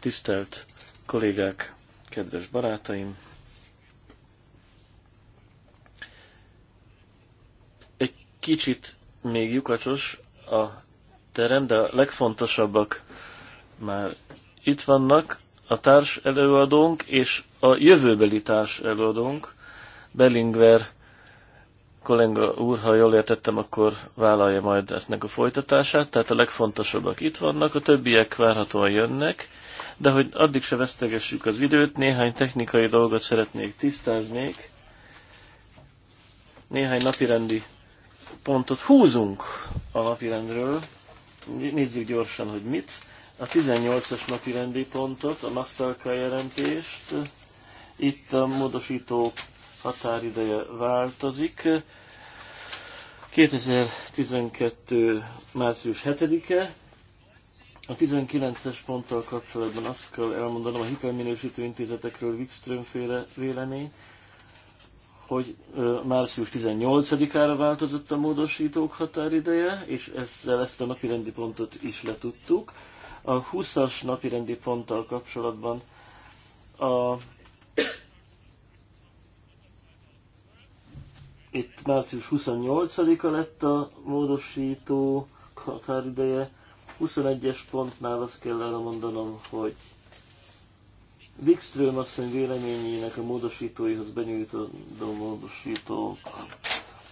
Tisztelt kollégák, kedves barátaim! Egy kicsit még lyukacsos a terem, de a legfontosabbak már itt vannak. A társ előadónk és a jövőbeli társ előadónk, Bellingwer kollega úr, ha jól értettem, akkor vállalja majd eztnek a folytatását, tehát a legfontosabbak itt vannak, a többiek várhatóan jönnek, de hogy addig se vesztegessük az időt, néhány technikai dolgot szeretnék tisztáznék, néhány napirendi pontot húzunk a napirendről, nézzük gyorsan, hogy mit. A 18-as napirendi pontot, a Masztalka jelentést, itt a módosítók határideje változik. 2012. március 7-e. A 19-es ponttal kapcsolatban azt kell elmondanom a hitelminősítő intézetekről Wikström féle vélemény, hogy március 18-ára változott a módosítók határideje, és ezzel ezt a napirendi pontot is letudtuk. A 20-as napirendi ponttal kapcsolatban a Itt március 28-a lett a módosító határideje. 21-es pontnál azt kell erre mondanom, hogy Wikström asszony véleményének a módosítóihoz a módosító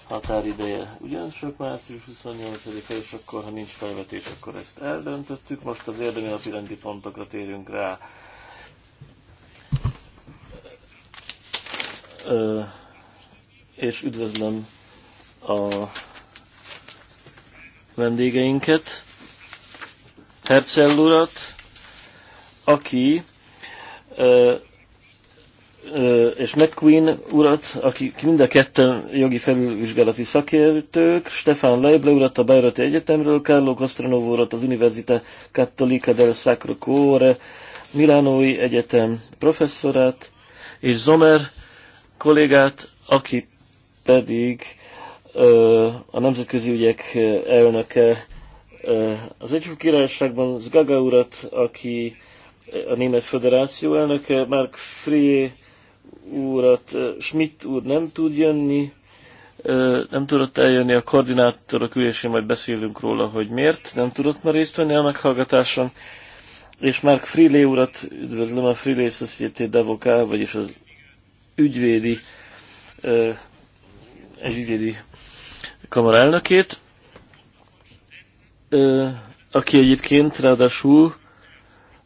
határideje ugyancsak március 28-a, és akkor, ha nincs felvetés, akkor ezt eldöntöttük. Most az érdemi napi rendi pontokra térünk rá. Ö, és üdvözlöm a vendégeinket, Hercell urat, aki és McQueen urat, akik mind a ketten jogi felülvizsgálati szakértők, Stefan Leible urat a Bajrati Egyetemről, Carlo Costanovo urat az Università Cattolica del Sacro Cuore, Milánói Egyetem professzorát, és Zomer kollégát, aki pedig a nemzetközi ügyek elnöke az Egyesült Királyságban Zgaga urat, aki a Német Föderáció elnöke, Mark Frié úrat, Schmidt úr nem tud jönni, nem tudott eljönni a koordinátorok ülésén, majd beszélünk róla, hogy miért nem tudott már részt venni a meghallgatáson, és Mark Frilé urat üdvözlöm a Frilé Society Devoká, vagyis az ügyvédi egy ügyvédi kamara elnökét, aki egyébként ráadásul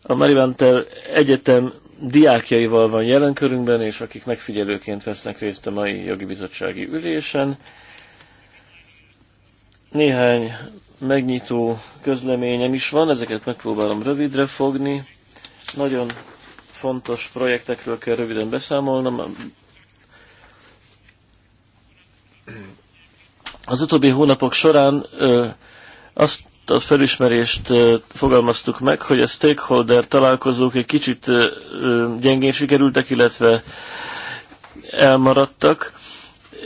a Marivanter Egyetem diákjaival van jelen körünkben, és akik megfigyelőként vesznek részt a mai jogi bizottsági ülésen. Néhány megnyitó közleményem is van, ezeket megpróbálom rövidre fogni. Nagyon fontos projektekről kell röviden beszámolnom. Az utóbbi hónapok során azt a felismerést fogalmaztuk meg, hogy a stakeholder találkozók egy kicsit gyengén sikerültek, illetve elmaradtak.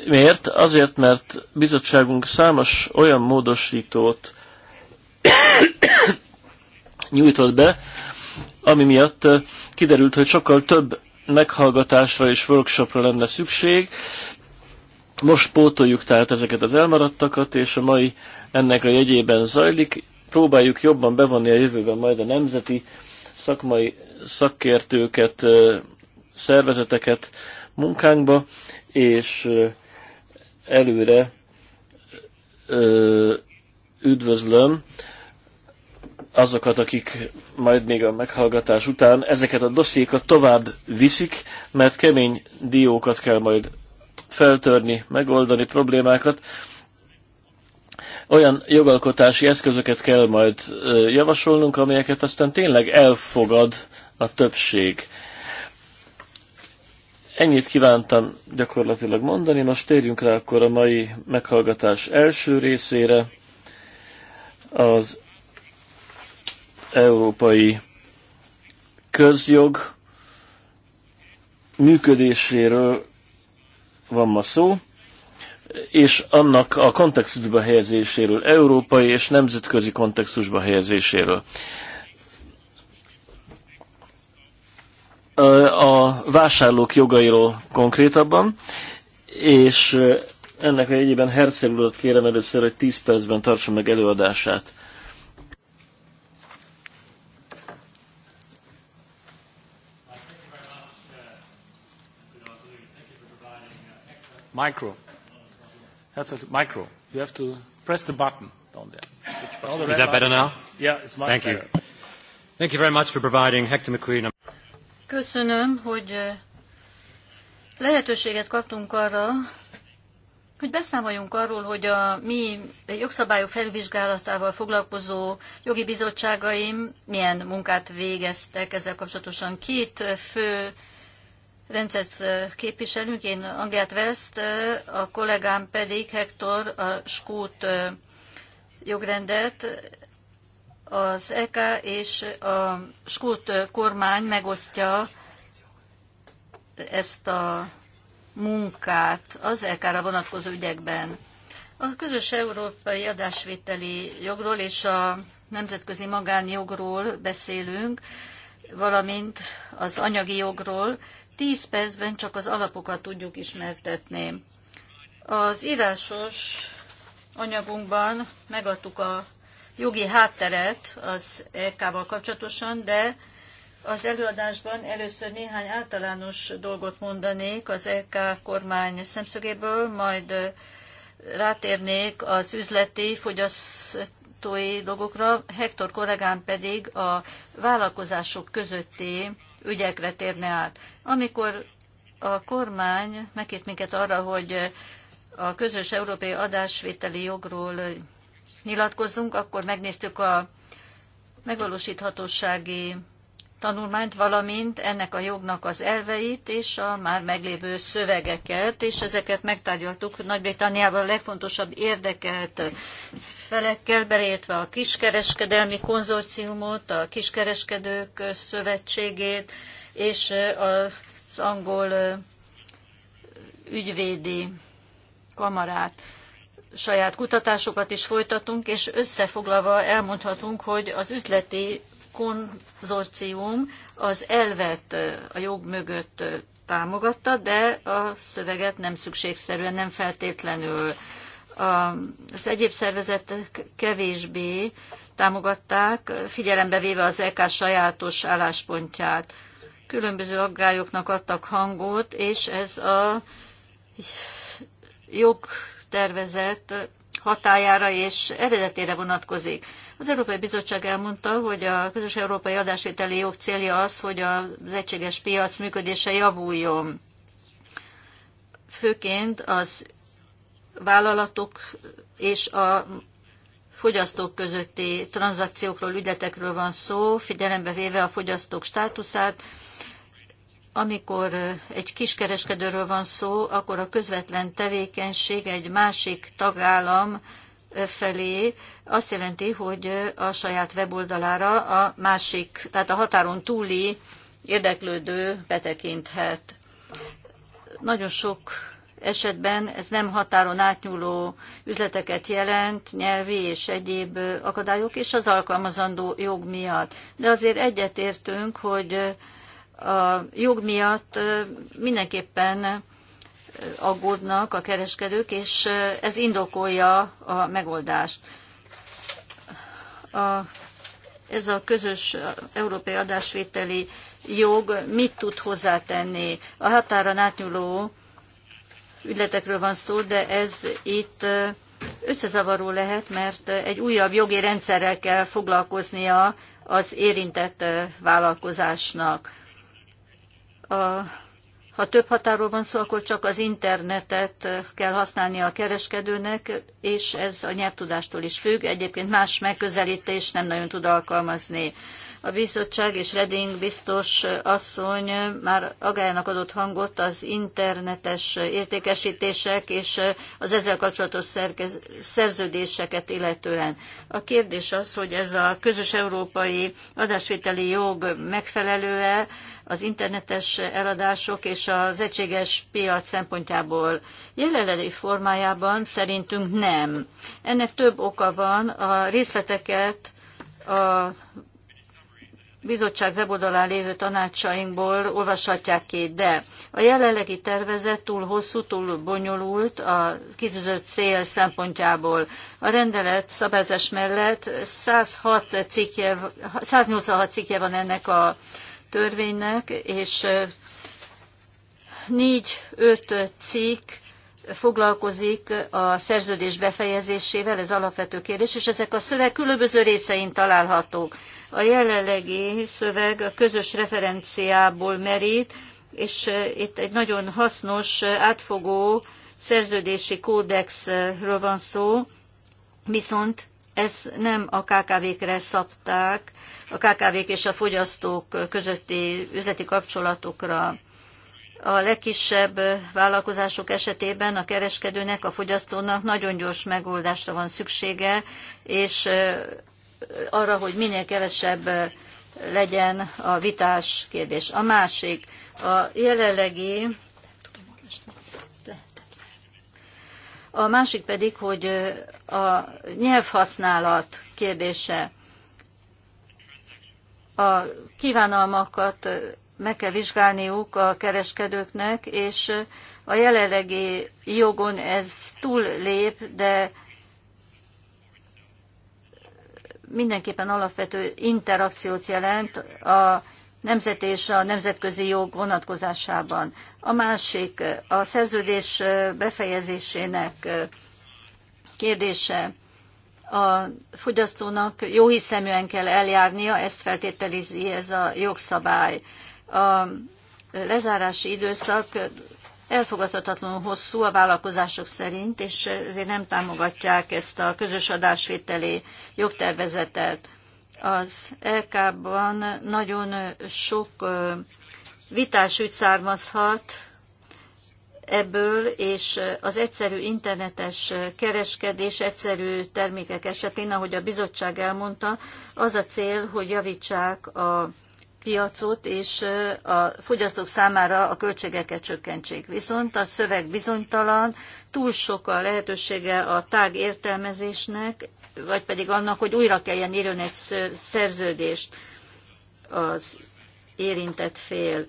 Miért? Azért, mert bizottságunk számos olyan módosítót nyújtott be, ami miatt kiderült, hogy sokkal több meghallgatásra és workshopra lenne szükség, most pótoljuk tehát ezeket az elmaradtakat, és a mai ennek a jegyében zajlik. Próbáljuk jobban bevonni a jövőben majd a nemzeti szakmai szakértőket, szervezeteket munkánkba, és előre üdvözlöm azokat, akik majd még a meghallgatás után ezeket a dossziékat tovább viszik, mert kemény diókat kell majd feltörni, megoldani problémákat. Olyan jogalkotási eszközöket kell majd javasolnunk, amelyeket aztán tényleg elfogad a többség. Ennyit kívántam gyakorlatilag mondani, most térjünk rá akkor a mai meghallgatás első részére, az európai közjog működéséről van ma szó, és annak a kontextusba helyezéséről, európai és nemzetközi kontextusba helyezéséről. A vásárlók jogairól konkrétabban, és ennek a jegyében kérem először, hogy 10 percben tartson meg előadását. Micro. that's a micro. You have to press the button down there. Which button? Is that better now? Yeah, it's much Thank better. You. Thank you very much for providing Hector McQueen. Köszönöm, hogy eh, lehetőséget kaptunk arra, hogy beszámoljunk arról, hogy a mi jogszabályok felvizsgálatával foglalkozó jogi bizottságaim milyen munkát végeztek ezzel kapcsolatosan. Két fő rendszert képviselünk, én Angiát West, a kollégám pedig Hector, a skót jogrendet, az EK és a skót kormány megosztja ezt a munkát az EK-ra vonatkozó ügyekben. A közös európai adásvételi jogról és a nemzetközi magánjogról beszélünk, valamint az anyagi jogról, 10 percben csak az alapokat tudjuk ismertetni. Az írásos anyagunkban megadtuk a jogi hátteret az EK-val kapcsolatosan, de az előadásban először néhány általános dolgot mondanék az EK kormány szemszögéből, majd rátérnék az üzleti fogyasztói dolgokra, Hektor kollégám pedig a vállalkozások közötti ügyekre térne át. Amikor a kormány megkért minket arra, hogy a közös európai adásvételi jogról nyilatkozzunk, akkor megnéztük a megvalósíthatósági tanulmányt, valamint ennek a jognak az elveit és a már meglévő szövegeket, és ezeket megtárgyaltuk Nagy-Britanniában a legfontosabb érdekelt felekkel, belétve a kiskereskedelmi konzorciumot, a kiskereskedők szövetségét és az angol ügyvédi kamarát saját kutatásokat is folytatunk, és összefoglalva elmondhatunk, hogy az üzleti konzorcium az elvet a jog mögött támogatta, de a szöveget nem szükségszerűen, nem feltétlenül. Az egyéb szervezetek kevésbé támogatták, figyelembe véve az EK sajátos álláspontját. Különböző aggályoknak adtak hangot, és ez a jogtervezet hatájára és eredetére vonatkozik. Az Európai Bizottság elmondta, hogy a közös európai adásvételi jog célja az, hogy az egységes piac működése javuljon. Főként az vállalatok és a fogyasztók közötti tranzakciókról, ügyetekről van szó, figyelembe véve a fogyasztók státuszát. Amikor egy kiskereskedőről van szó, akkor a közvetlen tevékenység egy másik tagállam felé azt jelenti, hogy a saját weboldalára a másik, tehát a határon túli érdeklődő betekinthet. Nagyon sok esetben ez nem határon átnyúló üzleteket jelent, nyelvi és egyéb akadályok és az alkalmazandó jog miatt. De azért egyetértünk, hogy a jog miatt mindenképpen aggódnak a kereskedők, és ez indokolja a megoldást. A, ez a közös európai adásvételi jog mit tud hozzátenni? A határon átnyúló ügyletekről van szó, de ez itt összezavaró lehet, mert egy újabb jogi rendszerrel kell foglalkoznia az érintett vállalkozásnak. A ha több határól van szó, akkor csak az internetet kell használni a kereskedőnek, és ez a nyelvtudástól is függ. Egyébként más megközelítés nem nagyon tud alkalmazni. A bizottság és Reding biztos asszony már agályának adott hangot az internetes értékesítések és az ezzel kapcsolatos szerződéseket illetően. A kérdés az, hogy ez a közös európai adásvételi jog megfelelő-e, az internetes eladások és az egységes piac szempontjából jelenlegi formájában szerintünk nem. Ennek több oka van, a részleteket a bizottság weboldalán lévő tanácsainkból olvashatják ki, de a jelenlegi tervezet túl hosszú, túl bonyolult a kitűzött cél szempontjából. A rendelet szabályozás mellett 106 cikje, 186 cikje van ennek a törvénynek, és négy-öt cikk foglalkozik a szerződés befejezésével, ez alapvető kérdés, és ezek a szöveg különböző részein találhatók. A jelenlegi szöveg a közös referenciából merít, és itt egy nagyon hasznos, átfogó szerződési kódexről van szó, viszont ez nem a KKV-kre szabták, a KKV-k és a fogyasztók közötti üzleti kapcsolatokra. A legkisebb vállalkozások esetében a kereskedőnek, a fogyasztónak nagyon gyors megoldásra van szüksége, és arra, hogy minél kevesebb legyen a vitás kérdés. A másik, a jelenlegi a másik pedig, hogy a nyelvhasználat kérdése. A kívánalmakat meg kell vizsgálniuk a kereskedőknek, és a jelenlegi jogon ez túl lép, de mindenképpen alapvető interakciót jelent a nemzet és a nemzetközi jog vonatkozásában. A másik a szerződés befejezésének kérdése. A fogyasztónak jó hiszeműen kell eljárnia, ezt feltételezi ez a jogszabály. A lezárási időszak elfogadhatatlanul hosszú a vállalkozások szerint, és ezért nem támogatják ezt a közös adásvételi jogtervezetet. Az LK-ban nagyon sok vitás ügy származhat ebből, és az egyszerű internetes kereskedés, egyszerű termékek esetén, ahogy a bizottság elmondta, az a cél, hogy javítsák a piacot, és a fogyasztók számára a költségeket csökkentsék. Viszont a szöveg bizonytalan, túl sok a lehetősége a tág értelmezésnek, vagy pedig annak, hogy újra kelljen írjon egy szerződést az érintett fél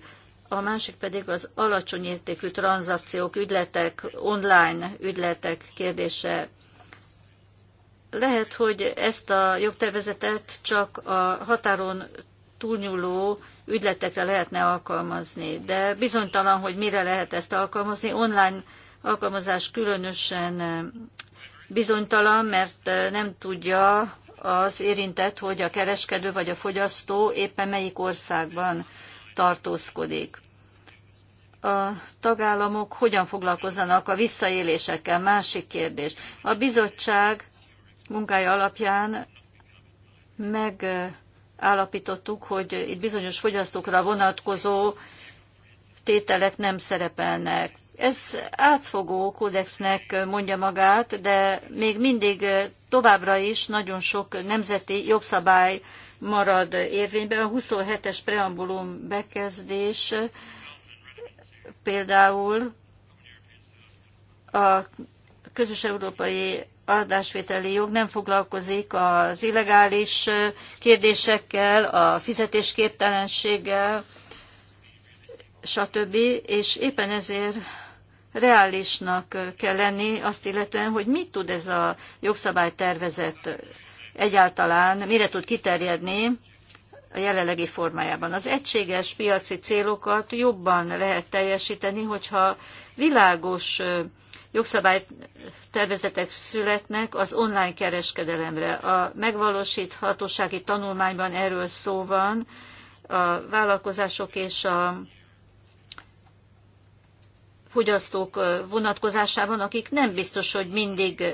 a másik pedig az alacsony értékű tranzakciók, ügyletek, online ügyletek kérdése. Lehet, hogy ezt a jogtervezetet csak a határon túlnyúló ügyletekre lehetne alkalmazni, de bizonytalan, hogy mire lehet ezt alkalmazni. Online alkalmazás különösen bizonytalan, mert nem tudja az érintett, hogy a kereskedő vagy a fogyasztó éppen melyik országban tartózkodik. A tagállamok hogyan foglalkozzanak a visszaélésekkel? Másik kérdés. A bizottság munkája alapján megállapítottuk, hogy itt bizonyos fogyasztókra vonatkozó tételek nem szerepelnek. Ez átfogó kódexnek mondja magát, de még mindig továbbra is nagyon sok nemzeti jogszabály marad érvényben. A 27-es preambulum bekezdés például a közös európai adásvételi jog nem foglalkozik az illegális kérdésekkel, a fizetésképtelenséggel, stb. És éppen ezért reálisnak kell lenni azt illetően, hogy mit tud ez a jogszabálytervezet egyáltalán mire tud kiterjedni a jelenlegi formájában. Az egységes piaci célokat jobban lehet teljesíteni, hogyha világos jogszabálytervezetek születnek az online kereskedelemre. A megvalósíthatósági tanulmányban erről szó van, a vállalkozások és a fogyasztók vonatkozásában, akik nem biztos, hogy mindig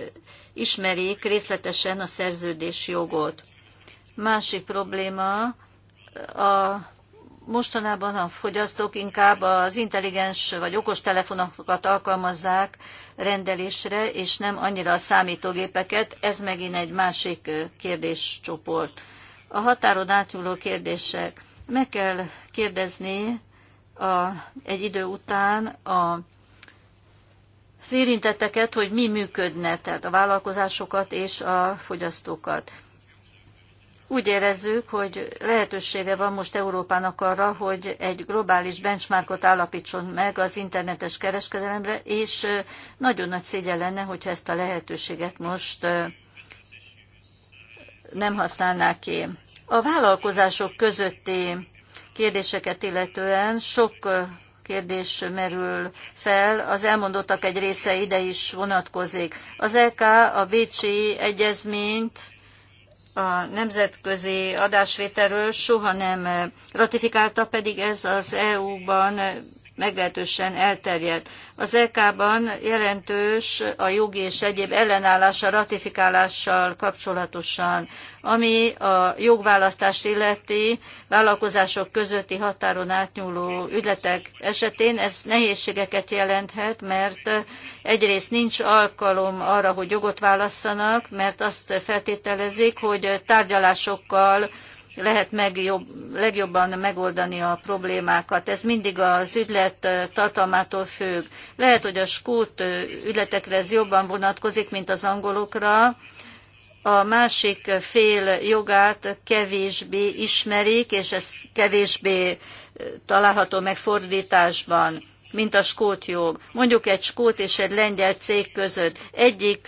ismerik részletesen a szerződés jogot. Másik probléma a mostanában a fogyasztók inkább az intelligens vagy okos telefonokat alkalmazzák rendelésre, és nem annyira a számítógépeket. Ez megint egy másik kérdéscsoport. A határon átnyúló kérdések. Meg kell kérdezni a, egy idő után a az érintetteket, hogy mi működne, tehát a vállalkozásokat és a fogyasztókat. Úgy érezzük, hogy lehetősége van most Európának arra, hogy egy globális benchmarkot állapítson meg az internetes kereskedelemre, és nagyon nagy szégyen lenne, hogyha ezt a lehetőséget most nem használnák ki. A vállalkozások közötti kérdéseket illetően sok kérdés merül fel, az elmondottak egy része ide is vonatkozik. Az EK a Bécsi Egyezményt a nemzetközi adásvételről soha nem ratifikálta, pedig ez az EU-ban meglehetősen elterjedt. Az EK-ban jelentős a jogi és egyéb ellenállása ratifikálással kapcsolatosan, ami a jogválasztás illeti vállalkozások közötti határon átnyúló ügyletek esetén ez nehézségeket jelenthet, mert egyrészt nincs alkalom arra, hogy jogot válasszanak, mert azt feltételezik, hogy tárgyalásokkal lehet meg jobb, legjobban megoldani a problémákat. Ez mindig az ügylet tartalmától függ. Lehet, hogy a skót ügyletekre ez jobban vonatkozik, mint az angolokra. A másik fél jogát kevésbé ismerik, és ez kevésbé található meg fordításban, mint a skót jog. Mondjuk egy skót és egy lengyel cég között. Egyik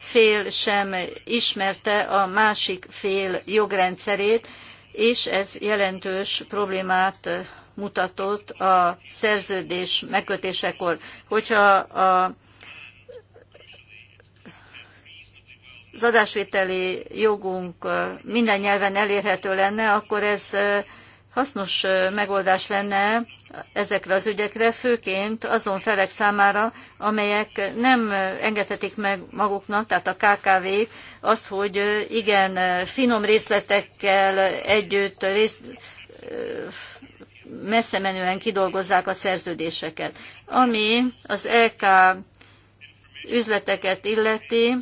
fél sem ismerte a másik fél jogrendszerét, és ez jelentős problémát mutatott a szerződés megkötésekor. Hogyha a az adásvételi jogunk minden nyelven elérhető lenne, akkor ez hasznos megoldás lenne ezekre az ügyekre, főként azon felek számára, amelyek nem engedhetik meg maguknak, tehát a kkv azt, hogy igen, finom részletekkel együtt rész, messze menően kidolgozzák a szerződéseket. Ami az LK üzleteket illeti,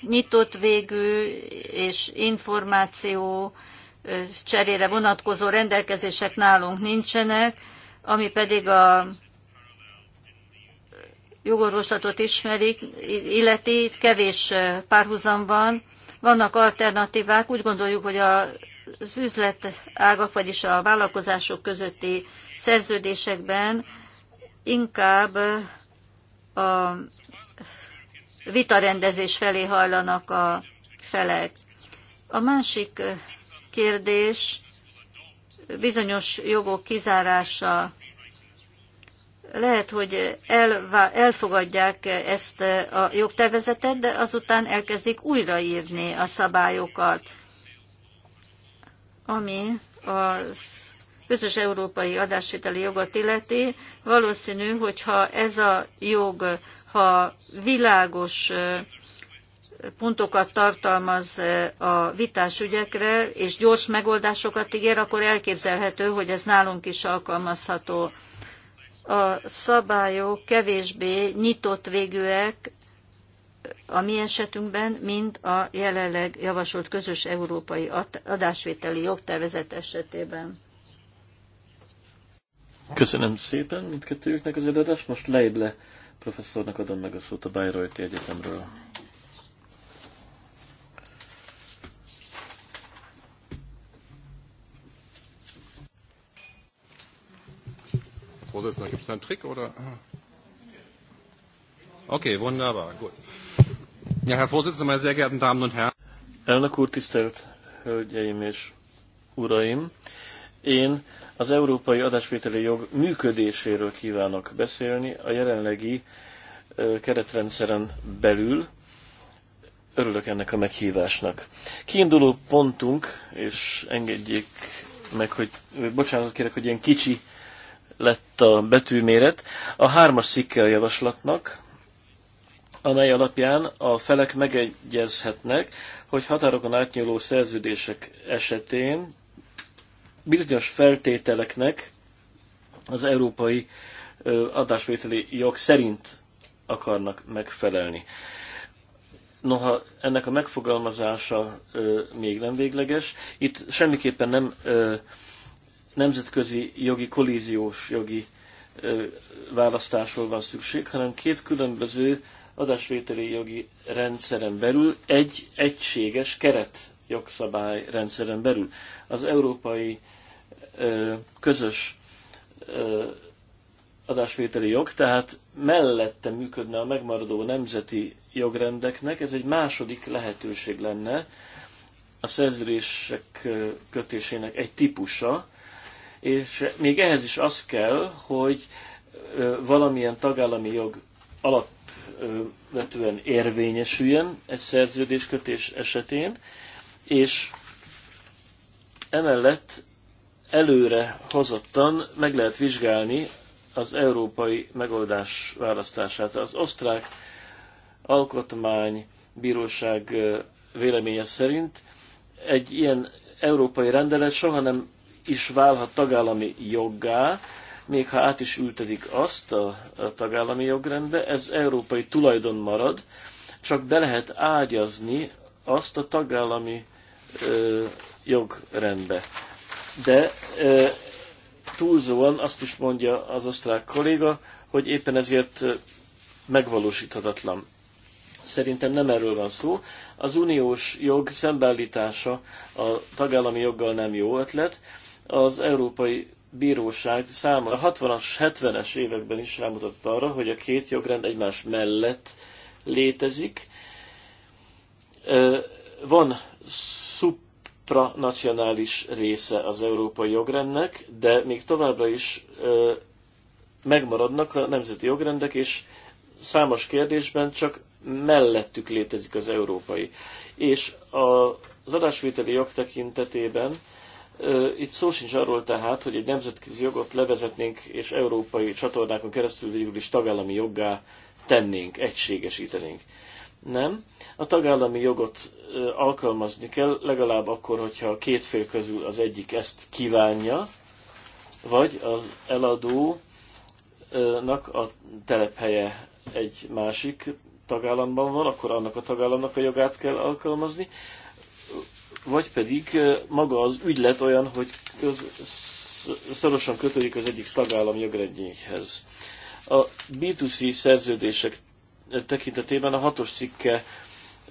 nyitott végű és információ cserére vonatkozó rendelkezések nálunk nincsenek, ami pedig a jogorvoslatot ismerik, illeti kevés párhuzam van. Vannak alternatívák, úgy gondoljuk, hogy az ágak, vagyis a vállalkozások közötti szerződésekben inkább a vitarendezés felé hajlanak a felek. A másik kérdés bizonyos jogok kizárása. Lehet, hogy elfogadják ezt a jogtervezetet, de azután elkezdik újraírni a szabályokat, ami az közös európai adásviteli jogot illeti. Valószínű, hogyha ez a jog, ha világos pontokat tartalmaz e, a vitás ügyekre, és gyors megoldásokat ígér, akkor elképzelhető, hogy ez nálunk is alkalmazható. A szabályok kevésbé nyitott végűek a mi esetünkben, mint a jelenleg javasolt közös európai adásvételi jogtervezet esetében. Köszönöm szépen mindkettőjüknek az előadást. Most Leible professzornak adom meg a szót a Bayreuth Egyetemről. Vorsitzender. Gibt es da einen Trick? Oder? Okay, wunderbar. Gut. Ja, Herr Vorsitzender, meine sehr geehrten Damen und Herren. Elnök úr, tisztelt Hölgyeim és Uraim! Én az európai adásvételi jog működéséről kívánok beszélni a jelenlegi keretrendszeren belül. Örülök ennek a meghívásnak. Kiinduló pontunk, és engedjék meg, hogy bocsánatot kérek, hogy ilyen kicsi lett a betűméret. A hármas szikke a javaslatnak, amely alapján a felek megegyezhetnek, hogy határokon átnyúló szerződések esetén bizonyos feltételeknek az európai adásvételi jog szerint akarnak megfelelni. Noha ennek a megfogalmazása ö, még nem végleges, itt semmiképpen nem ö, nemzetközi jogi kollíziós jogi választásról van szükség, hanem két különböző adásvételi jogi rendszeren belül egy egységes keret jogszabály rendszeren belül. Az európai ö, közös ö, adásvételi jog, tehát mellette működne a megmaradó nemzeti jogrendeknek, ez egy második lehetőség lenne a szerződések kötésének egy típusa, és még ehhez is az kell, hogy valamilyen tagállami jog alapvetően érvényesüljön egy szerződéskötés esetén, és emellett előre hozottan meg lehet vizsgálni az európai megoldás választását. Az osztrák alkotmánybíróság véleménye szerint egy ilyen európai rendelet soha nem is válhat tagállami joggá, még ha át is ültetik azt a, a tagállami jogrendbe, ez európai tulajdon marad, csak be lehet ágyazni azt a tagállami ö, jogrendbe. De ö, túlzóan azt is mondja az osztrák kolléga, hogy éppen ezért megvalósíthatatlan. Szerintem nem erről van szó. Az uniós jog szembeállítása a tagállami joggal nem jó ötlet az Európai Bíróság száma a 60-as, 70-es években is rámutatott arra, hogy a két jogrend egymás mellett létezik. Van supranacionális része az európai jogrendnek, de még továbbra is megmaradnak a nemzeti jogrendek, és számos kérdésben csak mellettük létezik az európai. És az adásvételi jog tekintetében itt szó sincs arról tehát, hogy egy nemzetközi jogot levezetnénk, és európai csatornákon keresztül végül is tagállami joggá tennénk, egységesítenénk. Nem. A tagállami jogot alkalmazni kell, legalább akkor, hogyha a két fél közül az egyik ezt kívánja, vagy az eladónak a telephelye egy másik tagállamban van, akkor annak a tagállamnak a jogát kell alkalmazni vagy pedig maga az ügylet olyan, hogy köz, szorosan kötődik az egyik tagállam jogrendjéhez. A B2C szerződések tekintetében a hatos cikke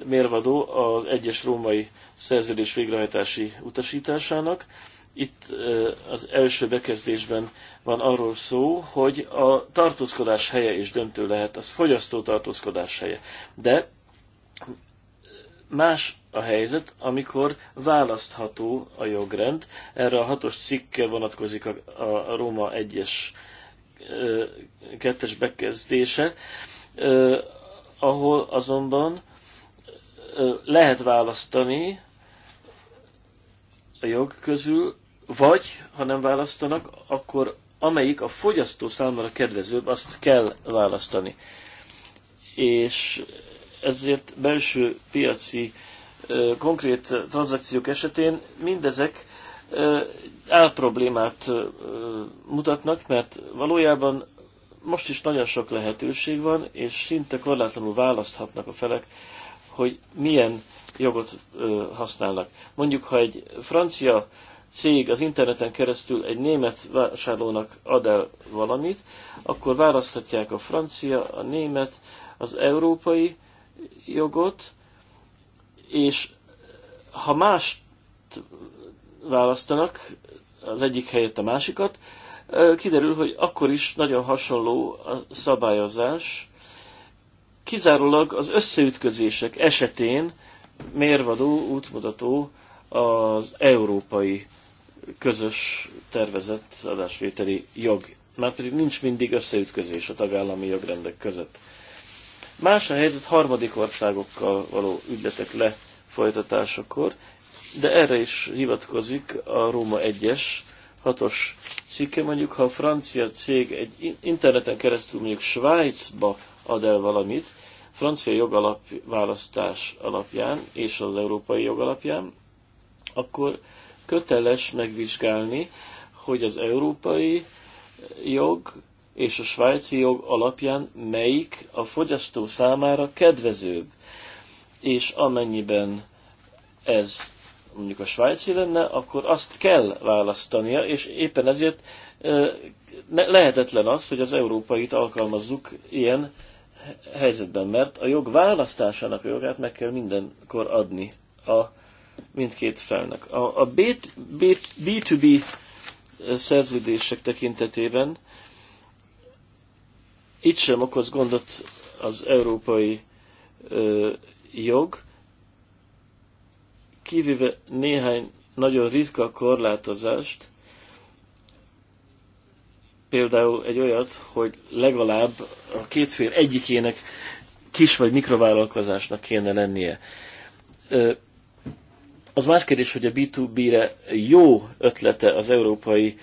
mérvadó az egyes római szerződés végrehajtási utasításának. Itt az első bekezdésben van arról szó, hogy a tartózkodás helye is döntő lehet, az fogyasztó tartózkodás helye. De más a helyzet, amikor választható a jogrend. Erre a hatos cikke vonatkozik a, a Róma 1-es 2-es bekezdése, ahol azonban lehet választani a jog közül, vagy ha nem választanak, akkor amelyik a fogyasztó számára kedvezőbb, azt kell választani. És ezért belső piaci uh, konkrét tranzakciók esetén mindezek álproblémát mutatnak, mert valójában most is nagyon sok lehetőség van, és szinte korlátlanul választhatnak a felek, hogy milyen jogot használnak. Mondjuk, ha egy francia cég az interneten keresztül egy német vásárlónak ad el valamit, akkor választhatják a francia, a német, az európai jogot, és ha mást választanak, az egyik helyett a másikat, kiderül, hogy akkor is nagyon hasonló a szabályozás. Kizárólag az összeütközések esetén mérvadó, útmutató az európai közös tervezett adásvételi jog. pedig nincs mindig összeütközés a tagállami jogrendek között. Más a helyzet harmadik országokkal való ügyletek folytatásakor, de erre is hivatkozik a Róma 1-es, 6-os cikke, mondjuk ha a francia cég egy interneten keresztül mondjuk Svájcba ad el valamit, francia jogalap választás alapján és az európai jogalapján, akkor köteles megvizsgálni, hogy az európai jog és a svájci jog alapján melyik a fogyasztó számára kedvezőbb és amennyiben ez mondjuk a svájci lenne, akkor azt kell választania, és éppen ezért lehetetlen az, hogy az európait alkalmazzuk ilyen helyzetben, mert a jog választásának a jogát meg kell mindenkor adni a mindkét felnek. A, a B2B szerződések tekintetében itt sem okoz gondot az európai jog, kivéve néhány nagyon ritka korlátozást, például egy olyat, hogy legalább a két fél egyikének kis vagy mikrovállalkozásnak kéne lennie. Az más kérdés, hogy a B2B-re jó ötlete az európai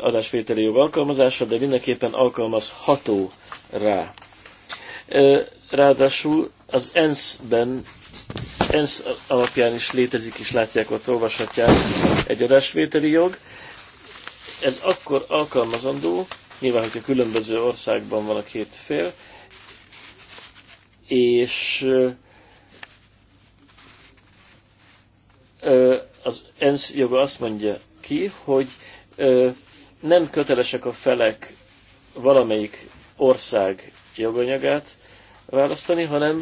adásvételi jog alkalmazása, de mindenképpen alkalmazható rá. Ráadásul az ENSZ-ben, ENSZ alapján is létezik, és látják ott, olvashatják egy adásvételi jog. Ez akkor alkalmazandó, nyilván, hogyha különböző országban van a két fél, és az ENSZ joga azt mondja ki, hogy nem kötelesek a felek valamelyik ország joganyagát választani, hanem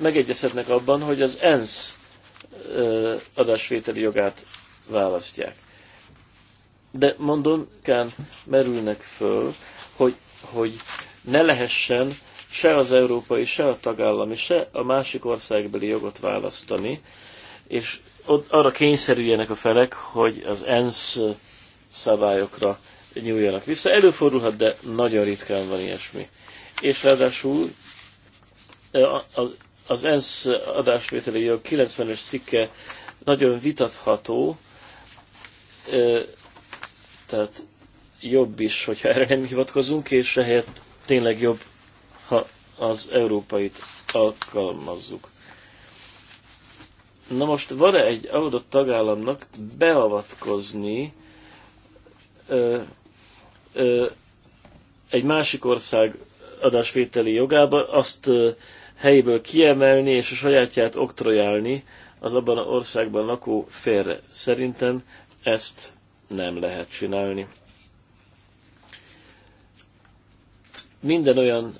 megegyezhetnek abban, hogy az ENSZ adásvételi jogát választják. De mondom, kán merülnek föl, hogy, hogy ne lehessen se az európai, se a tagállami, se a másik országbeli jogot választani, és ott arra kényszerüljenek a felek, hogy az ENSZ szabályokra nyúljanak vissza. Előfordulhat, de nagyon ritkán van ilyesmi. És ráadásul az ENSZ adásvételi jog 90-es cikke nagyon vitatható, tehát jobb is, hogyha erre nem hivatkozunk, és ehelyett tényleg jobb, ha az európait alkalmazzuk. Na most van-e egy adott tagállamnak beavatkozni ö, ö, egy másik ország adásvételi jogába, azt ö, helyéből kiemelni és a sajátját oktrojálni az abban a országban lakó félre. Szerintem ezt nem lehet csinálni. Minden olyan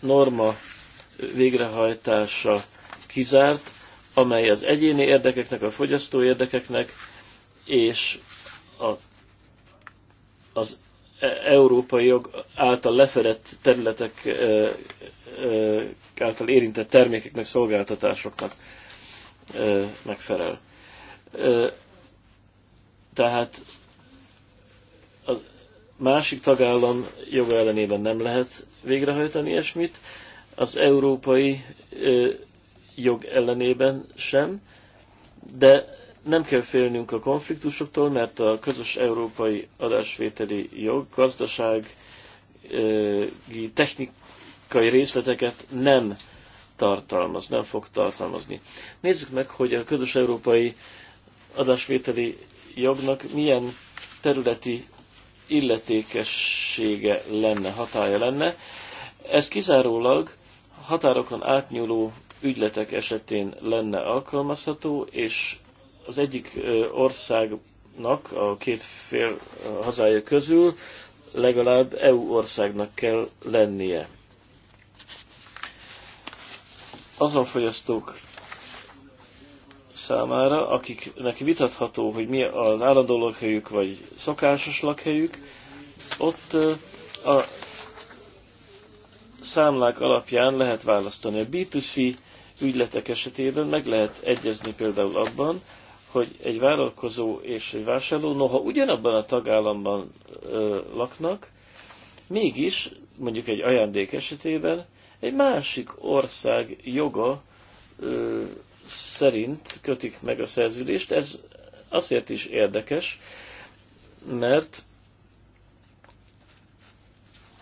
norma végrehajtása kizárt, amely az egyéni érdekeknek, a fogyasztó érdekeknek és a, az E, európai jog által lefedett területek e, e, által érintett termékeknek, szolgáltatásoknak megfelel. Tehát a másik tagállam joga ellenében nem lehet végrehajtani ilyesmit, az európai jog ellenében sem, de nem kell félnünk a konfliktusoktól, mert a közös európai adásvételi jog gazdasági technikai részleteket nem tartalmaz, nem fog tartalmazni. Nézzük meg, hogy a közös európai adásvételi jognak milyen területi illetékessége lenne, hatája lenne. Ez kizárólag határokon átnyúló ügyletek esetén lenne alkalmazható, és az egyik országnak a két fél hazája közül legalább EU országnak kell lennie. Azon fogyasztók számára, akiknek vitatható, hogy mi az állandó lakhelyük, vagy szokásos lakhelyük, ott a számlák alapján lehet választani. A B2C ügyletek esetében meg lehet egyezni például abban, hogy egy vállalkozó és egy vásárló, noha ugyanabban a tagállamban ö, laknak, mégis mondjuk egy ajándék esetében egy másik ország joga ö, szerint kötik meg a szerződést. Ez azért is érdekes, mert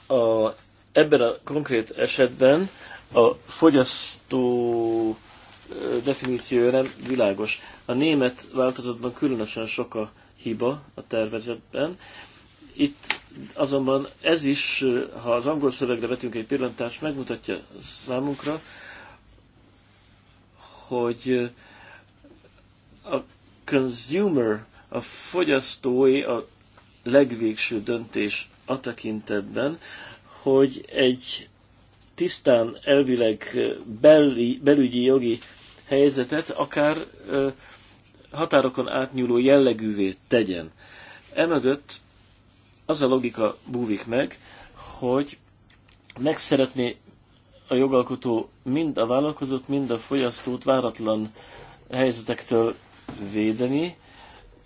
a, ebben a konkrét esetben a fogyasztó definíciója nem világos. A német változatban különösen sok a hiba a tervezetben. Itt azonban ez is, ha az angol szövegre vetünk egy pillantást, megmutatja számunkra, hogy a consumer, a fogyasztói a legvégső döntés a tekintetben, hogy egy tisztán elvileg belli, belügyi jogi helyzetet akár határokon átnyúló jellegűvé tegyen. Emögött az a logika búvik meg, hogy meg szeretné a jogalkotó mind a vállalkozót, mind a fogyasztót váratlan helyzetektől védeni.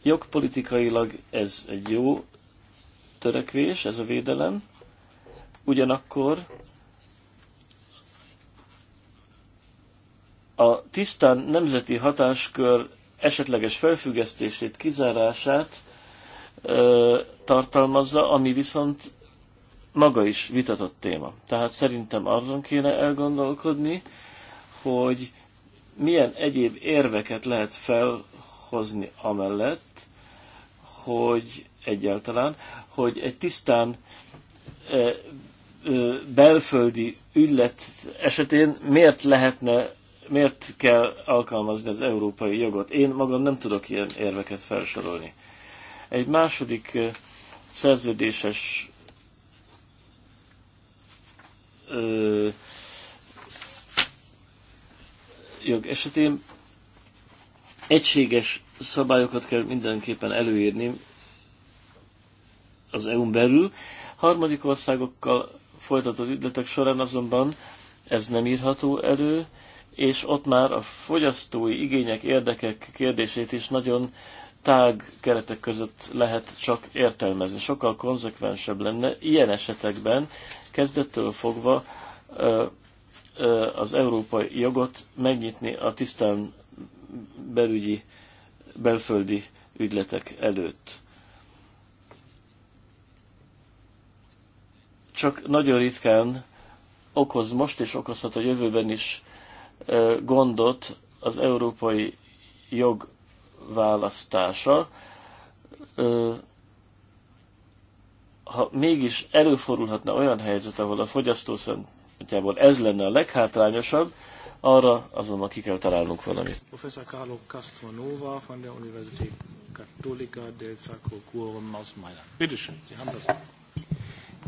Jogpolitikailag ez egy jó törekvés, ez a védelem. Ugyanakkor a tisztán nemzeti hatáskör esetleges felfüggesztését, kizárását ö, tartalmazza, ami viszont maga is vitatott téma. Tehát szerintem arról kéne elgondolkodni, hogy milyen egyéb érveket lehet felhozni amellett, hogy egyáltalán, hogy egy tisztán ö, ö, belföldi ügylet esetén miért lehetne miért kell alkalmazni az európai jogot? Én magam nem tudok ilyen érveket felsorolni. Egy második szerződéses jog esetén egységes szabályokat kell mindenképpen előírni az EU-n belül. Harmadik országokkal folytatott ügyletek során azonban ez nem írható elő, és ott már a fogyasztói igények, érdekek kérdését is nagyon tág keretek között lehet csak értelmezni. Sokkal konzekvensebb lenne ilyen esetekben kezdettől fogva az európai jogot megnyitni a tisztán belügyi, belföldi ügyletek előtt. Csak nagyon ritkán okoz most és okozhat a jövőben is gondot az európai jog választása. Ha mégis előfordulhatna olyan helyzet, ahol a fogyasztó szempontjából ez lenne a leghátrányosabb, arra azonnal ki kell találnunk valamit. Professor Carlo Castronova von der Universität Cattolica del Sacro Cuore Maus Mailand. Bitte schön, Sie haben das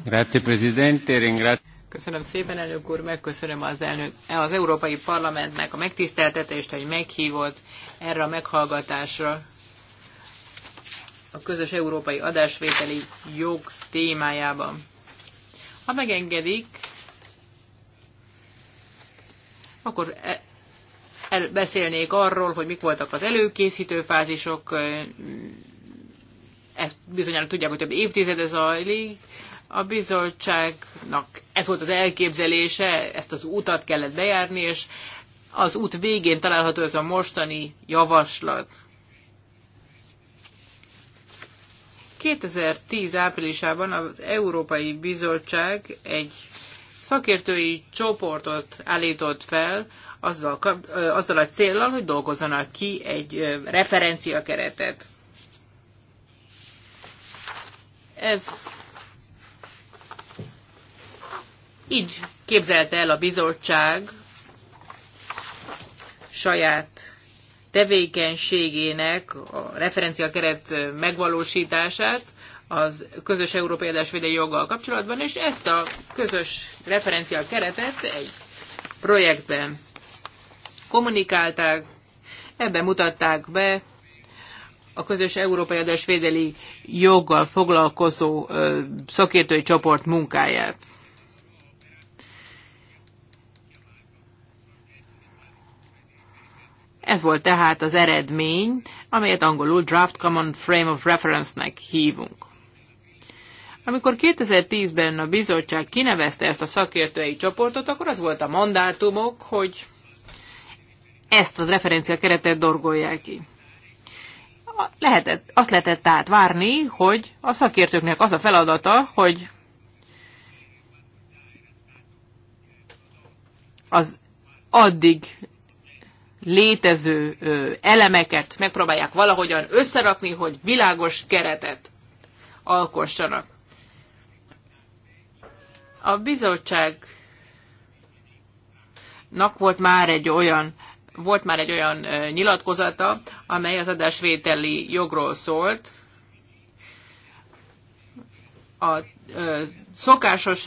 Grazie Presidente, ringrazio Köszönöm szépen, elnök úr, megköszönöm az, elnök, az Európai Parlamentnek a megtiszteltetést, hogy meghívott erre a meghallgatásra a közös európai adásvételi jog témájában. Ha megengedik, akkor e, el beszélnék arról, hogy mik voltak az előkészítő fázisok, ezt bizonyára tudják, hogy több évtizede zajlik, a bizottságnak ez volt az elképzelése, ezt az útat kellett bejárni, és az út végén található ez a mostani javaslat. 2010 áprilisában az Európai Bizottság egy szakértői csoportot állított fel azzal, azzal a célral, hogy dolgozzanak ki egy keretet. Ez Így képzelte el a bizottság saját tevékenységének a referenciakeret megvalósítását az közös európai adásvédelmi joggal kapcsolatban, és ezt a közös referenciakeretet egy projektben kommunikálták, ebben mutatták be a közös európai adásvédeli joggal foglalkozó szakértői csoport munkáját. Ez volt tehát az eredmény, amelyet angolul Draft Common Frame of Reference-nek hívunk. Amikor 2010-ben a bizottság kinevezte ezt a szakértői csoportot, akkor az volt a mandátumok, hogy ezt a referencia keretet dorgolják ki. Lehetett, azt lehetett tehát várni, hogy a szakértőknek az a feladata, hogy az addig létező elemeket megpróbálják valahogyan összerakni, hogy világos keretet alkossanak. A bizottságnak volt már egy olyan volt már egy olyan nyilatkozata, amely az adásvételi jogról szólt. A szokásos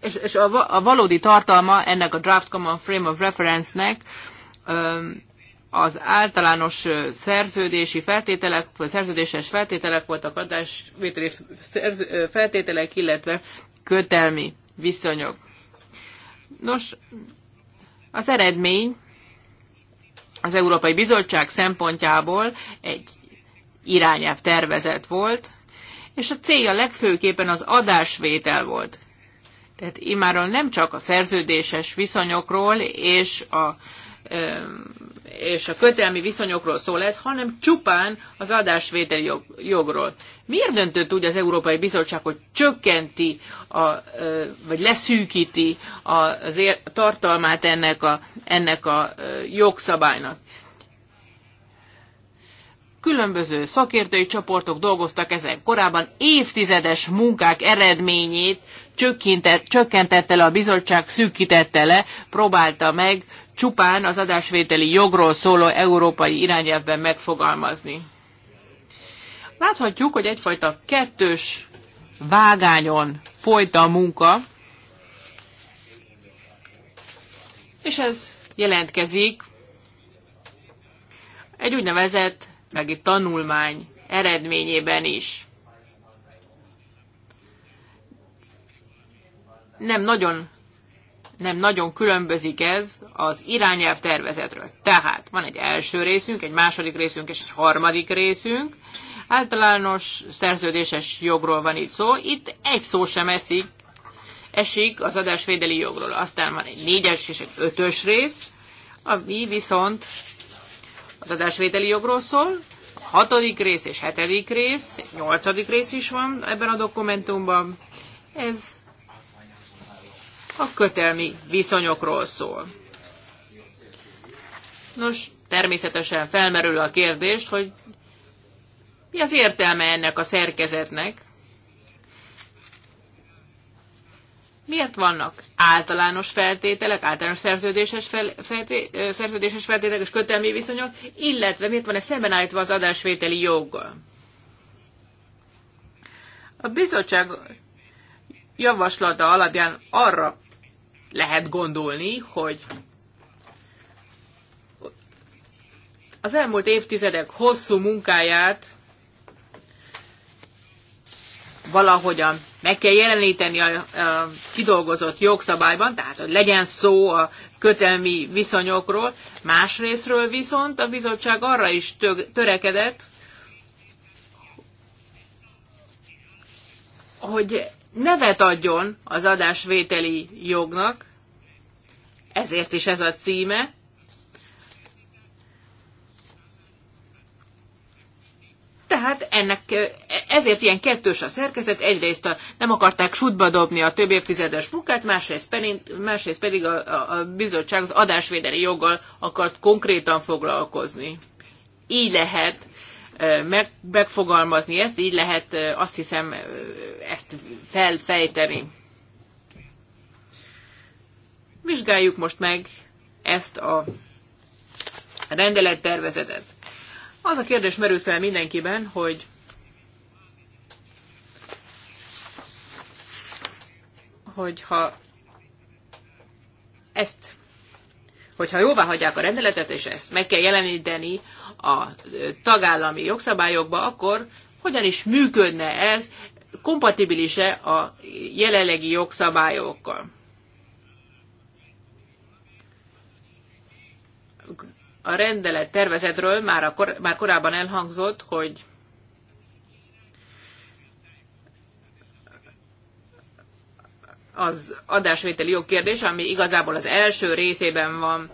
és, és a, a valódi tartalma ennek a Draft Common Frame of Reference-nek az általános szerződési feltételek, vagy szerződéses feltételek voltak adásvételi feltételek, illetve kötelmi viszonyok. Nos, az eredmény az Európai Bizottság szempontjából egy irányelv tervezet volt, és a célja legfőképpen az adásvétel volt. Tehát immáról nem csak a szerződéses viszonyokról és a, és a kötelmi viszonyokról szól ez, hanem csupán az adásvételi jog, jogról. Miért döntött úgy az Európai Bizottság, hogy csökkenti, a, vagy leszűkíti a, az ér, a tartalmát ennek a, ennek a jogszabálynak? Különböző szakértői csoportok dolgoztak ezen korábban, évtizedes munkák eredményét csökkentette le a bizottság, szűkítette le, próbálta meg csupán az adásvételi jogról szóló európai irányelvben megfogalmazni. Láthatjuk, hogy egyfajta kettős vágányon folyt a munka, és ez jelentkezik egy úgynevezett meg egy tanulmány eredményében is. Nem nagyon, nem nagyon különbözik ez az irányelv tervezetről. Tehát van egy első részünk, egy második részünk és egy harmadik részünk. Általános szerződéses jogról van itt szó. Itt egy szó sem eszik, esik az adásvédeli jogról. Aztán van egy négyes és egy ötös rész, ami viszont az adásvételi jogról szól, a hatodik rész és hetedik rész, nyolcadik rész is van ebben a dokumentumban. Ez a kötelmi viszonyokról szól. Nos, természetesen felmerül a kérdést, hogy mi az értelme ennek a szerkezetnek, miért vannak általános feltételek, általános szerződéses, fel, felté, szerződéses feltételek és kötelmi viszonyok, illetve miért van ez szembenállítva az adásvételi joggal? A bizottság javaslata alapján arra lehet gondolni, hogy az elmúlt évtizedek hosszú munkáját valahogyan meg kell jeleníteni a, a kidolgozott jogszabályban, tehát hogy legyen szó a kötelmi viszonyokról. Másrésztről viszont a bizottság arra is tög, törekedett, hogy nevet adjon az adásvételi jognak, ezért is ez a címe, Tehát ennek, ezért ilyen kettős a szerkezet, egyrészt a, nem akarták sútba dobni a több évtizedes munkát, másrészt pedig, másrészt pedig a, a, a bizottság az adásvédeli joggal akart konkrétan foglalkozni. Így lehet meg, megfogalmazni ezt, így lehet azt hiszem ezt felfejteni. Vizsgáljuk most meg ezt a rendelettervezetet. Az a kérdés merült fel mindenkiben, hogy hogyha ezt, hogyha jóvá hagyják a rendeletet, és ezt meg kell jeleníteni a tagállami jogszabályokba, akkor hogyan is működne ez, kompatibilise a jelenlegi jogszabályokkal. A rendelet tervezetről már, a kor, már korábban elhangzott, hogy az adásvételi jogkérdés, ami igazából az első részében van,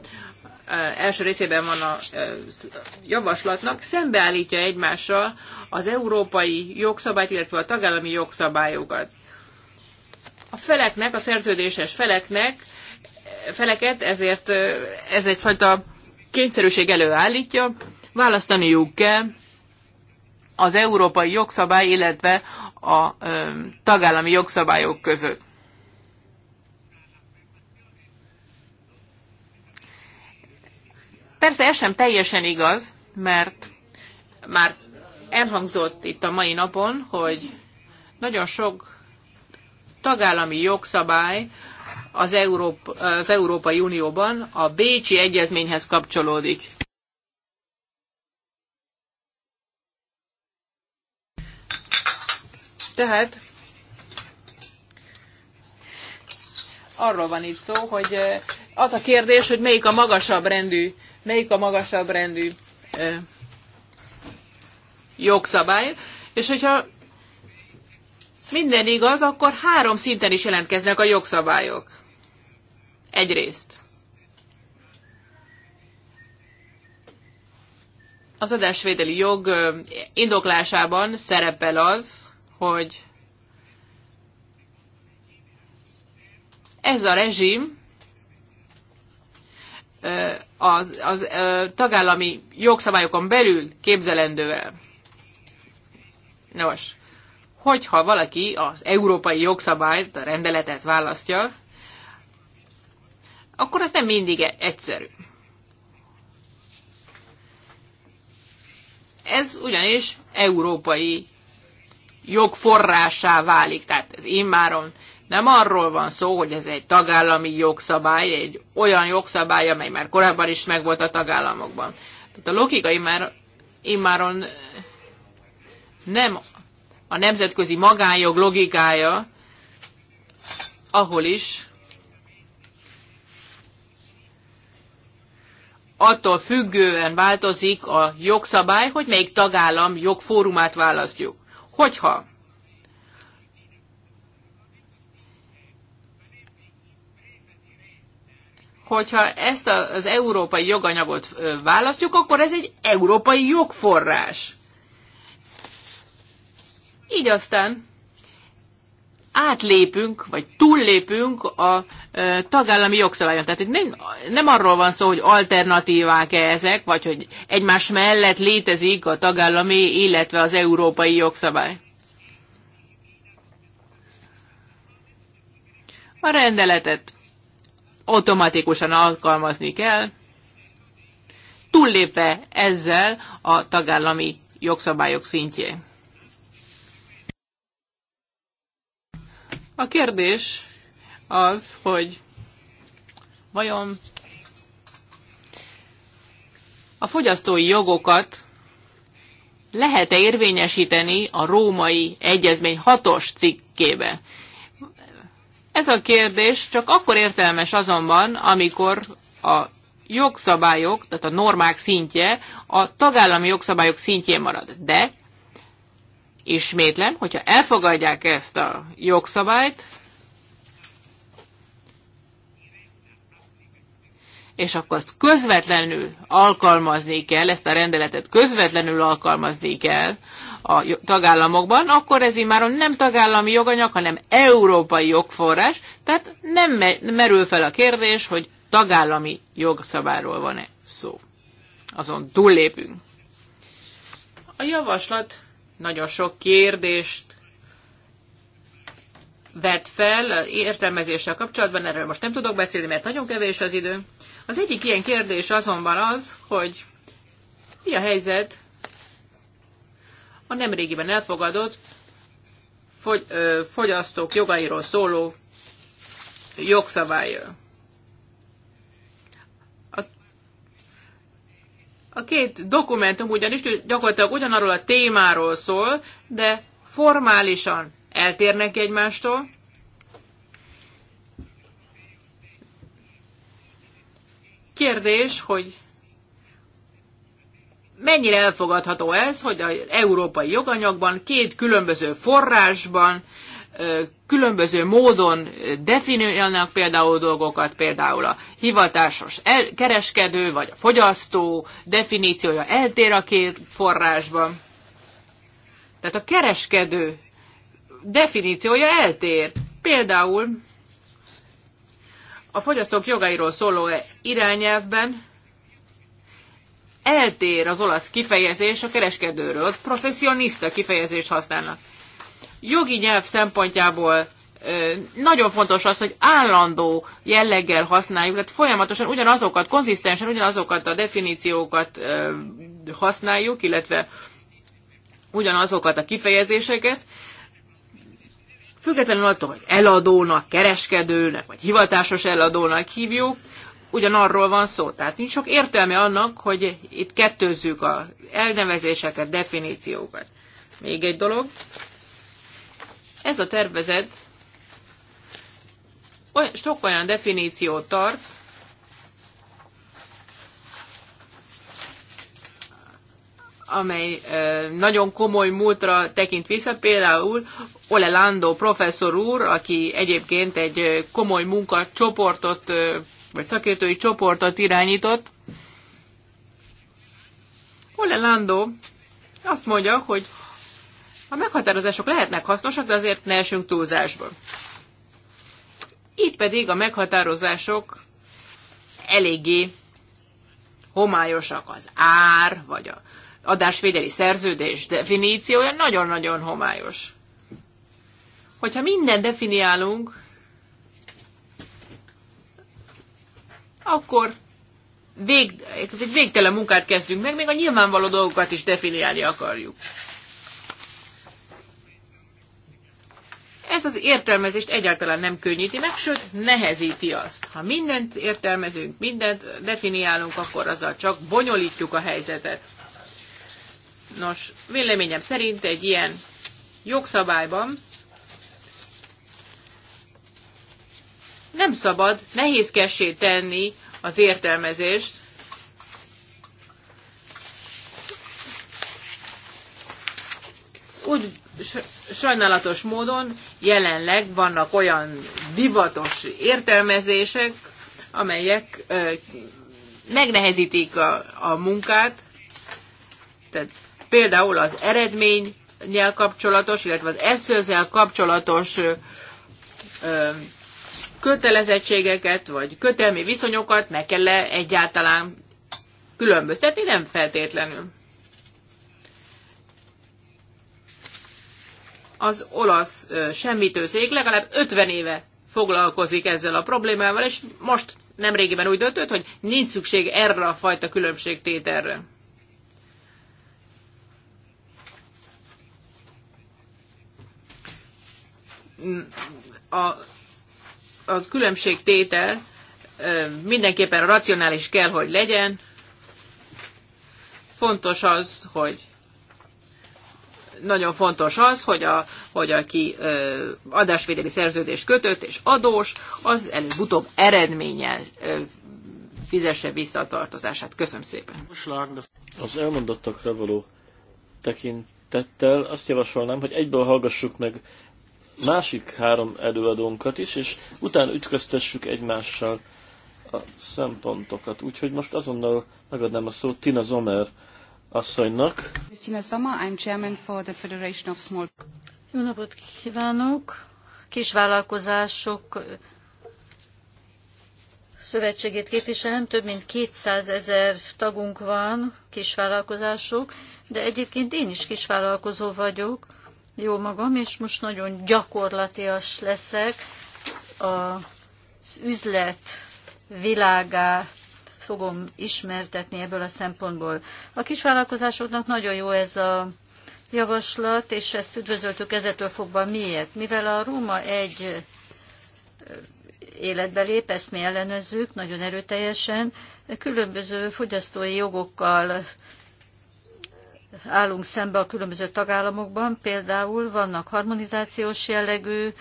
első részében van a javaslatnak, szembeállítja egymással az európai jogszabályt, illetve a tagállami jogszabályokat. A feleknek, a szerződéses feleknek, feleket ezért ez egyfajta kényszerűség előállítja, választaniuk kell az európai jogszabály, illetve a tagállami jogszabályok között. Persze ez sem teljesen igaz, mert már elhangzott itt a mai napon, hogy nagyon sok tagállami jogszabály az, Európa, az Európai Unióban a Bécsi Egyezményhez kapcsolódik. Tehát arról van itt szó, hogy az a kérdés, hogy melyik a magasabb rendű, melyik a magasabb rendű jogszabály, és hogyha minden igaz, akkor három szinten is jelentkeznek a jogszabályok. Egyrészt az adásvédeli jog indoklásában szerepel az, hogy ez a rezsim az, az tagállami jogszabályokon belül képzelendő el. Nos, hogyha valaki az európai jogszabályt, a rendeletet választja, akkor az nem mindig e- egyszerű. Ez ugyanis európai jog forrásá válik. Tehát ez immáron nem arról van szó, hogy ez egy tagállami jogszabály, egy olyan jogszabály, amely már korábban is megvolt a tagállamokban. Tehát a logika immár, immáron nem a nemzetközi magánjog logikája, ahol is attól függően változik a jogszabály, hogy melyik tagállam jogfórumát választjuk. Hogyha hogyha ezt az európai joganyagot választjuk, akkor ez egy európai jogforrás. Így aztán átlépünk, vagy túllépünk a ö, tagállami jogszabályon. Tehát itt nem, nem arról van szó, hogy alternatívák-e ezek, vagy hogy egymás mellett létezik a tagállami, illetve az európai jogszabály. A rendeletet automatikusan alkalmazni kell, túllépve ezzel a tagállami jogszabályok szintjén. A kérdés az, hogy vajon a fogyasztói jogokat lehet-e érvényesíteni a római egyezmény hatos cikkébe? Ez a kérdés csak akkor értelmes azonban, amikor a jogszabályok, tehát a normák szintje a tagállami jogszabályok szintjén marad. De ismétlem, hogyha elfogadják ezt a jogszabályt, és akkor ezt közvetlenül alkalmazni kell, ezt a rendeletet közvetlenül alkalmazni kell a tagállamokban, akkor ez már nem tagállami joganyag, hanem európai jogforrás, tehát nem merül fel a kérdés, hogy tagállami jogszabályról van-e szó. Azon túllépünk. A javaslat nagyon sok kérdést vett fel értelmezéssel kapcsolatban, erről most nem tudok beszélni, mert nagyon kevés az idő. Az egyik ilyen kérdés azonban az, hogy mi a helyzet a nemrégiben elfogadott fogy, ö, fogyasztók jogairól szóló jogszabály. A két dokumentum ugyanis gyakorlatilag ugyanarról a témáról szól, de formálisan eltérnek egymástól. Kérdés, hogy mennyire elfogadható ez, hogy az európai joganyagban két különböző forrásban különböző módon definiálnak például dolgokat, például a hivatásos el, kereskedő vagy a fogyasztó definíciója eltér a két forrásban. Tehát a kereskedő definíciója eltér. Például a fogyasztók jogairól szóló irányelvben eltér az olasz kifejezés a kereskedőről, professzionista kifejezést használnak jogi nyelv szempontjából nagyon fontos az, hogy állandó jelleggel használjuk, tehát folyamatosan ugyanazokat, konzisztensen ugyanazokat a definíciókat használjuk, illetve ugyanazokat a kifejezéseket, függetlenül attól, hogy eladónak, kereskedőnek, vagy hivatásos eladónak hívjuk, ugyanarról van szó. Tehát nincs sok értelme annak, hogy itt kettőzzük az elnevezéseket, definíciókat. Még egy dolog, ez a tervezet olyan, sok olyan definíciót tart, amely ö, nagyon komoly múltra tekint vissza, például Ole Lando professzor úr, aki egyébként egy komoly munkacsoportot, ö, vagy szakértői csoportot irányított. Ole Lando azt mondja, hogy a meghatározások lehetnek hasznosak, de azért ne esünk túlzásba. Itt pedig a meghatározások eléggé homályosak az ár, vagy a adásvédeli szerződés definíciója nagyon-nagyon homályos. Hogyha minden definiálunk, akkor vég, ez egy végtelen munkát kezdünk meg, még a nyilvánvaló dolgokat is definiálni akarjuk. Ez az értelmezést egyáltalán nem könnyíti meg, sőt nehezíti azt. Ha mindent értelmezünk, mindent definiálunk, akkor azzal csak bonyolítjuk a helyzetet. Nos, véleményem szerint egy ilyen jogszabályban nem szabad nehézkessé tenni az értelmezést, úgy sajnálatos módon jelenleg vannak olyan divatos értelmezések, amelyek megnehezítik a, a munkát, tehát például az eredménynyel kapcsolatos, illetve az eszközzel kapcsolatos ö, kötelezettségeket, vagy kötelmi viszonyokat meg kell -e egyáltalán különböztetni, nem feltétlenül. az olasz semmitőszék legalább 50 éve foglalkozik ezzel a problémával, és most nemrégiben úgy döntött, hogy nincs szükség erre a fajta különbségtételre. A, a különbségtétel mindenképpen racionális kell, hogy legyen. Fontos az, hogy nagyon fontos az, hogy, a, hogy aki ö, adásvédeli szerződést kötött és adós, az előbb-utóbb eredménnyel ö, fizesse vissza a tartozását. Köszönöm szépen. Az elmondottakra való tekintettel azt javasolnám, hogy egyből hallgassuk meg másik három előadónkat is, és utána ütköztessük egymással a szempontokat. Úgyhogy most azonnal megadnám a szót Tina Zomer asszonynak. I'm chairman for the Federation of Small... Jó napot kívánok! Kisvállalkozások szövetségét képviselem, több mint 200 ezer tagunk van, kisvállalkozások, de egyébként én is kisvállalkozó vagyok, jó magam, és most nagyon gyakorlatias leszek az üzlet világát fogom ismertetni ebből a szempontból. A kisvállalkozásoknak nagyon jó ez a javaslat, és ezt üdvözöltük ezettől fogva. Miért? Mivel a Róma egy életbe lép, ezt mi ellenezzük nagyon erőteljesen, különböző fogyasztói jogokkal állunk szembe a különböző tagállamokban. Például vannak harmonizációs jellegű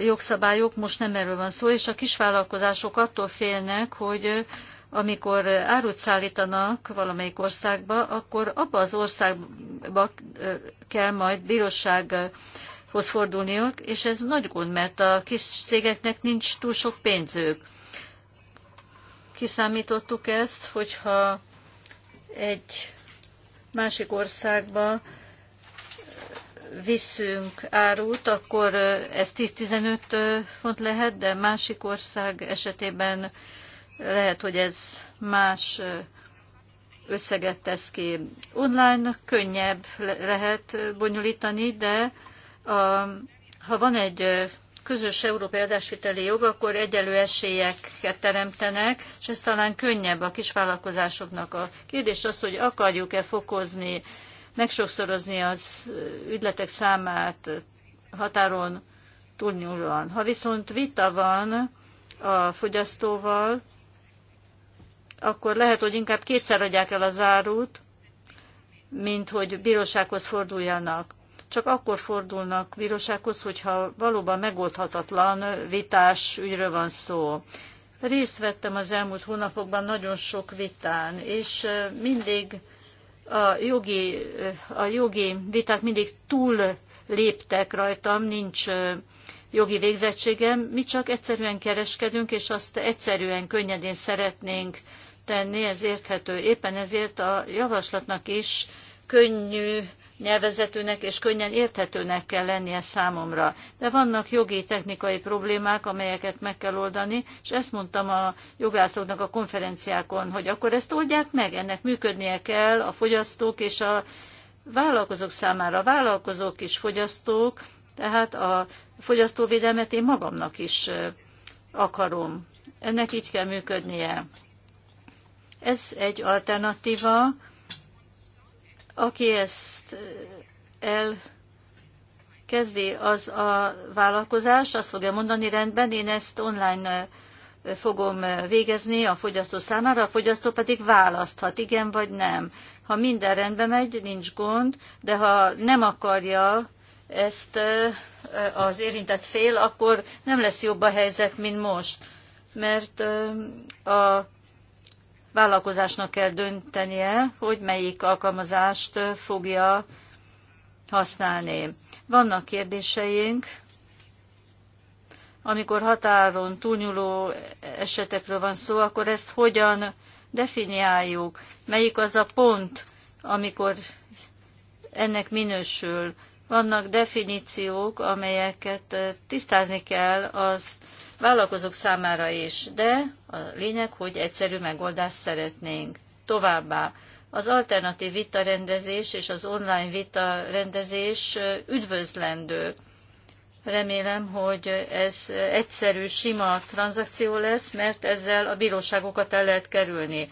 jogszabályok, most nem erről van szó, és a kisvállalkozások attól félnek, hogy amikor árut szállítanak valamelyik országba, akkor abba az országba kell majd bírósághoz fordulniuk, és ez nagy gond, mert a kis cégeknek nincs túl sok pénzük. Kiszámítottuk ezt, hogyha egy másik országba viszünk árut, akkor ez 10-15 font lehet, de másik ország esetében lehet, hogy ez más összeget tesz ki. Online könnyebb lehet bonyolítani, de a, ha van egy közös európai adásviteli jog, akkor egyelő esélyeket teremtenek, és ez talán könnyebb a kisvállalkozásoknak. A kérdés az, hogy akarjuk-e fokozni, megsokszorozni az ügyletek számát határon túlnyúlóan. Ha viszont vita van a fogyasztóval, akkor lehet, hogy inkább kétszer adják el az árut, mint hogy bírósághoz forduljanak. Csak akkor fordulnak bírósághoz, hogyha valóban megoldhatatlan vitás ügyről van szó. Részt vettem az elmúlt hónapokban nagyon sok vitán, és mindig a jogi, a jogi viták mindig túl léptek rajtam, nincs jogi végzettségem, mi csak egyszerűen kereskedünk, és azt egyszerűen, könnyedén szeretnénk tenni, ez érthető. Éppen ezért a javaslatnak is könnyű nyelvezetőnek és könnyen érthetőnek kell lennie számomra. De vannak jogi, technikai problémák, amelyeket meg kell oldani, és ezt mondtam a jogászoknak a konferenciákon, hogy akkor ezt oldják meg, ennek működnie kell a fogyasztók és a vállalkozók számára. A vállalkozók is fogyasztók, tehát a fogyasztóvédelmet én magamnak is akarom. Ennek így kell működnie. Ez egy alternatíva. Aki ezt eh, elkezdi, az a vállalkozás, azt fogja mondani, rendben, én ezt online eh, fogom eh, végezni a fogyasztó számára, a fogyasztó pedig választhat, igen vagy nem. Ha minden rendben megy, nincs gond, de ha nem akarja ezt az érintett fél, akkor nem lesz jobb a helyzet, mint most. Mert a vállalkozásnak kell döntenie, hogy melyik alkalmazást fogja használni. Vannak kérdéseink, amikor határon túlnyúló esetekről van szó, akkor ezt hogyan definiáljuk? Melyik az a pont, amikor ennek minősül? Vannak definíciók, amelyeket tisztázni kell az vállalkozók számára is, de a lényeg, hogy egyszerű megoldást szeretnénk. Továbbá az alternatív vitarendezés és az online vitarendezés üdvözlendő. Remélem, hogy ez egyszerű, sima tranzakció lesz, mert ezzel a bíróságokat el lehet kerülni.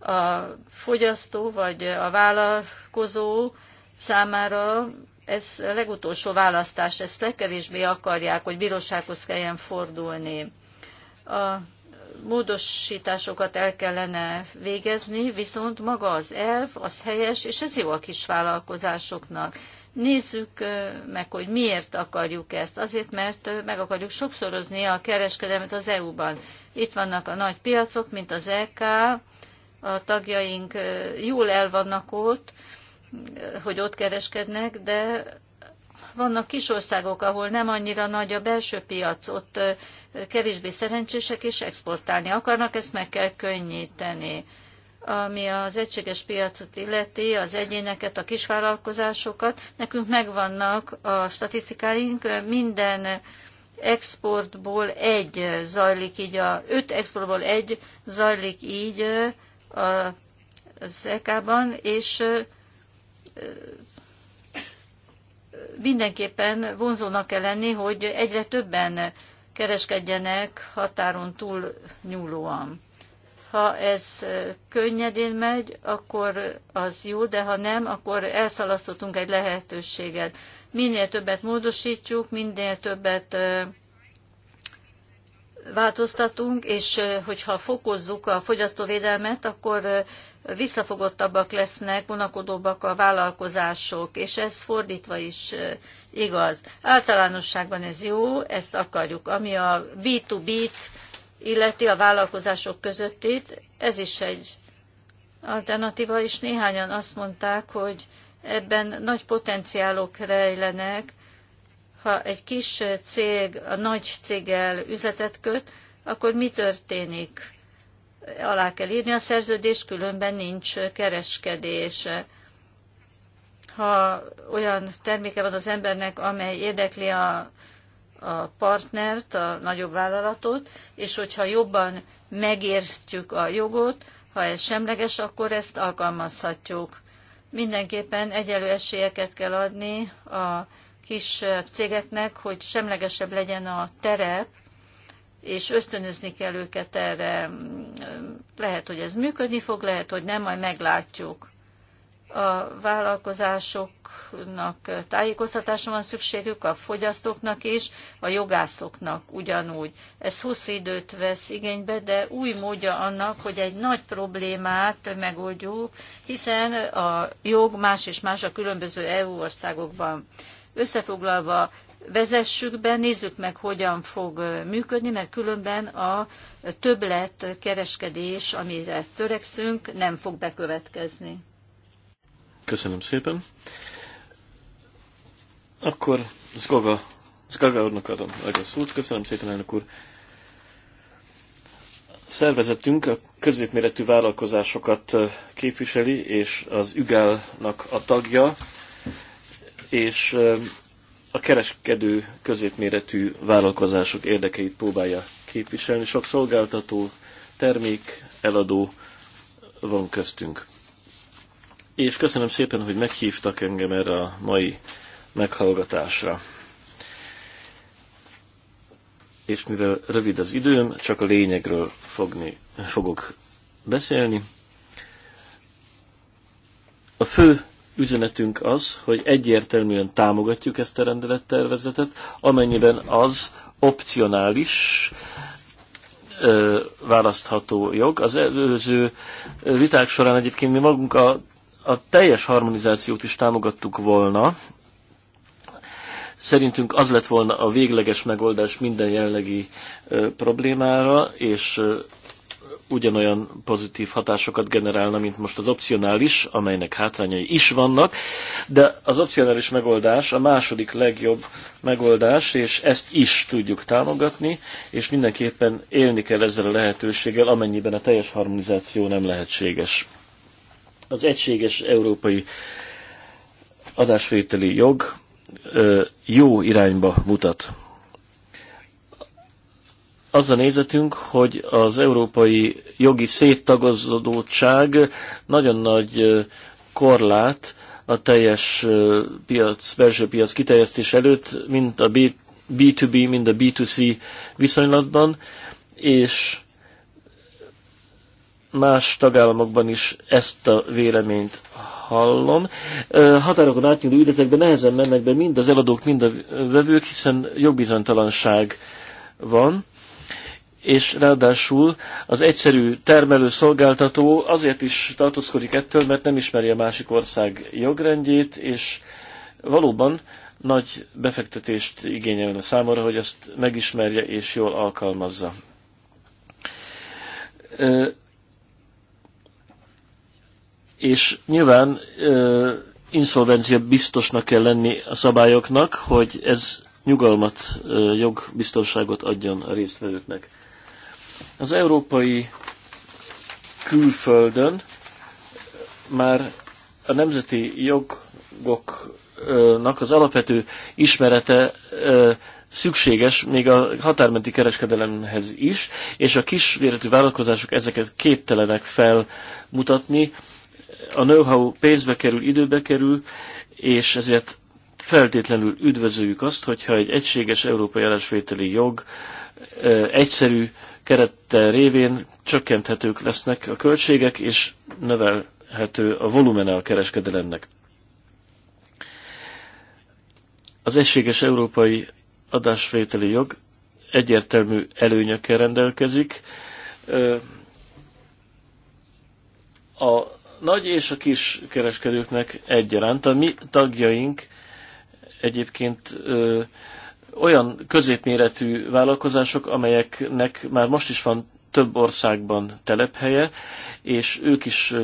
A fogyasztó vagy a vállalkozó számára ez a legutolsó választás, ezt legkevésbé akarják, hogy bírósághoz kelljen fordulni. A módosításokat el kellene végezni, viszont maga az elv, az helyes, és ez jó a kis vállalkozásoknak. Nézzük meg, hogy miért akarjuk ezt. Azért, mert meg akarjuk sokszorozni a kereskedelmet az EU-ban. Itt vannak a nagy piacok, mint az EK, a tagjaink jól el vannak ott, hogy ott kereskednek, de vannak kis országok, ahol nem annyira nagy a belső piac, ott kevésbé szerencsések és exportálni akarnak, ezt meg kell könnyíteni. Ami az egységes piacot illeti, az egyéneket, a kisvállalkozásokat, nekünk megvannak a statisztikáink, minden exportból egy zajlik így, a, öt exportból egy zajlik így az EK-ban, és mindenképpen vonzónak kell lenni, hogy egyre többen kereskedjenek határon túl nyúlóan. Ha ez könnyedén megy, akkor az jó, de ha nem, akkor elszalasztottunk egy lehetőséget. Minél többet módosítjuk, minél többet változtatunk, és hogyha fokozzuk a fogyasztóvédelmet, akkor visszafogottabbak lesznek, vonakodóbbak a vállalkozások, és ez fordítva is igaz. Általánosságban ez jó, ezt akarjuk. Ami a B2B-t illeti a vállalkozások közöttit, ez is egy alternatíva, és néhányan azt mondták, hogy ebben nagy potenciálok rejlenek, ha egy kis cég a nagy céggel üzletet köt, akkor mi történik? Alá kell írni a szerződést, különben nincs kereskedés. Ha olyan terméke van az embernek, amely érdekli a, a partnert, a nagyobb vállalatot, és hogyha jobban megértjük a jogot, ha ez semleges, akkor ezt alkalmazhatjuk. Mindenképpen egyelő esélyeket kell adni a kis cégeknek, hogy semlegesebb legyen a terep, és ösztönözni kell őket erre. Lehet, hogy ez működni fog, lehet, hogy nem, majd meglátjuk. A vállalkozásoknak tájékoztatásra van szükségük, a fogyasztóknak is, a jogászoknak ugyanúgy. Ez hosszú időt vesz igénybe, de új módja annak, hogy egy nagy problémát megoldjuk, hiszen a jog más és más a különböző EU országokban. Összefoglalva vezessük be, nézzük meg, hogyan fog működni, mert különben a többlet kereskedés, amire törekszünk, nem fog bekövetkezni. Köszönöm szépen. Akkor Zgoga, Zgoga úrnak adom meg a szót. Köszönöm szépen, elnök úr. A szervezetünk a középméretű vállalkozásokat képviseli, és az ügálnak a tagja és a kereskedő középméretű vállalkozások érdekeit próbálja képviselni. Sok szolgáltató, termék, eladó van köztünk. És köszönöm szépen, hogy meghívtak engem erre a mai meghallgatásra. És mivel rövid az időm, csak a lényegről fogni, fogok beszélni. A fő üzenetünk az, hogy egyértelműen támogatjuk ezt a rendelettervezetet, amennyiben az opcionális, ö, választható jog. Az előző viták során egyébként mi magunk a, a teljes harmonizációt is támogattuk volna. Szerintünk az lett volna a végleges megoldás minden jelenlegi ö, problémára, és ö, ugyanolyan pozitív hatásokat generálna, mint most az opcionális, amelynek hátrányai is vannak, de az opcionális megoldás a második legjobb megoldás, és ezt is tudjuk támogatni, és mindenképpen élni kell ezzel a lehetőséggel, amennyiben a teljes harmonizáció nem lehetséges. Az egységes európai adásvételi jog jó irányba mutat az a nézetünk, hogy az európai jogi széttagozódottság nagyon nagy korlát a teljes piac, belső piac kiterjesztés előtt, mint a B2B, mint a B2C viszonylatban, és más tagállamokban is ezt a véleményt hallom. Határokon átnyúló ügyletekben nehezen mennek be mind az eladók, mind a vevők, hiszen jogbizonytalanság van és ráadásul az egyszerű termelő szolgáltató azért is tartózkodik ettől, mert nem ismeri a másik ország jogrendjét, és valóban nagy befektetést igényelne számára, hogy ezt megismerje és jól alkalmazza. És nyilván inszolvencia biztosnak kell lenni a szabályoknak, hogy ez nyugalmat, jogbiztonságot adjon a résztvevőknek. Az európai külföldön már a nemzeti jogoknak az alapvető ismerete szükséges még a határmenti kereskedelemhez is, és a kisvéretű vállalkozások ezeket képtelenek felmutatni. A know-how pénzbe kerül, időbe kerül, és ezért feltétlenül üdvözöljük azt, hogyha egy egységes európai állásvételi jog egyszerű, kerettel révén csökkenthetők lesznek a költségek, és növelhető a volumene a kereskedelemnek. Az egységes európai adásvételi jog egyértelmű előnyökkel rendelkezik. A nagy és a kis kereskedőknek egyaránt. A mi tagjaink egyébként olyan középméretű vállalkozások, amelyeknek már most is van több országban telephelye, és ők is,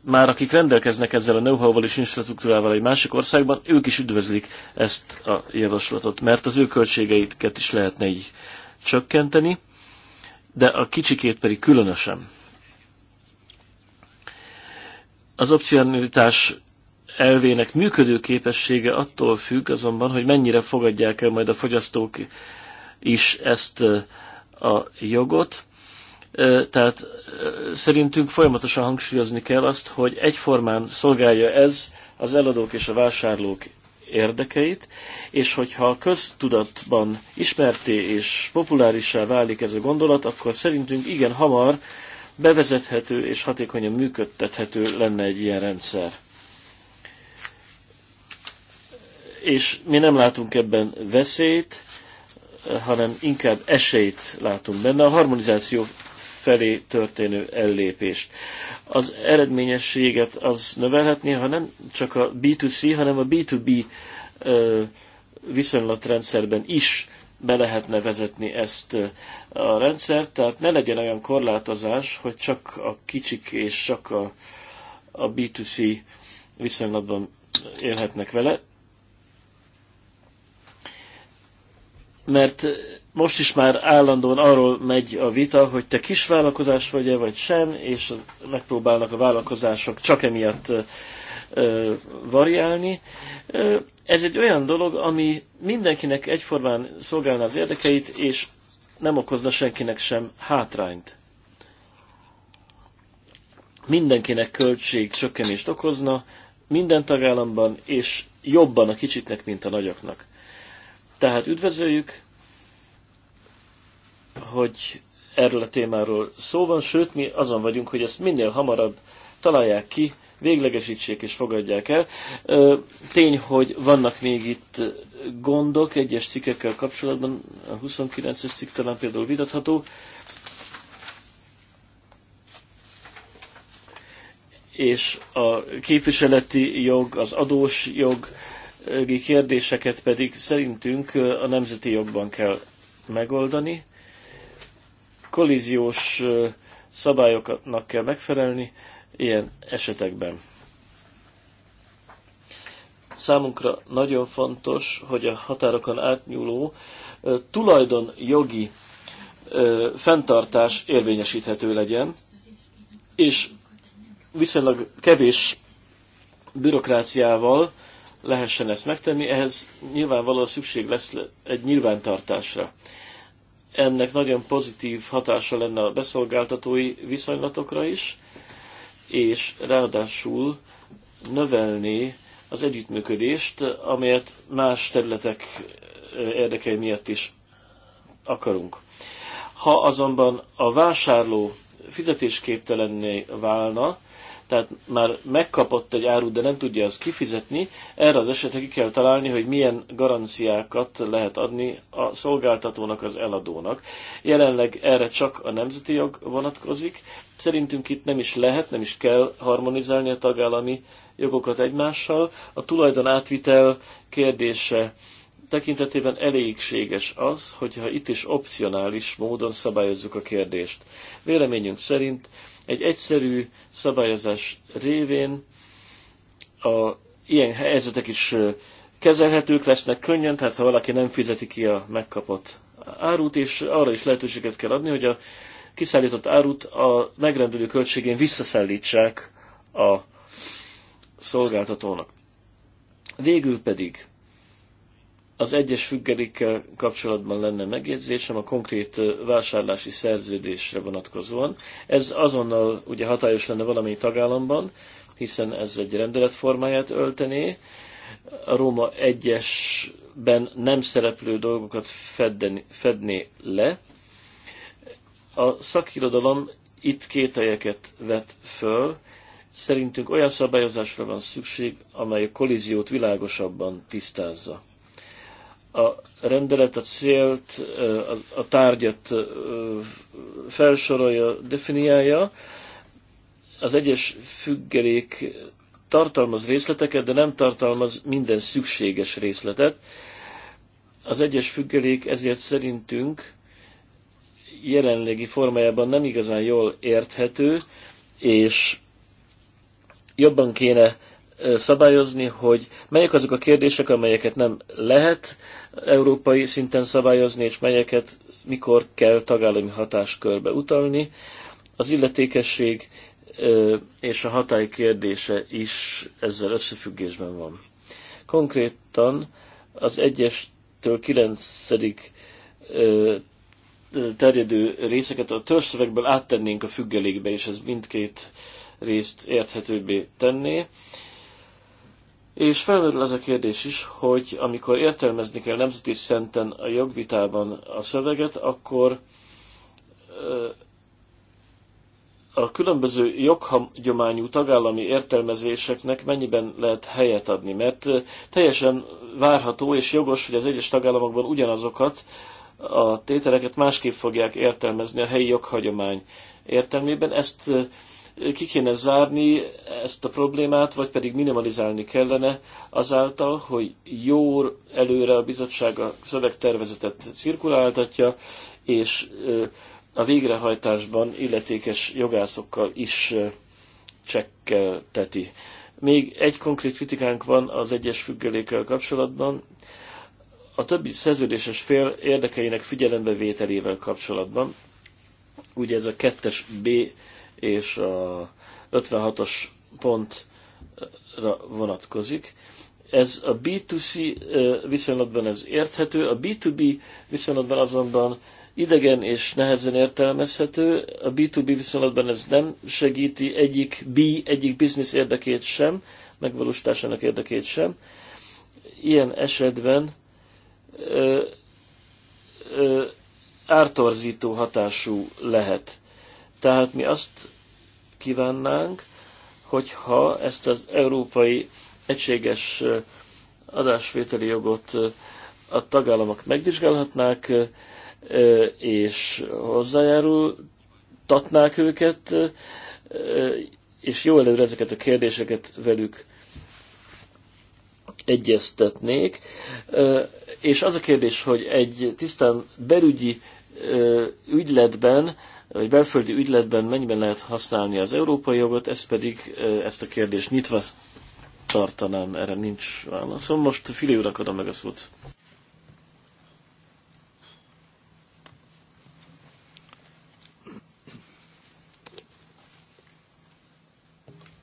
már akik rendelkeznek ezzel a know-how-val és infrastruktúrával egy másik országban, ők is üdvözlik ezt a javaslatot, mert az ő költségeiket is lehetne így csökkenteni, de a kicsikét pedig különösen. Az opcionalitás elvének működő képessége attól függ azonban, hogy mennyire fogadják el majd a fogyasztók is ezt a jogot. Tehát szerintünk folyamatosan hangsúlyozni kell azt, hogy egyformán szolgálja ez az eladók és a vásárlók érdekeit, és hogyha a köztudatban ismerté és populárissá válik ez a gondolat, akkor szerintünk igen hamar bevezethető és hatékonyan működtethető lenne egy ilyen rendszer. és mi nem látunk ebben veszélyt, hanem inkább esélyt látunk benne, a harmonizáció felé történő ellépést. Az eredményességet az növelhetné, ha nem csak a B2C, hanem a B2B viszonylatrendszerben is be lehetne vezetni ezt a rendszert, tehát ne legyen olyan korlátozás, hogy csak a kicsik és csak a, a B2C viszonylatban élhetnek vele. mert most is már állandóan arról megy a vita, hogy te kisvállalkozás vagy-e, vagy sem, és megpróbálnak a vállalkozások csak emiatt variálni. ez egy olyan dolog, ami mindenkinek egyformán szolgálna az érdekeit, és nem okozna senkinek sem hátrányt. Mindenkinek költség csökkenést okozna, minden tagállamban, és jobban a kicsiknek, mint a nagyoknak. Tehát üdvözöljük, hogy erről a témáról szó van, sőt, mi azon vagyunk, hogy ezt minél hamarabb találják ki, véglegesítsék és fogadják el. Tény, hogy vannak még itt gondok egyes cikkekkel kapcsolatban, a 29-es cikk talán például vitatható, és a képviseleti jog, az adós jog, jogi kérdéseket pedig szerintünk a nemzeti jogban kell megoldani. Kolíziós szabályoknak kell megfelelni ilyen esetekben. Számunkra nagyon fontos, hogy a határokon átnyúló tulajdonjogi fenntartás érvényesíthető legyen, és viszonylag kevés bürokráciával lehessen ezt megtenni, ehhez nyilvánvalóan szükség lesz egy nyilvántartásra. Ennek nagyon pozitív hatása lenne a beszolgáltatói viszonylatokra is, és ráadásul növelni az együttműködést, amelyet más területek érdekei miatt is akarunk. Ha azonban a vásárló fizetésképtelenné válna, tehát már megkapott egy árut, de nem tudja azt kifizetni, erre az esetre ki kell találni, hogy milyen garanciákat lehet adni a szolgáltatónak, az eladónak. Jelenleg erre csak a nemzeti jog vonatkozik. Szerintünk itt nem is lehet, nem is kell harmonizálni a tagállami jogokat egymással. A tulajdon átvitel kérdése tekintetében elégséges az, hogyha itt is opcionális módon szabályozzuk a kérdést. Véleményünk szerint egy egyszerű szabályozás révén a ilyen helyzetek is kezelhetők lesznek könnyen, tehát ha valaki nem fizeti ki a megkapott árut, és arra is lehetőséget kell adni, hogy a kiszállított árut a megrendelő költségén visszaszállítsák a szolgáltatónak. Végül pedig az egyes függelékkel kapcsolatban lenne megjegyzésem a konkrét vásárlási szerződésre vonatkozóan. Ez azonnal ugye hatályos lenne valami tagállamban, hiszen ez egy rendeletformáját öltené. A Róma egyesben nem szereplő dolgokat fedni fedné le. A szakirodalom itt két helyeket vet föl. Szerintünk olyan szabályozásra van szükség, amely a kolíziót világosabban tisztázza a rendelet a célt, a tárgyat felsorolja, definiálja. Az egyes függelék tartalmaz részleteket, de nem tartalmaz minden szükséges részletet. Az egyes függelék ezért szerintünk jelenlegi formájában nem igazán jól érthető, és jobban kéne szabályozni, hogy melyek azok a kérdések, amelyeket nem lehet európai szinten szabályozni, és melyeket mikor kell tagállami hatáskörbe utalni. Az illetékesség és a hatály kérdése is ezzel összefüggésben van. Konkrétan az 1-től 9 terjedő részeket a törzszövegből áttennénk a függelékbe, és ez mindkét részt érthetőbbé tenné. És felmerül az a kérdés is, hogy amikor értelmezni kell nemzeti szenten a jogvitában a szöveget, akkor a különböző joghagyományú tagállami értelmezéseknek mennyiben lehet helyet adni, mert teljesen várható és jogos, hogy az egyes tagállamokban ugyanazokat a tételeket másképp fogják értelmezni a helyi joghagyomány értelmében. Ezt ki kéne zárni ezt a problémát, vagy pedig minimalizálni kellene azáltal, hogy jó előre a bizottság a szövegtervezetet cirkuláltatja, és a végrehajtásban illetékes jogászokkal is csekkelteti. Még egy konkrét kritikánk van az egyes függelékkel kapcsolatban, a többi szerződéses fél érdekeinek figyelembevételével kapcsolatban. Ugye ez a kettes B és a 56-os pontra vonatkozik. Ez a B2C viszonylatban ez érthető, a B2B viszonylatban azonban idegen és nehezen értelmezhető. A B2B viszonylatban ez nem segíti egyik B, egyik biznisz érdekét sem, megvalósításának érdekét sem. Ilyen esetben ö, ö, ártorzító hatású lehet. Tehát mi azt kívánnánk, hogyha ezt az európai egységes adásvételi jogot a tagállamok megvizsgálhatnák, és hozzájárultatnák őket, és jó előre ezeket a kérdéseket velük egyeztetnék. És az a kérdés, hogy egy tisztán belügyi ügyletben hogy belföldi ügyletben mennyiben lehet használni az európai jogot, ezt pedig ezt a kérdést nyitva tartanám, erre nincs válaszom. Most Fili úrnak adom meg a szót.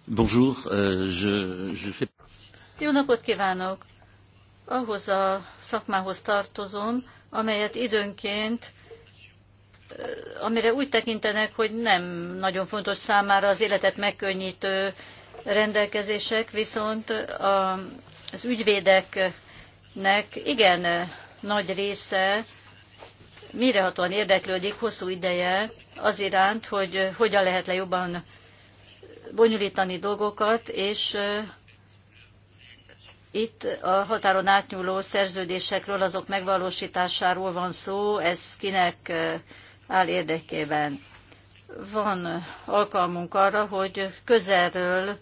Bonjour, euh, je, je fais... Jó napot kívánok! Ahhoz a szakmához tartozom, amelyet időnként amire úgy tekintenek, hogy nem nagyon fontos számára az életet megkönnyítő rendelkezések, viszont az ügyvédeknek igen nagy része mirehatóan érdeklődik hosszú ideje az iránt, hogy hogyan lehet le jobban bonyolítani dolgokat, és itt a határon átnyúló szerződésekről, azok megvalósításáról van szó, ez kinek áll érdekében. Van alkalmunk arra, hogy közelről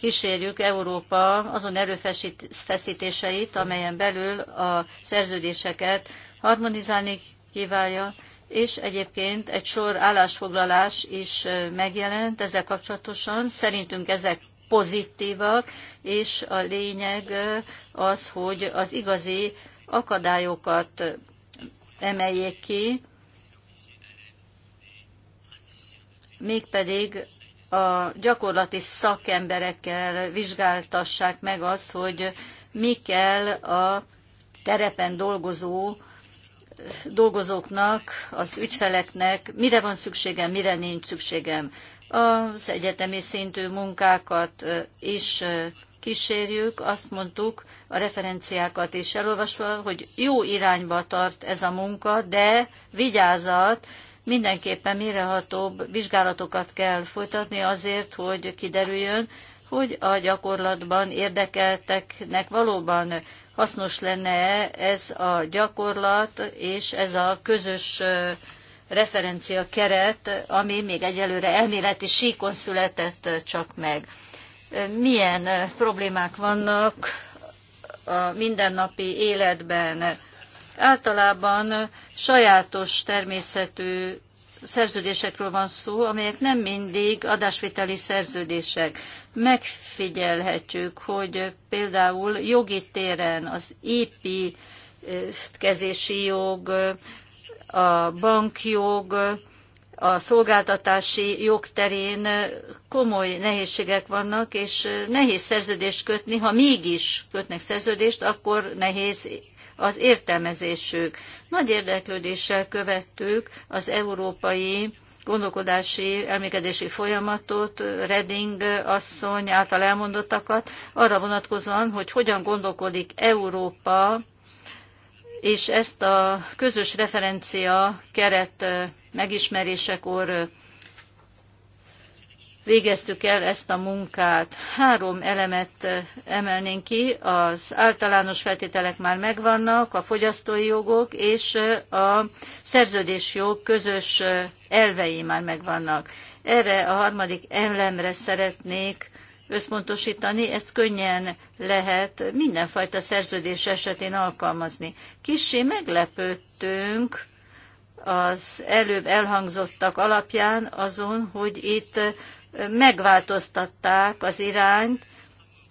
kísérjük Európa azon erőfeszítéseit, amelyen belül a szerződéseket harmonizálni kívánja, és egyébként egy sor állásfoglalás is megjelent ezzel kapcsolatosan. Szerintünk ezek pozitívak, és a lényeg az, hogy az igazi akadályokat emeljék ki, mégpedig a gyakorlati szakemberekkel vizsgáltassák meg azt, hogy mi kell a terepen dolgozó dolgozóknak, az ügyfeleknek, mire van szükségem, mire nincs szükségem. Az egyetemi szintű munkákat is kísérjük, azt mondtuk a referenciákat is elolvasva, hogy jó irányba tart ez a munka, de vigyázat, mindenképpen mirehatóbb vizsgálatokat kell folytatni azért, hogy kiderüljön, hogy a gyakorlatban érdekelteknek valóban hasznos lenne ez a gyakorlat és ez a közös referencia keret, ami még egyelőre elméleti síkon született csak meg. Milyen problémák vannak a mindennapi életben? Általában sajátos természetű szerződésekről van szó, amelyek nem mindig adásviteli szerződések. Megfigyelhetjük, hogy például jogi téren az építkezési jog, a bankjog, a szolgáltatási jogterén komoly nehézségek vannak, és nehéz szerződést kötni, ha mégis kötnek szerződést, akkor nehéz az értelmezésük. Nagy érdeklődéssel követtük az európai gondolkodási, elmékedési folyamatot, Reding asszony által elmondottakat, arra vonatkozóan, hogy hogyan gondolkodik Európa, és ezt a közös referencia keret megismerésekor végeztük el ezt a munkát. Három elemet eh, emelnénk ki, az általános feltételek már megvannak, a fogyasztói jogok és eh, a szerződésjog közös eh, elvei már megvannak. Erre a harmadik elemre szeretnék összpontosítani, ezt könnyen lehet mindenfajta szerződés esetén alkalmazni. Kissé meglepődtünk az előbb elhangzottak alapján azon, hogy itt megváltoztatták az irányt,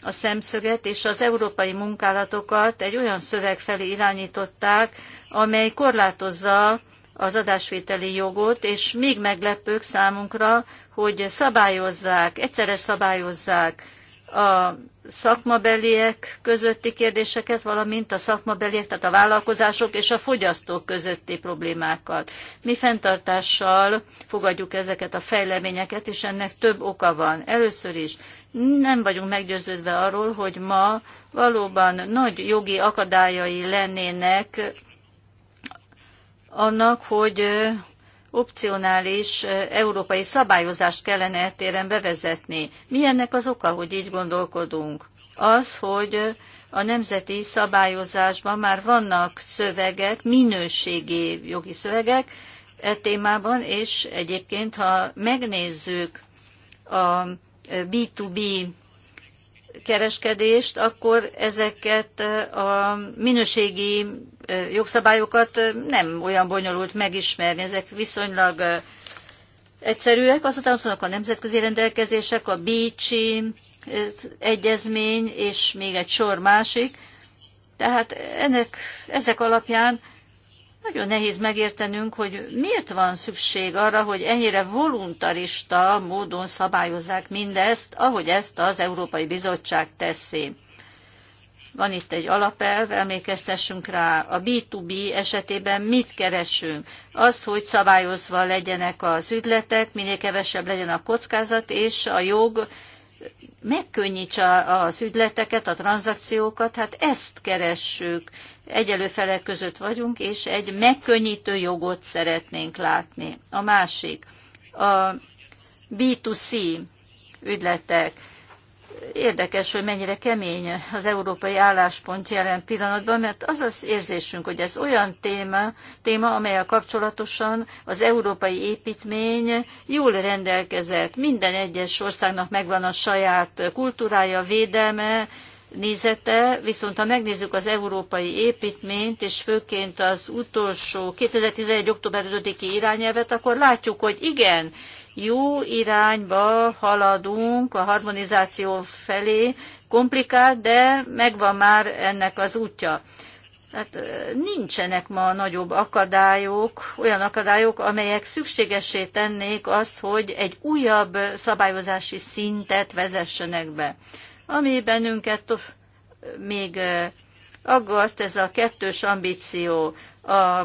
a szemszöget és az európai munkálatokat egy olyan szöveg felé irányították, amely korlátozza az adásvételi jogot, és még meglepők számunkra, hogy szabályozzák, egyszerre szabályozzák a szakmabeliek közötti kérdéseket, valamint a szakmabeliek, tehát a vállalkozások és a fogyasztók közötti problémákat. Mi fenntartással fogadjuk ezeket a fejleményeket, és ennek több oka van. Először is nem vagyunk meggyőződve arról, hogy ma valóban nagy jogi akadályai lennének annak, hogy opcionális európai szabályozást kellene ettéren bevezetni. Mi ennek az oka, hogy így gondolkodunk? Az, hogy a nemzeti szabályozásban már vannak szövegek, minőségi jogi szövegek e témában, és egyébként, ha megnézzük a B2B kereskedést, akkor ezeket a minőségi jogszabályokat nem olyan bonyolult megismerni, ezek viszonylag egyszerűek, azután ott vannak a nemzetközi rendelkezések, a Bécsi egyezmény, és még egy sor másik. Tehát ennek, ezek alapján nagyon nehéz megértenünk, hogy miért van szükség arra, hogy ennyire voluntarista módon szabályozzák mindezt, ahogy ezt az Európai Bizottság teszi. Van itt egy alapelv, emlékeztessünk rá, a B2B esetében mit keresünk? Az, hogy szabályozva legyenek az ügyletek, minél kevesebb legyen a kockázat, és a jog megkönnyítsa az ügyleteket, a tranzakciókat, hát ezt keressük. Egyelő felek között vagyunk, és egy megkönnyítő jogot szeretnénk látni. A másik, a B2C ügyletek Érdekes, hogy mennyire kemény az európai álláspont jelen pillanatban, mert az az érzésünk, hogy ez olyan téma, téma a kapcsolatosan az európai építmény jól rendelkezett. Minden egyes országnak megvan a saját kultúrája, védelme, nézete, viszont ha megnézzük az európai építményt, és főként az utolsó 2011. október 5-i irányelvet, akkor látjuk, hogy igen, jó irányba haladunk a harmonizáció felé, komplikált, de megvan már ennek az útja. Hát, nincsenek ma nagyobb akadályok, olyan akadályok, amelyek szükségessé tennék azt, hogy egy újabb szabályozási szintet vezessenek be. Ami bennünket még aggaszt, ez a kettős ambíció, a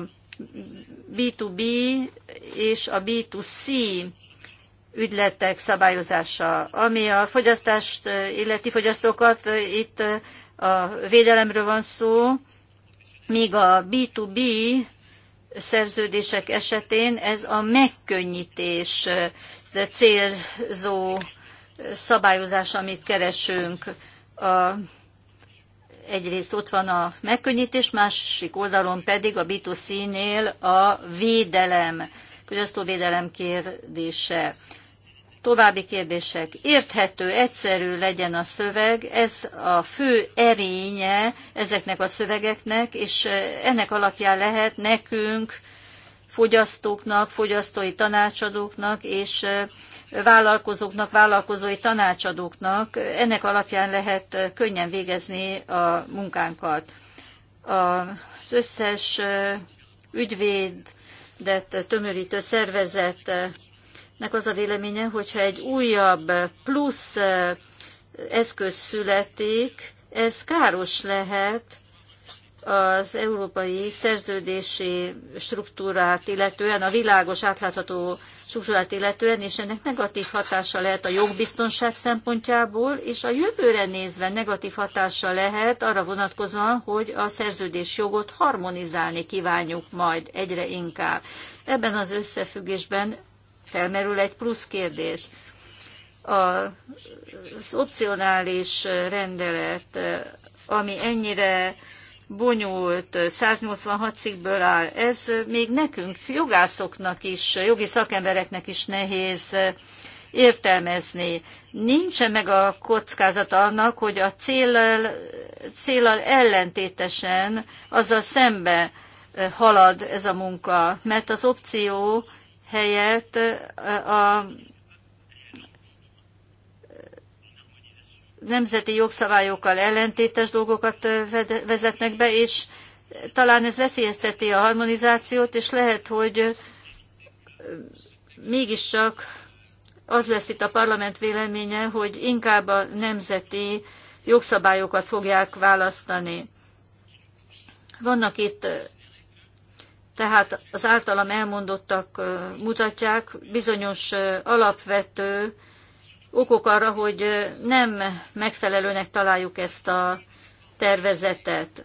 B2B és a B2C ügyletek szabályozása. Ami a fogyasztást illeti fogyasztókat, itt a védelemről van szó, míg a B2B szerződések esetén ez a megkönnyítés célzó szabályozás, amit keresünk. A, egyrészt ott van a megkönnyítés, másik oldalon pedig a B2C-nél a védelem, fogyasztóvédelem kérdése. További kérdések. Érthető, egyszerű legyen a szöveg, ez a fő erénye ezeknek a szövegeknek, és e, ennek alapján lehet nekünk, fogyasztóknak, fogyasztói tanácsadóknak és e, vállalkozóknak, vállalkozói tanácsadóknak. Ennek alapján lehet e, könnyen végezni a munkánkat. Az összes de tömörítő szervezet nek az a véleménye, hogyha egy újabb plusz eszköz születik, ez káros lehet az európai szerződési struktúrát illetően, a világos átlátható struktúrát illetően, és ennek negatív hatása lehet a jogbiztonság szempontjából, és a jövőre nézve negatív hatása lehet arra vonatkozóan, hogy a szerződés jogot harmonizálni kívánjuk majd egyre inkább. Ebben az összefüggésben felmerül egy plusz kérdés. Az opcionális rendelet, ami ennyire bonyolult 186 cikkből áll. Ez még nekünk, jogászoknak is, jogi szakembereknek is nehéz értelmezni. Nincs-e meg a kockázata annak, hogy a célal, célal ellentétesen, azzal szembe halad ez a munka, mert az opció helyett a nemzeti jogszabályokkal ellentétes dolgokat vezetnek be, és talán ez veszélyezteti a harmonizációt, és lehet, hogy mégiscsak az lesz itt a parlament véleménye, hogy inkább a nemzeti jogszabályokat fogják választani. Vannak itt tehát az általam elmondottak mutatják bizonyos alapvető okok arra, hogy nem megfelelőnek találjuk ezt a tervezetet.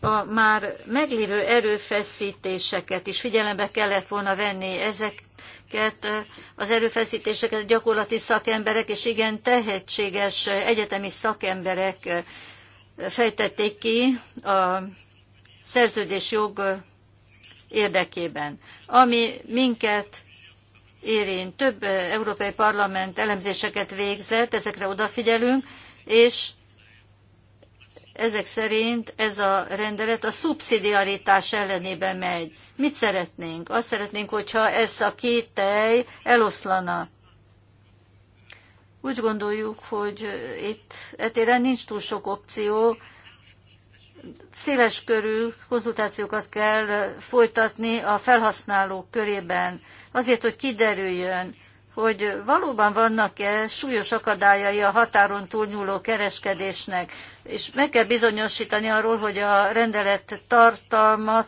A már meglévő erőfeszítéseket is figyelembe kellett volna venni ezeket az erőfeszítéseket a gyakorlati szakemberek és igen tehetséges egyetemi szakemberek fejtették ki a jog érdekében. Ami minket érint, több eh, európai parlament elemzéseket végzett, ezekre odafigyelünk, és ezek szerint ez a rendelet a szubszidiaritás ellenében megy. Mit szeretnénk? Azt szeretnénk, hogyha ez a két tej eloszlana. Úgy gondoljuk, hogy eh, itt etéren nincs túl sok opció, széles körű konzultációkat kell folytatni a felhasználók körében, azért, hogy kiderüljön, hogy valóban vannak-e súlyos akadályai a határon túlnyúló kereskedésnek, és meg kell bizonyosítani arról, hogy a rendelet tartalma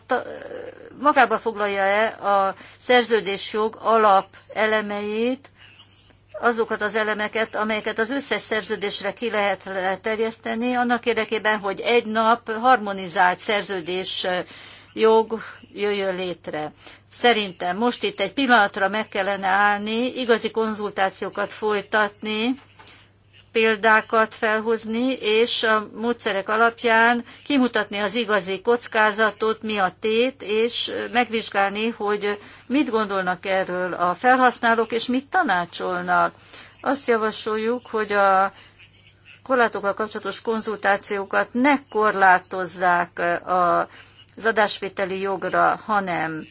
magába foglalja-e a szerződésjog alap elemeit, azokat az elemeket, amelyeket az összes szerződésre ki lehet terjeszteni, annak érdekében, hogy egy nap harmonizált szerződés jog jöjjön létre. Szerintem most itt egy pillanatra meg kellene állni, igazi konzultációkat folytatni, példákat felhozni, és a módszerek alapján kimutatni az igazi kockázatot, mi a tét, és megvizsgálni, hogy mit gondolnak erről a felhasználók, és mit tanácsolnak. Azt javasoljuk, hogy a korlátokkal kapcsolatos konzultációkat ne korlátozzák az adásvételi jogra, hanem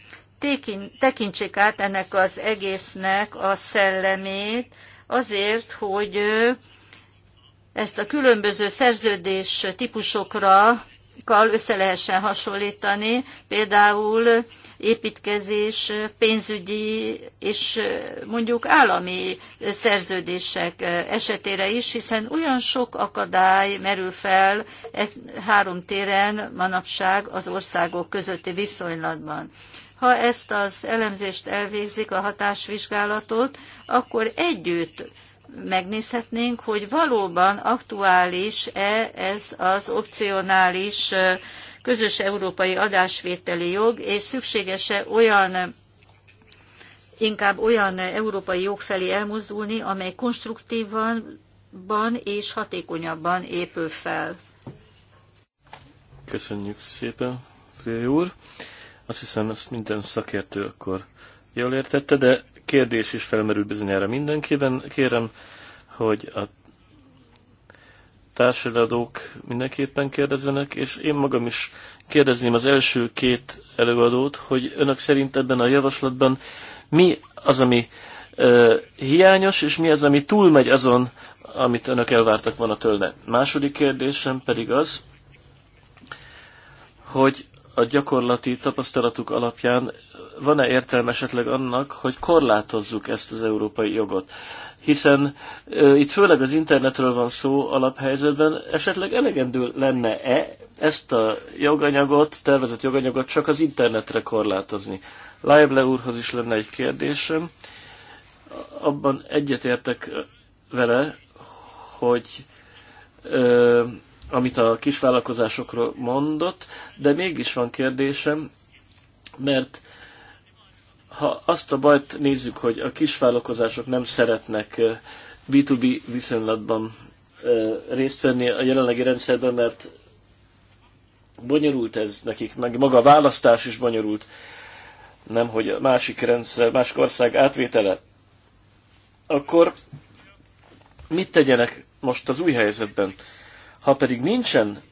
tekintsék át ennek az egésznek a szellemét, azért, hogy ezt a különböző szerződés típusokra össze lehessen hasonlítani, például építkezés, pénzügyi és mondjuk állami szerződések esetére is, hiszen olyan sok akadály merül fel e három téren manapság az országok közötti viszonylatban. Ha ezt az elemzést elvégzik, a hatásvizsgálatot, akkor együtt megnézhetnénk, hogy valóban aktuális-e ez az opcionális közös európai adásvételi jog, és szükséges-e olyan inkább olyan európai jog felé elmozdulni, amely konstruktívan és hatékonyabban épül fel. Köszönjük szépen, Fő úr. Azt hiszem, ezt minden szakértő akkor jól értette, de kérdés is felmerül bizonyára mindenkiben. Kérem, hogy a társadalók mindenképpen kérdezzenek, és én magam is kérdezném az első két előadót, hogy önök szerint ebben a javaslatban mi az, ami ö, hiányos, és mi az, ami túlmegy azon, amit önök elvártak volna tőle. Második kérdésem pedig az, hogy a gyakorlati tapasztalatuk alapján van-e értelme esetleg annak, hogy korlátozzuk ezt az európai jogot? Hiszen e, itt főleg az internetről van szó alaphelyzetben, esetleg elegendő lenne-e ezt a joganyagot, tervezett joganyagot csak az internetre korlátozni? Leible úrhoz is lenne egy kérdésem. Abban egyetértek vele, hogy e, amit a kisvállalkozásokról mondott, de mégis van kérdésem, mert ha azt a bajt nézzük, hogy a kisvállalkozások nem szeretnek B2B eh, viszonylatban eh, részt venni a jelenlegi rendszerben, mert bonyolult ez nekik, meg maga a választás is bonyolult, nem, hogy a másik rendszer, másik ország átvétele, akkor mit tegyenek most az új helyzetben? Ha pedig nincsen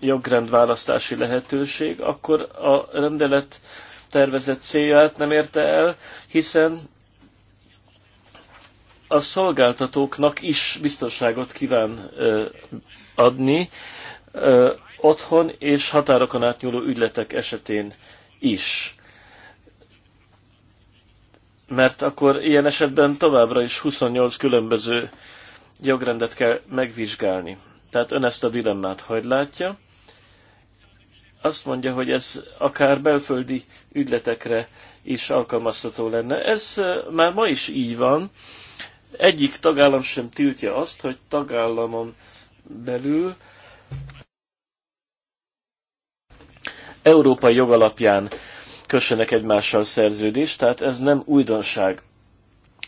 jogrendválasztási lehetőség, akkor a rendelet tervezett célját nem érte el, hiszen a szolgáltatóknak is biztonságot kíván adni otthon és határokon átnyúló ügyletek esetén is. Mert akkor ilyen esetben továbbra is 28 különböző jogrendet kell megvizsgálni. Tehát ön ezt a dilemmát hogy látja? Azt mondja, hogy ez akár belföldi ügyletekre is alkalmazható lenne. Ez eh, már ma is így van. Egyik tagállam sem tiltja azt, hogy tagállamon belül európai jogalapján kössenek egymással szerződést, tehát ez nem újdonság.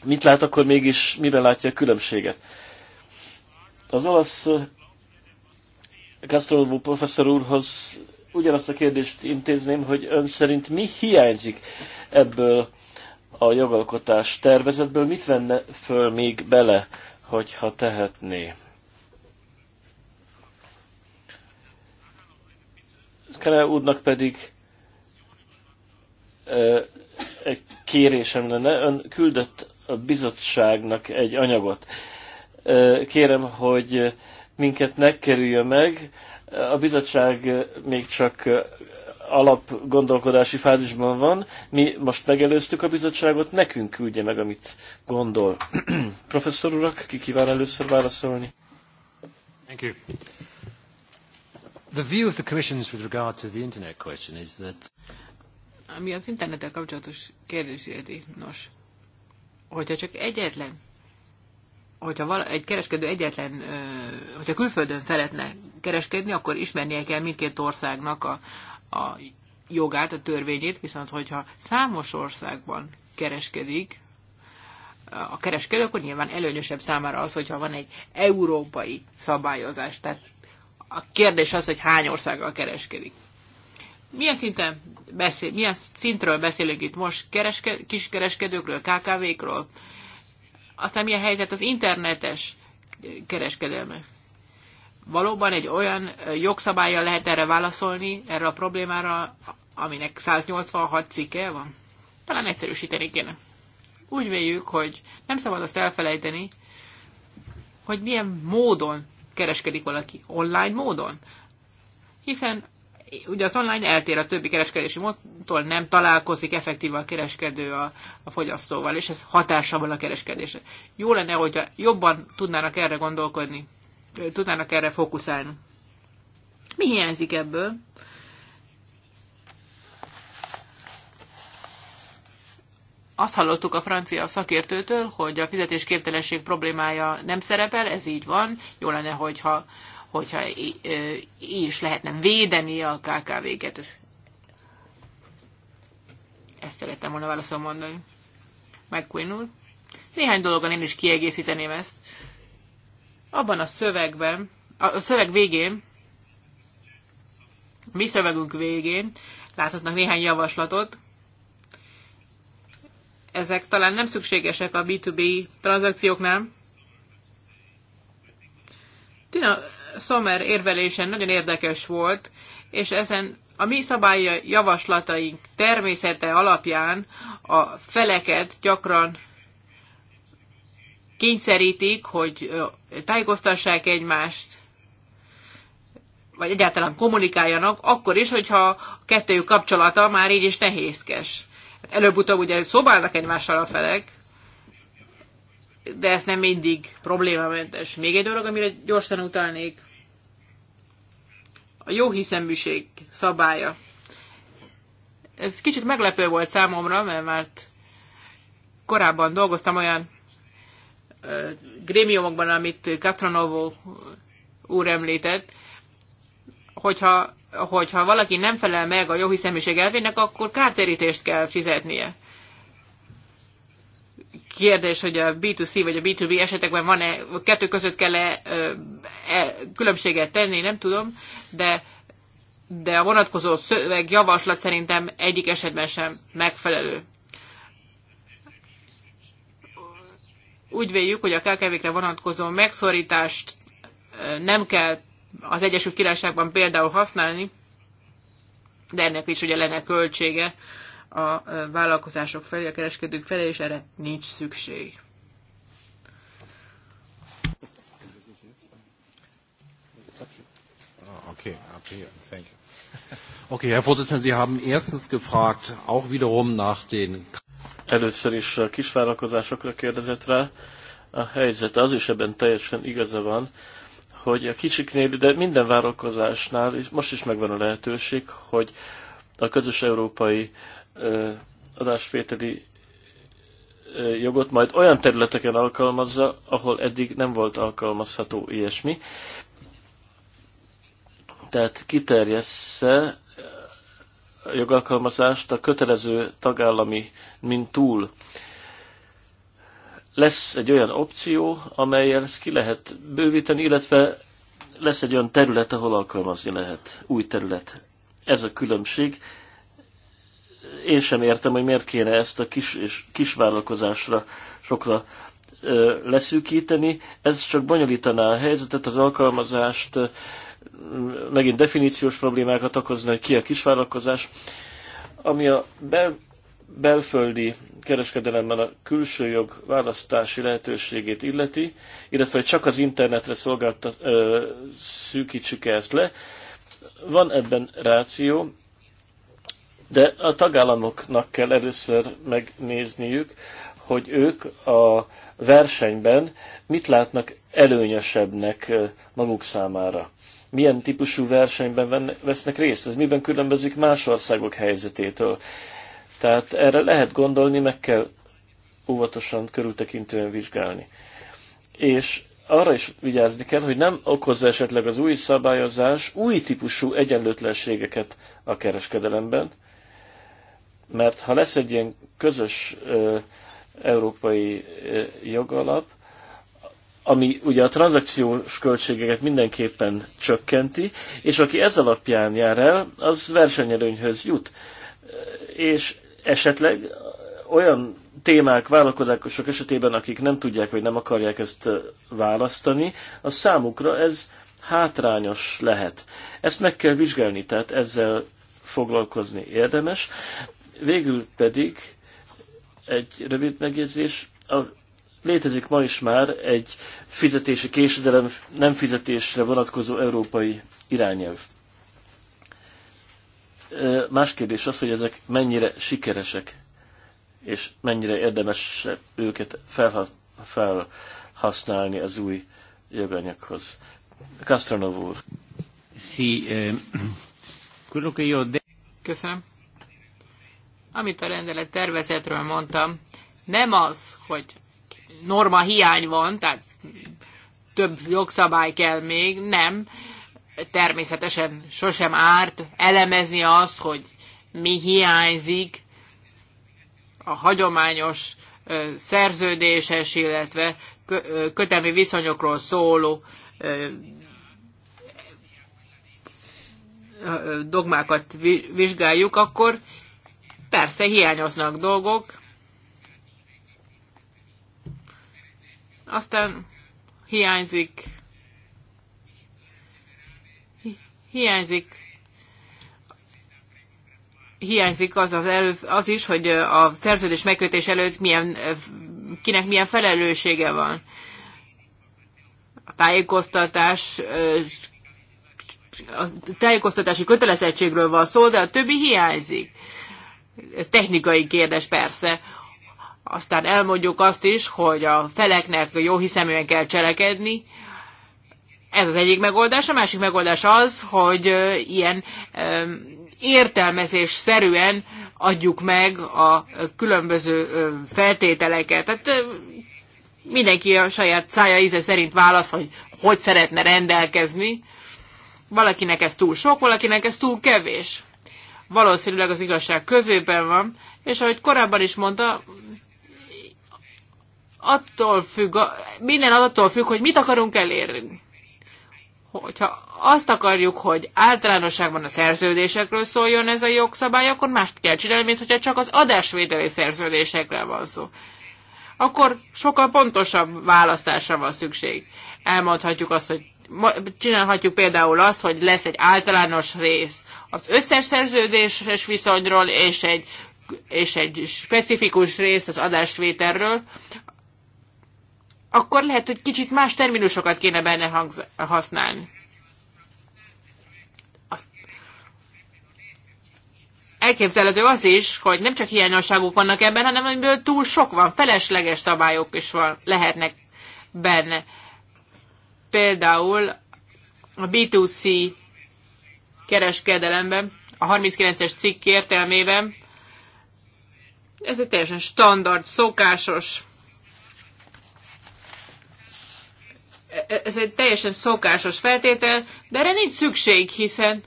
Mit lát akkor mégis, miben látja a különbséget? Az olasz Kastrovu professzor úrhoz ugyanazt a kérdést intézném, hogy ön szerint mi hiányzik ebből a jogalkotás tervezetből, mit venne föl még bele, hogyha tehetné? Kene úrnak pedig egy kérésem lenne. Ön küldött a bizottságnak egy anyagot. Kérem, hogy minket ne kerüljön meg. A bizottság még csak alap gondolkodási fázisban van, mi most megelőztük a bizottságot, nekünk küldje meg, amit gondol. Professzor urak, ki kíván először válaszolni? Thank you. The view of the Commission's with regard to the internet question is that... Ami az internettel kapcsolatos kérdés érti, nos, hogyha csak egyetlen hogyha vala, egy kereskedő egyetlen, hogyha külföldön szeretne kereskedni, akkor ismernie kell mindkét országnak a, a jogát, a törvényét, viszont hogyha számos országban kereskedik, a kereskedő, akkor nyilván előnyösebb számára az, hogyha van egy európai szabályozás. Tehát a kérdés az, hogy hány országgal kereskedik. Milyen, szinten beszél, milyen szintről beszélünk itt most? Kereske, kiskereskedőkről, KKV-król, aztán mi a helyzet az internetes kereskedelme? Valóban egy olyan jogszabályjal lehet erre válaszolni, erre a problémára, aminek 186 cikke van? Talán egyszerűsíteni kéne. Úgy véljük, hogy nem szabad azt elfelejteni, hogy milyen módon kereskedik valaki. Online módon. Hiszen ugye az online eltér a többi kereskedési módtól, nem találkozik effektív a kereskedő a, a fogyasztóval, és ez hatással van a kereskedésre. Jó lenne, hogyha jobban tudnának erre gondolkodni, tudnának erre fókuszálni. Mi hiányzik ebből? Azt hallottuk a francia szakértőtől, hogy a fizetésképtelenség problémája nem szerepel, ez így van. Jó lenne, hogyha hogyha így is lehetne védeni a KKV-ket. Ezt, ezt szerettem volna válaszol mondani. McQueen úr. Néhány dologon én is kiegészíteném ezt. Abban a szövegben, a szöveg végén, mi szövegünk végén láthatnak néhány javaslatot. Ezek talán nem szükségesek a B2B tranzakcióknál. Sommer érvelésen nagyon érdekes volt, és ezen a mi szabálya javaslataink természete alapján a feleket gyakran kényszerítik, hogy tájékoztassák egymást, vagy egyáltalán kommunikáljanak, akkor is, hogyha a kettőjük kapcsolata már így is nehézkes. Hát előbb-utóbb ugye szobálnak egymással a felek, de ez nem mindig problémamentes. Még egy dolog, amire gyorsan utalnék. A jó hiszeműség szabálya. Ez kicsit meglepő volt számomra, mert már korábban dolgoztam olyan uh, grémiumokban, amit Castronovo úr említett, hogyha, hogyha valaki nem felel meg a jó hiszeműség elvének, akkor kártérítést kell fizetnie kérdés, hogy a B2C vagy a B2B esetekben van-e, kettő között kell-e e, különbséget tenni, nem tudom, de, de a vonatkozó szöveg javaslat szerintem egyik esetben sem megfelelő. Úgy véljük, hogy a KKV-kre vonatkozó megszorítást nem kell az Egyesült Királyságban például használni, de ennek is ugye lenne költsége a vállalkozások felé, a kereskedők felé, és erre nincs szükség. Ah, okay, ah, okay, Thank you. Okay, Herr Vorsitzender, Sie haben erstens gefragt, auch wiederum nach den... Először is a kisvállalkozásokra kérdezett rá. A helyzet az is ebben teljesen igaza van, hogy a kicsiknél, de minden vállalkozásnál, és most is megvan a lehetőség, hogy a közös európai uh, adásvételi jogot majd olyan területeken alkalmazza, ahol eddig nem volt alkalmazható ilyesmi. Tehát kiterjessze a jogalkalmazást a kötelező tagállami, mint túl. Lesz egy olyan opció, amelyel ezt ki lehet bővíteni, illetve lesz egy olyan terület, ahol alkalmazni lehet, új terület. Ez a különbség én sem értem, hogy miért kéne ezt a kis, és vállalkozásra sokra ö, leszűkíteni. Ez csak bonyolítaná a helyzetet, az alkalmazást, megint definíciós problémákat okozna, hogy ki a kisvállalkozás. Ami a bel, belföldi kereskedelemben a külső jog választási lehetőségét illeti, illetve hogy csak az internetre szolgáltat, ö, szűkítsük -e ezt le, van ebben ráció, de a tagállamoknak kell először megnézniük, hogy ők a versenyben mit látnak előnyösebbnek maguk számára. Milyen típusú versenyben vesznek részt? Ez miben különbözik más országok helyzetétől? Tehát erre lehet gondolni, meg kell óvatosan, körültekintően vizsgálni. És arra is vigyázni kell, hogy nem okozza esetleg az új szabályozás új típusú egyenlőtlenségeket a kereskedelemben, mert ha lesz egy ilyen közös európai jogalap, ami ugye a tranzakciós költségeket mindenképpen csökkenti, és aki ez alapján jár el, az versenyelőnyhöz jut. És esetleg olyan témák, vállalkozások esetében, akik nem tudják vagy nem akarják ezt választani, az számukra ez hátrányos lehet. Ezt meg kell vizsgálni, tehát ezzel foglalkozni érdemes. Végül pedig egy rövid megjegyzés. A, létezik ma is már egy fizetési késedelem, nem fizetésre vonatkozó európai irányelv. Más kérdés az, hogy ezek mennyire sikeresek, és mennyire érdemes őket felhasználni az új joganyaghoz. Castronov úr. eh, quello che io Köszönöm. Amit a rendelet tervezetről mondtam, nem az, hogy norma hiány van, tehát több jogszabály kell még, nem. Természetesen sosem árt elemezni azt, hogy mi hiányzik a hagyományos szerződéses, illetve kötelmi viszonyokról szóló dogmákat vizsgáljuk, akkor Persze hiányoznak dolgok, aztán hiányzik hiányzik hiányzik az, az, elő, az is, hogy a szerződés megkötés előtt milyen, kinek milyen felelőssége van. A tájékoztatás a tájékoztatási kötelezettségről van szó, de a többi hiányzik ez technikai kérdés persze, aztán elmondjuk azt is, hogy a feleknek jó hiszeműen kell cselekedni, ez az egyik megoldás, a másik megoldás az, hogy ilyen értelmezés szerűen adjuk meg a különböző feltételeket. Tehát mindenki a saját szája íze szerint válasz, hogy hogy szeretne rendelkezni. Valakinek ez túl sok, valakinek ez túl kevés valószínűleg az igazság közében van, és ahogy korábban is mondta, attól függ, minden attól függ, hogy mit akarunk elérni. Hogyha azt akarjuk, hogy általánosságban a szerződésekről szóljon ez a jogszabály, akkor mást kell csinálni, mint hogyha csak az adásvételi szerződésekre van szó. Akkor sokkal pontosabb választásra van szükség. Elmondhatjuk azt, hogy csinálhatjuk például azt, hogy lesz egy általános rész az összes szerződéses viszonyról, és egy, és egy specifikus rész az adásvételről, akkor lehet, hogy kicsit más terminusokat kéne benne hangz- használni. elképzelhető az is, hogy nem csak hiányosságok vannak ebben, hanem amiből túl sok van, felesleges szabályok is van, lehetnek benne. Például a B2C kereskedelemben, a 39-es cikk értelmében. Ez egy teljesen standard, szokásos, ez egy teljesen szokásos feltétel, de erre nincs szükség, hiszen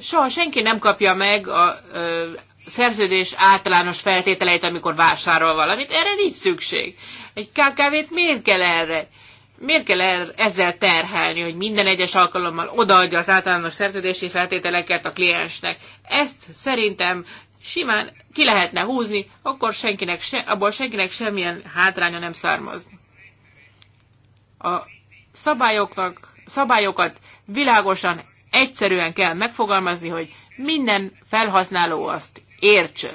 soha senki nem kapja meg a szerződés általános feltételeit, amikor vásárol valamit. Erre nincs szükség. Egy KKV-t miért kell erre? miért kell el, ezzel terhelni, hogy minden egyes alkalommal odaadja az általános szerződési feltételeket a kliensnek? Ezt szerintem simán ki lehetne húzni, akkor senkinek se, abból senkinek semmilyen hátránya nem származ. A szabályoknak, szabályokat világosan, egyszerűen kell megfogalmazni, hogy minden felhasználó azt értse.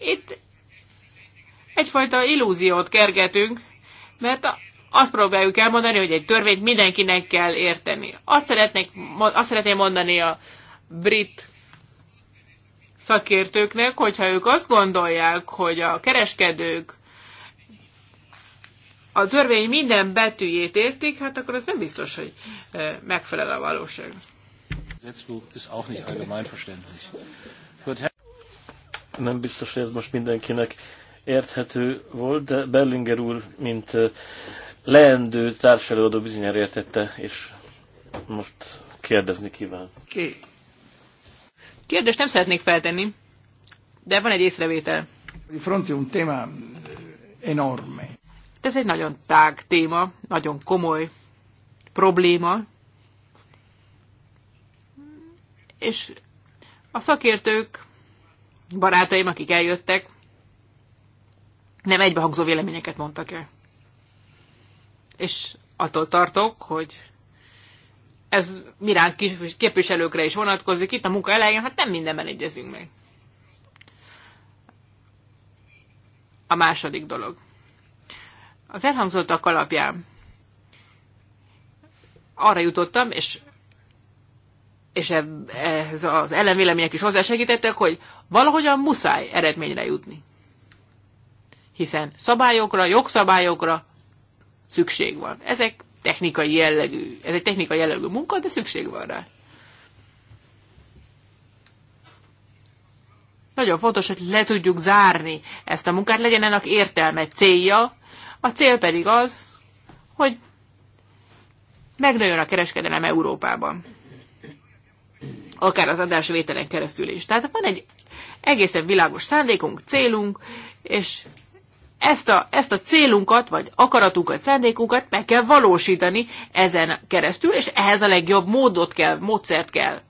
Itt egyfajta illúziót kergetünk, mert a azt próbáljuk elmondani, hogy egy törvényt mindenkinek kell érteni. Azt, szeretnék, azt szeretném mondani a brit szakértőknek, hogyha ők azt gondolják, hogy a kereskedők a törvény minden betűjét értik, hát akkor az nem biztos, hogy eh, megfelel a valóság. Nem biztos, hogy ez most mindenkinek érthető volt, de Berlinger úr, mint leendő társadalmi bizonyára értette, és most kérdezni kíván. Ki? Kérdést nem szeretnék feltenni, de van egy észrevétel. Frontium téma eh, enorme. Ez egy nagyon tág téma, nagyon komoly probléma, és a szakértők, barátaim, akik eljöttek, nem egybehangzó véleményeket mondtak el. És attól tartok, hogy ez miránk képviselőkre is vonatkozik. Itt a munka elején, hát nem mindenben egyezünk meg. A második dolog. Az elhangzottak alapján arra jutottam, és, és ez az ellenvélemények is hozzásegítettek, hogy valahogyan muszáj eredményre jutni hiszen szabályokra, jogszabályokra szükség van. Ezek technikai jellegű, ez egy technikai jellegű munka, de szükség van rá. Nagyon fontos, hogy le tudjuk zárni ezt a munkát, legyen ennek értelme, célja. A cél pedig az, hogy megnőjön a kereskedelem Európában. Akár az adásvételen keresztül is. Tehát van egy egészen világos szándékunk, célunk, és ezt a, ezt a célunkat, vagy akaratunkat, szándékunkat meg kell valósítani ezen keresztül, és ehhez a legjobb módot kell, módszert kell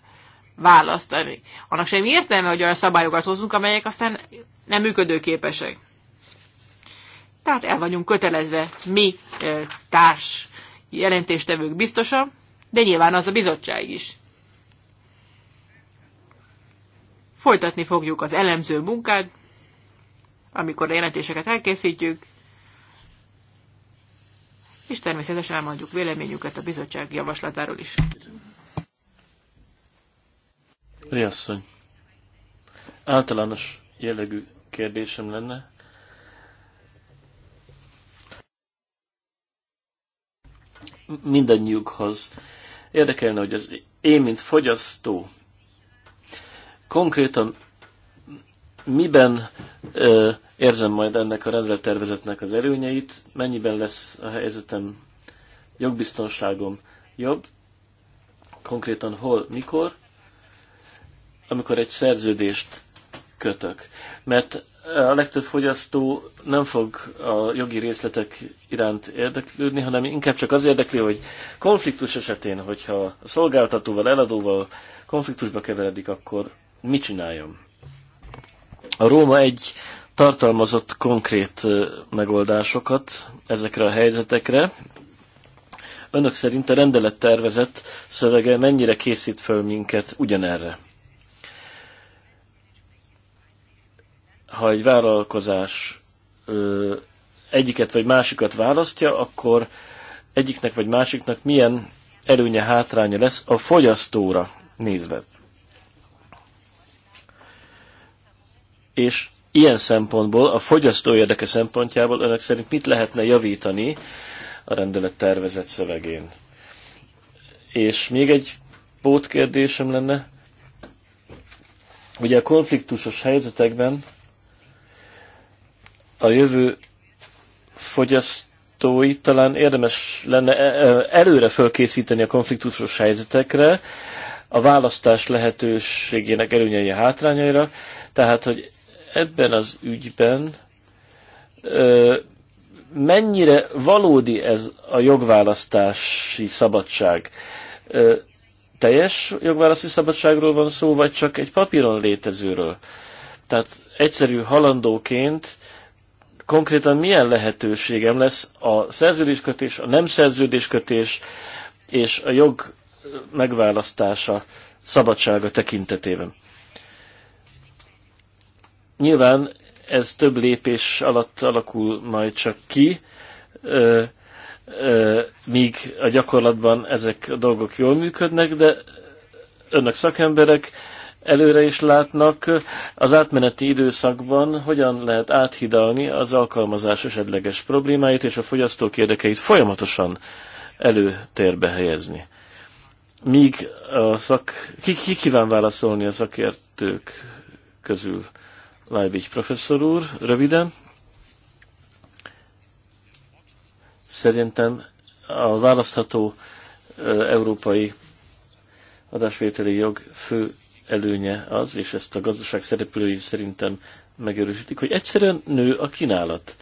választani. Annak semmi értelme, hogy olyan szabályokat hozunk, amelyek aztán nem működőképesek. Tehát el vagyunk kötelezve mi eh, társ jelentéstevők biztosan, de nyilván az a bizottság is. Folytatni fogjuk az elemző munkát, amikor a jelentéseket elkészítjük, és természetesen elmondjuk véleményüket a bizottság javaslatáról is. Riasszony, általános jellegű kérdésem lenne. Mindennyiukhoz érdekelne, hogy az én, mint fogyasztó, konkrétan miben ö, érzem majd ennek a tervezetnek az előnyeit, mennyiben lesz a helyzetem, jogbiztonságom jobb, konkrétan hol, mikor, amikor egy szerződést kötök. Mert a legtöbb fogyasztó nem fog a jogi részletek iránt érdeklődni, hanem inkább csak az érdekli, hogy konfliktus esetén, hogyha a szolgáltatóval, eladóval konfliktusba keveredik, akkor mit csináljon? A Róma egy tartalmazott konkrét megoldásokat ezekre a helyzetekre. Önök szerint a rendelettervezet szövege mennyire készít föl minket ugyanerre? Ha egy vállalkozás egyiket vagy másikat választja, akkor egyiknek vagy másiknak milyen előnye, hátránya lesz a fogyasztóra nézve. És ilyen szempontból, a fogyasztó érdeke szempontjából önök szerint mit lehetne javítani a rendelet tervezett szövegén? És még egy pótkérdésem lenne. Ugye a konfliktusos helyzetekben a jövő fogyasztói talán érdemes lenne e- e- előre fölkészíteni a konfliktusos helyzetekre, a választás lehetőségének előnyei hátrányaira, tehát hogy ebben az ügyben mennyire valódi ez a jogválasztási szabadság. Teljes jogválasztási szabadságról van szó, vagy csak egy papíron létezőről? Tehát egyszerű halandóként konkrétan milyen lehetőségem lesz a szerződéskötés, a nem szerződéskötés és a jog megválasztása szabadsága tekintetében. Nyilván ez több lépés alatt alakul majd csak ki, ö, ö, míg a gyakorlatban ezek a dolgok jól működnek, de önök szakemberek előre is látnak. Az átmeneti időszakban hogyan lehet áthidalni az alkalmazás esetleges problémáit és a fogyasztók érdekeit folyamatosan előtérbe helyezni. Míg a szak... Ki, ki kíván válaszolni a szakértők közül? Leibig professzor úr, röviden. Szerintem a választható európai adásvételi jog fő előnye az, és ezt a gazdaság szereplői szerintem megerősítik, hogy egyszerűen nő a kínálat.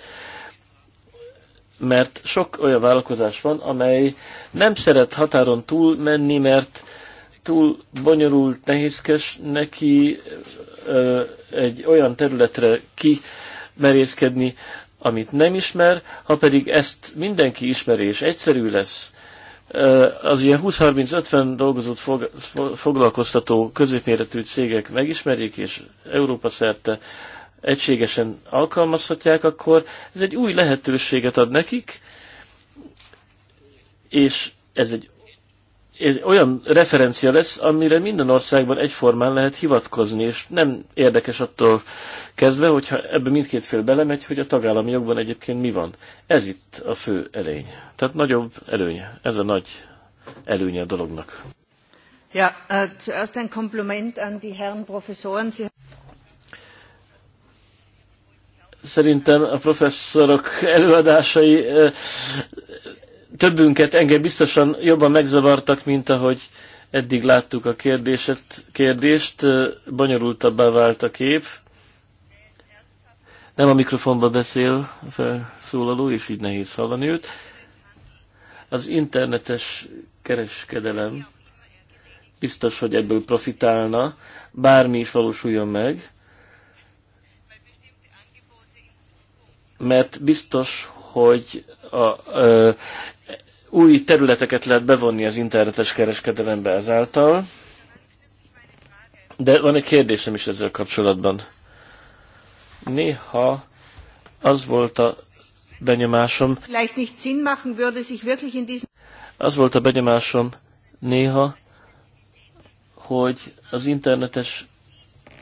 Mert sok olyan vállalkozás van, amely nem szeret határon túl menni, mert túl bonyolult, nehézkes neki, egy olyan területre kimerészkedni, amit nem ismer, ha pedig ezt mindenki ismeri és egyszerű lesz, az ilyen 20-30-50 dolgozót foglalkoztató középméretű cégek megismerik és Európa szerte egységesen alkalmazhatják, akkor ez egy új lehetőséget ad nekik, és ez egy olyan referencia lesz, amire minden országban egyformán lehet hivatkozni, és nem érdekes attól kezdve, hogyha ebbe mindkét fél belemegy, hogy a tagállami jogban egyébként mi van. Ez itt a fő elény. Tehát nagyobb előnye. Ez a nagy előnye a dolognak. Ja, äh, zuerst ein Kompliment an die Herren Professoren. Sie Szerintem a professzorok előadásai äh, többünket engem biztosan jobban megzavartak, mint ahogy eddig láttuk a kérdéset, kérdést, bonyolultabbá vált a kép. Nem a mikrofonba beszél a felszólaló, és így nehéz hallani őt. Az internetes kereskedelem biztos, hogy ebből profitálna, bármi is valósuljon meg, mert biztos, hogy a, ö, új területeket lehet bevonni az internetes kereskedelembe ezáltal, de van egy kérdésem is ezzel kapcsolatban. Néha az volt a benyomásom, az volt a benyomásom néha, hogy az internetes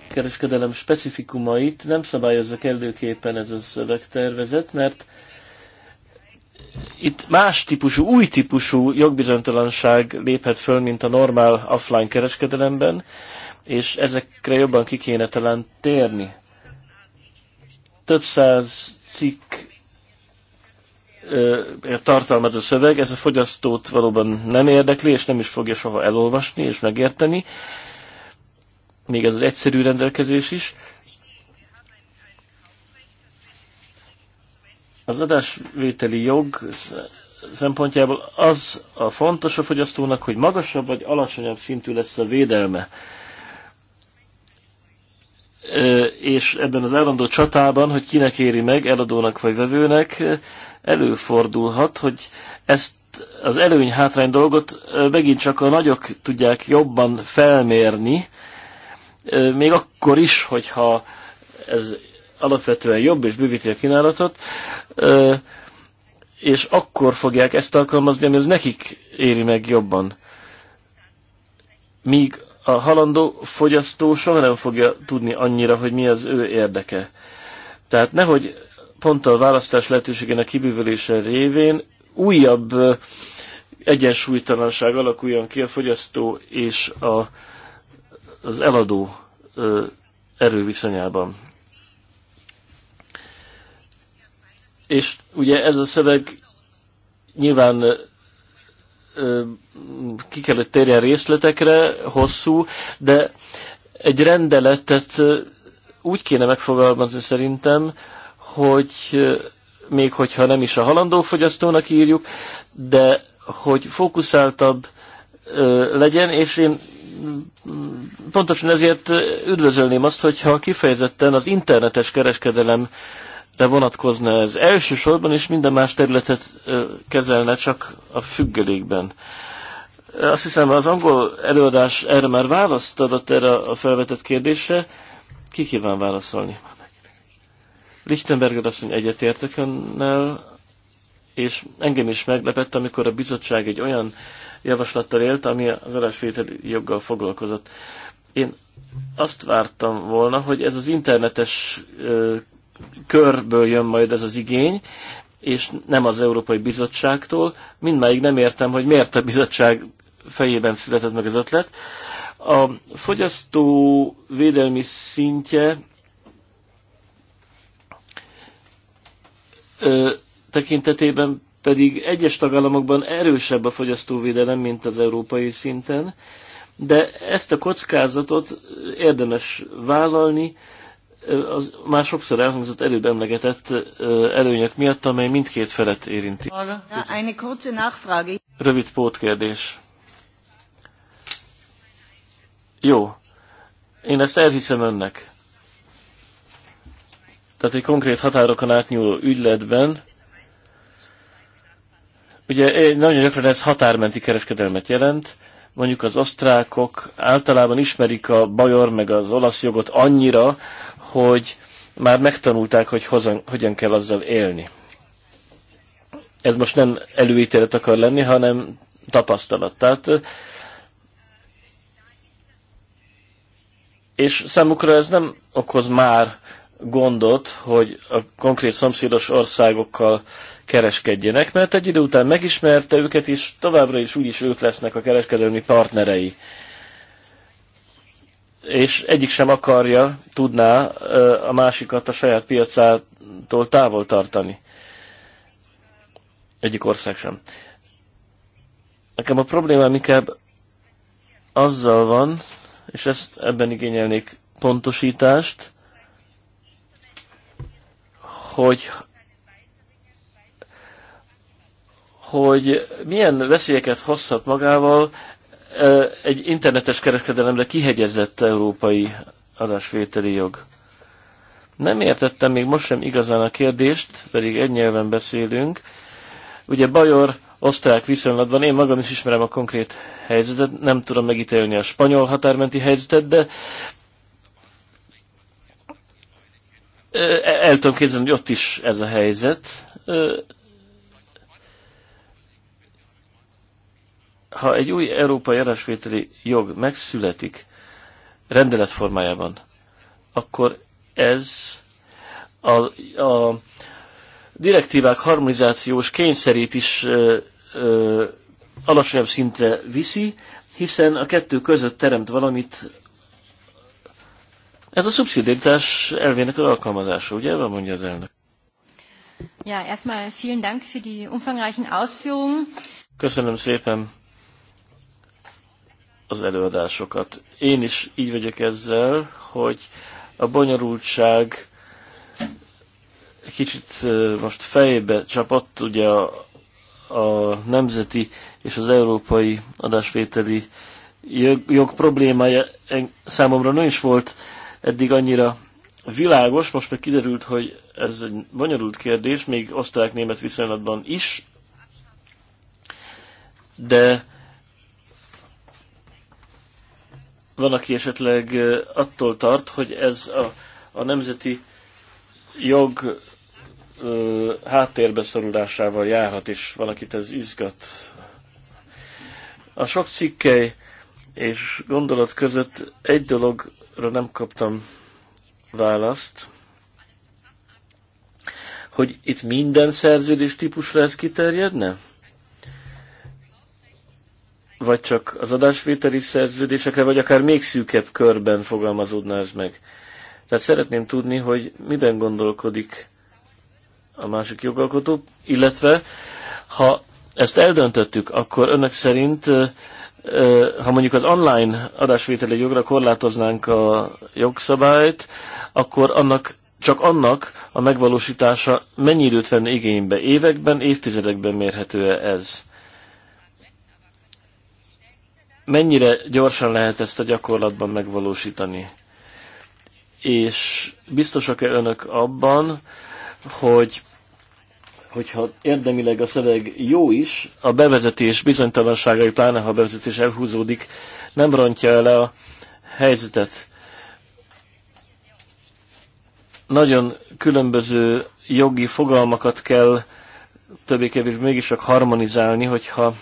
kereskedelem specifikumait nem szabályozza kellőképpen ez a szövegtervezet, mert itt más típusú, új típusú jogbizonytalanság léphet föl, mint a normál offline kereskedelemben, és ezekre jobban ki kéne talán térni. Több száz cikk tartalmaz a szöveg, ez a fogyasztót valóban nem érdekli, és nem is fogja soha elolvasni és megérteni. Még ez az egyszerű rendelkezés is. Az adásvételi jog szempontjából az a fontos a fogyasztónak, hogy magasabb vagy alacsonyabb szintű lesz a védelme. És ebben az állandó csatában, hogy kinek éri meg, eladónak vagy vevőnek, előfordulhat, hogy ezt az előny-hátrány dolgot megint csak a nagyok tudják jobban felmérni, még akkor is, hogyha ez alapvetően jobb és bővíti a kínálatot, és akkor fogják ezt alkalmazni, ami nekik éri meg jobban. Míg a halandó fogyasztó soha nem fogja tudni annyira, hogy mi az ő érdeke. Tehát nehogy pont a választás lehetőségének kibűvölése révén újabb egyensúlytalanság alakuljon ki a fogyasztó és a, az eladó erőviszonyában. És ugye ez a szöveg nyilván ki kell, hogy térjen részletekre, hosszú, de egy rendeletet úgy kéne megfogalmazni szerintem, hogy még hogyha nem is a halandó fogyasztónak írjuk, de hogy fókuszáltabb legyen, és én mm, pontosan ezért üdvözölném azt, hogyha kifejezetten az internetes kereskedelem de vonatkozna ez elsősorban, és minden más területet kezelne csak a függelékben. Azt hiszem, az angol előadás erre már választ adott erre a felvetett kérdésre. Ki kíván válaszolni? Lichtenberger asszony egyetértek önnel, és engem is meglepett, amikor a bizottság egy olyan javaslattal élt, ami az adásvételi joggal foglalkozott. Én azt vártam volna, hogy ez az internetes körből jön majd ez az igény, és nem az Európai Bizottságtól. Mindmáig nem értem, hogy miért a bizottság fejében született meg az ötlet. A fogyasztó védelmi szintje ö, tekintetében pedig egyes tagállamokban erősebb a fogyasztóvédelem, mint az európai szinten, de ezt a kockázatot érdemes vállalni, az már sokszor elhangzott, előbb emlegetett előnyök miatt, amely mindkét felet érinti. Rövid pótkérdés. Jó. Én ezt elhiszem önnek. Tehát egy konkrét határokon átnyúló ügyletben, ugye nagyon gyakran ez határmenti kereskedelmet jelent, mondjuk az osztrákok általában ismerik a bajor meg az olasz jogot annyira, hogy már megtanulták, hogy hozan, hogyan kell azzal élni. Ez most nem előítélet akar lenni, hanem tapasztalat. Tehát, és számukra ez nem okoz már gondot, hogy a konkrét szomszédos országokkal kereskedjenek, mert egy idő után megismerte őket, és továbbra is úgyis ők lesznek a kereskedelmi partnerei és egyik sem akarja, tudná a másikat a saját piacától távol tartani. Egyik ország sem. Nekem a problémám inkább azzal van, és ezt ebben igényelnék pontosítást, hogy hogy milyen veszélyeket hozhat magával egy internetes kereskedelemre kihegyezett európai adásvételi jog. Nem értettem még most sem igazán a kérdést, pedig egy nyelven beszélünk. Ugye Bajor osztrák viszonylatban, én magam is ismerem a konkrét helyzetet, nem tudom megítélni a spanyol határmenti helyzetet, de el tudom képzelni, hogy ott is ez a helyzet. ha egy új európai adásvételi jog megszületik rendelet formájában, akkor ez a, a direktívák harmonizációs kényszerét is ö, ö, alacsonyabb szintre viszi, hiszen a kettő között teremt valamit. Ez a szubszidiaritás elvének az alkalmazása, ugye? Ebben mondja az elnök. Ja, erstmal vielen Dank für die umfangreichen Ausführungen. Köszönöm szépen az előadásokat. Én is így vagyok ezzel, hogy a bonyolultság kicsit most fejbe csapott, ugye a, a nemzeti és az európai adásvételi jog, jog problémája számomra nem is volt eddig annyira világos, most meg kiderült, hogy ez egy bonyolult kérdés, még osztrák-német viszonylatban is, de Van, aki esetleg attól tart, hogy ez a, a nemzeti jog háttérbe szorulásával járhat, és valakit ez izgat. A sok cikkely és gondolat között egy dologra nem kaptam választ, hogy itt minden szerződés típusra ez kiterjedne? vagy csak az adásvételi szerződésekre, vagy akár még szűkebb körben fogalmazódna ez meg. Tehát szeretném tudni, hogy miben gondolkodik a másik jogalkotó, illetve ha ezt eldöntöttük, akkor önök szerint, ha mondjuk az online adásvételi jogra korlátoznánk a jogszabályt, akkor annak csak annak a megvalósítása mennyi időt venne igénybe? Években, évtizedekben mérhető -e ez? mennyire gyorsan lehet ezt a gyakorlatban megvalósítani. És biztosak-e önök abban, hogy hogyha érdemileg a szöveg jó is, a bevezetés bizonytalanságai, pláne ha a bevezetés elhúzódik, nem rontja el a helyzetet. Nagyon különböző jogi fogalmakat kell többé-kevésbé mégis csak harmonizálni, hogyha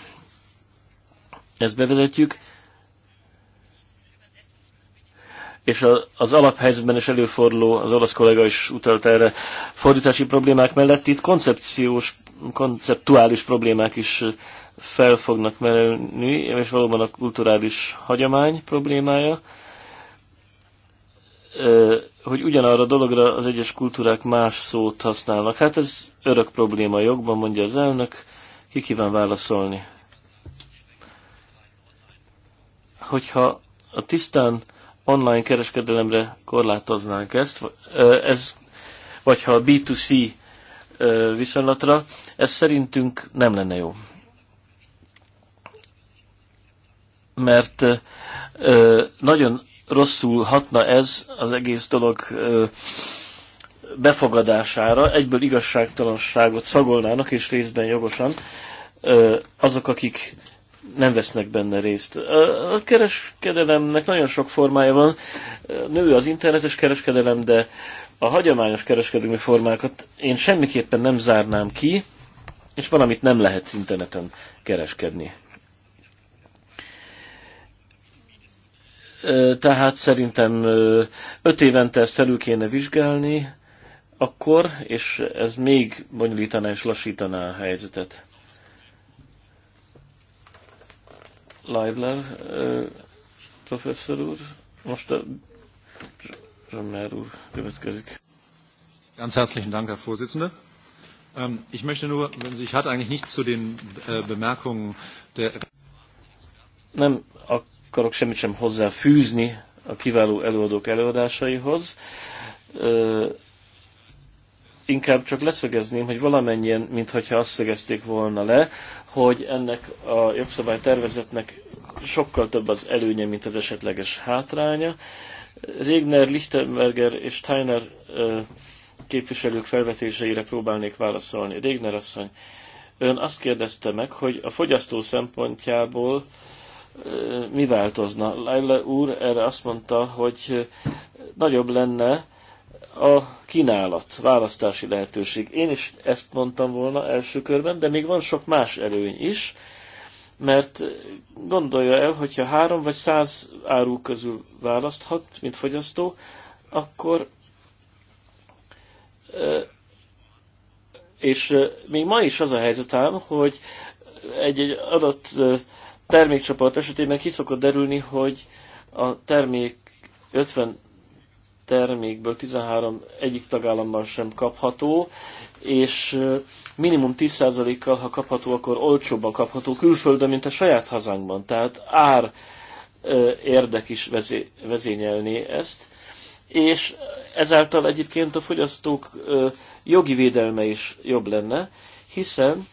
ezt bevezetjük, és az alaphelyzetben is előforduló, az olasz kollega is utalt erre, fordítási problémák mellett itt koncepciós, konceptuális problémák is fel fognak merülni, és valóban a kulturális hagyomány problémája, hogy ugyanarra a dologra az egyes kultúrák más szót használnak. Hát ez örök probléma jogban, mondja az elnök. Ki kíván válaszolni? hogyha a tisztán online kereskedelemre korlátoznánk ezt, ez, vagy ha a B2C viszonylatra, ez szerintünk nem lenne jó. Mert nagyon rosszul hatna ez az egész dolog befogadására, egyből igazságtalanságot szagolnának, és részben jogosan, azok, akik nem vesznek benne részt. A kereskedelemnek nagyon sok formája van. Nő az internetes kereskedelem, de a hagyományos kereskedelmi formákat én semmiképpen nem zárnám ki, és van, amit nem lehet interneten kereskedni. Tehát szerintem öt évente ezt felül kéne vizsgálni, akkor, és ez még bonyolítaná és lassítaná a helyzetet. Leibler professzor úr, most a Römer úr következik. Ganz herzlichen Dank, Herr Vorsitzender. Ähm, ich möchte nur, ich hatte eigentlich nichts zu den äh, Bemerkungen der... Nem akarok semmit sem hozzáfűzni a kiváló előadók előadásaihoz inkább csak leszögezném, hogy valamennyien, mintha azt szögezték volna le, hogy ennek a jogszabály tervezetnek sokkal több az előnye, mint az esetleges hátránya. Régner, Lichtenberger és Steiner képviselők felvetéseire próbálnék válaszolni. Régner asszony, ön azt kérdezte meg, hogy a fogyasztó szempontjából mi változna. Laila úr erre azt mondta, hogy nagyobb lenne a kínálat, választási lehetőség. Én is ezt mondtam volna első körben, de még van sok más előny is, mert gondolja el, hogyha három vagy száz áru közül választhat, mint fogyasztó, akkor és még ma is az a helyzet ám, hogy egy-egy adott termékcsoport esetében ki szokott derülni, hogy a termék 50 termékből 13 egyik tagállamban sem kapható, és minimum 10%-kal, ha kapható, akkor olcsóbban kapható külföldön, mint a saját hazánkban. Tehát ár érdek is vezényelni ezt, és ezáltal egyébként a fogyasztók jogi védelme is jobb lenne, hiszen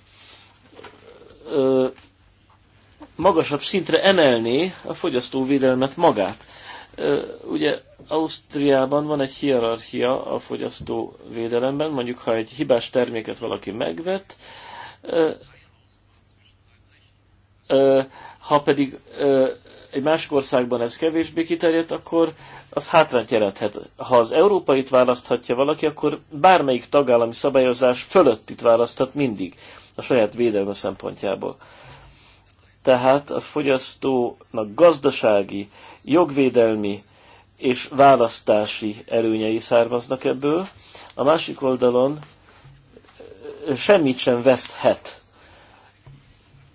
magasabb szintre emelné a fogyasztóvédelmet magát Ugye Ausztriában van egy hierarchia a fogyasztó védelemben, mondjuk ha egy hibás terméket valaki megvet, ha pedig egy másik országban ez kevésbé kiterjedt, akkor az hátrányt jelenthet. Ha az európait választhatja valaki, akkor bármelyik tagállami szabályozás fölött itt választhat mindig, a saját védelme szempontjából. Tehát a fogyasztónak gazdasági jogvédelmi és választási előnyei származnak ebből. A másik oldalon semmit sem veszthet.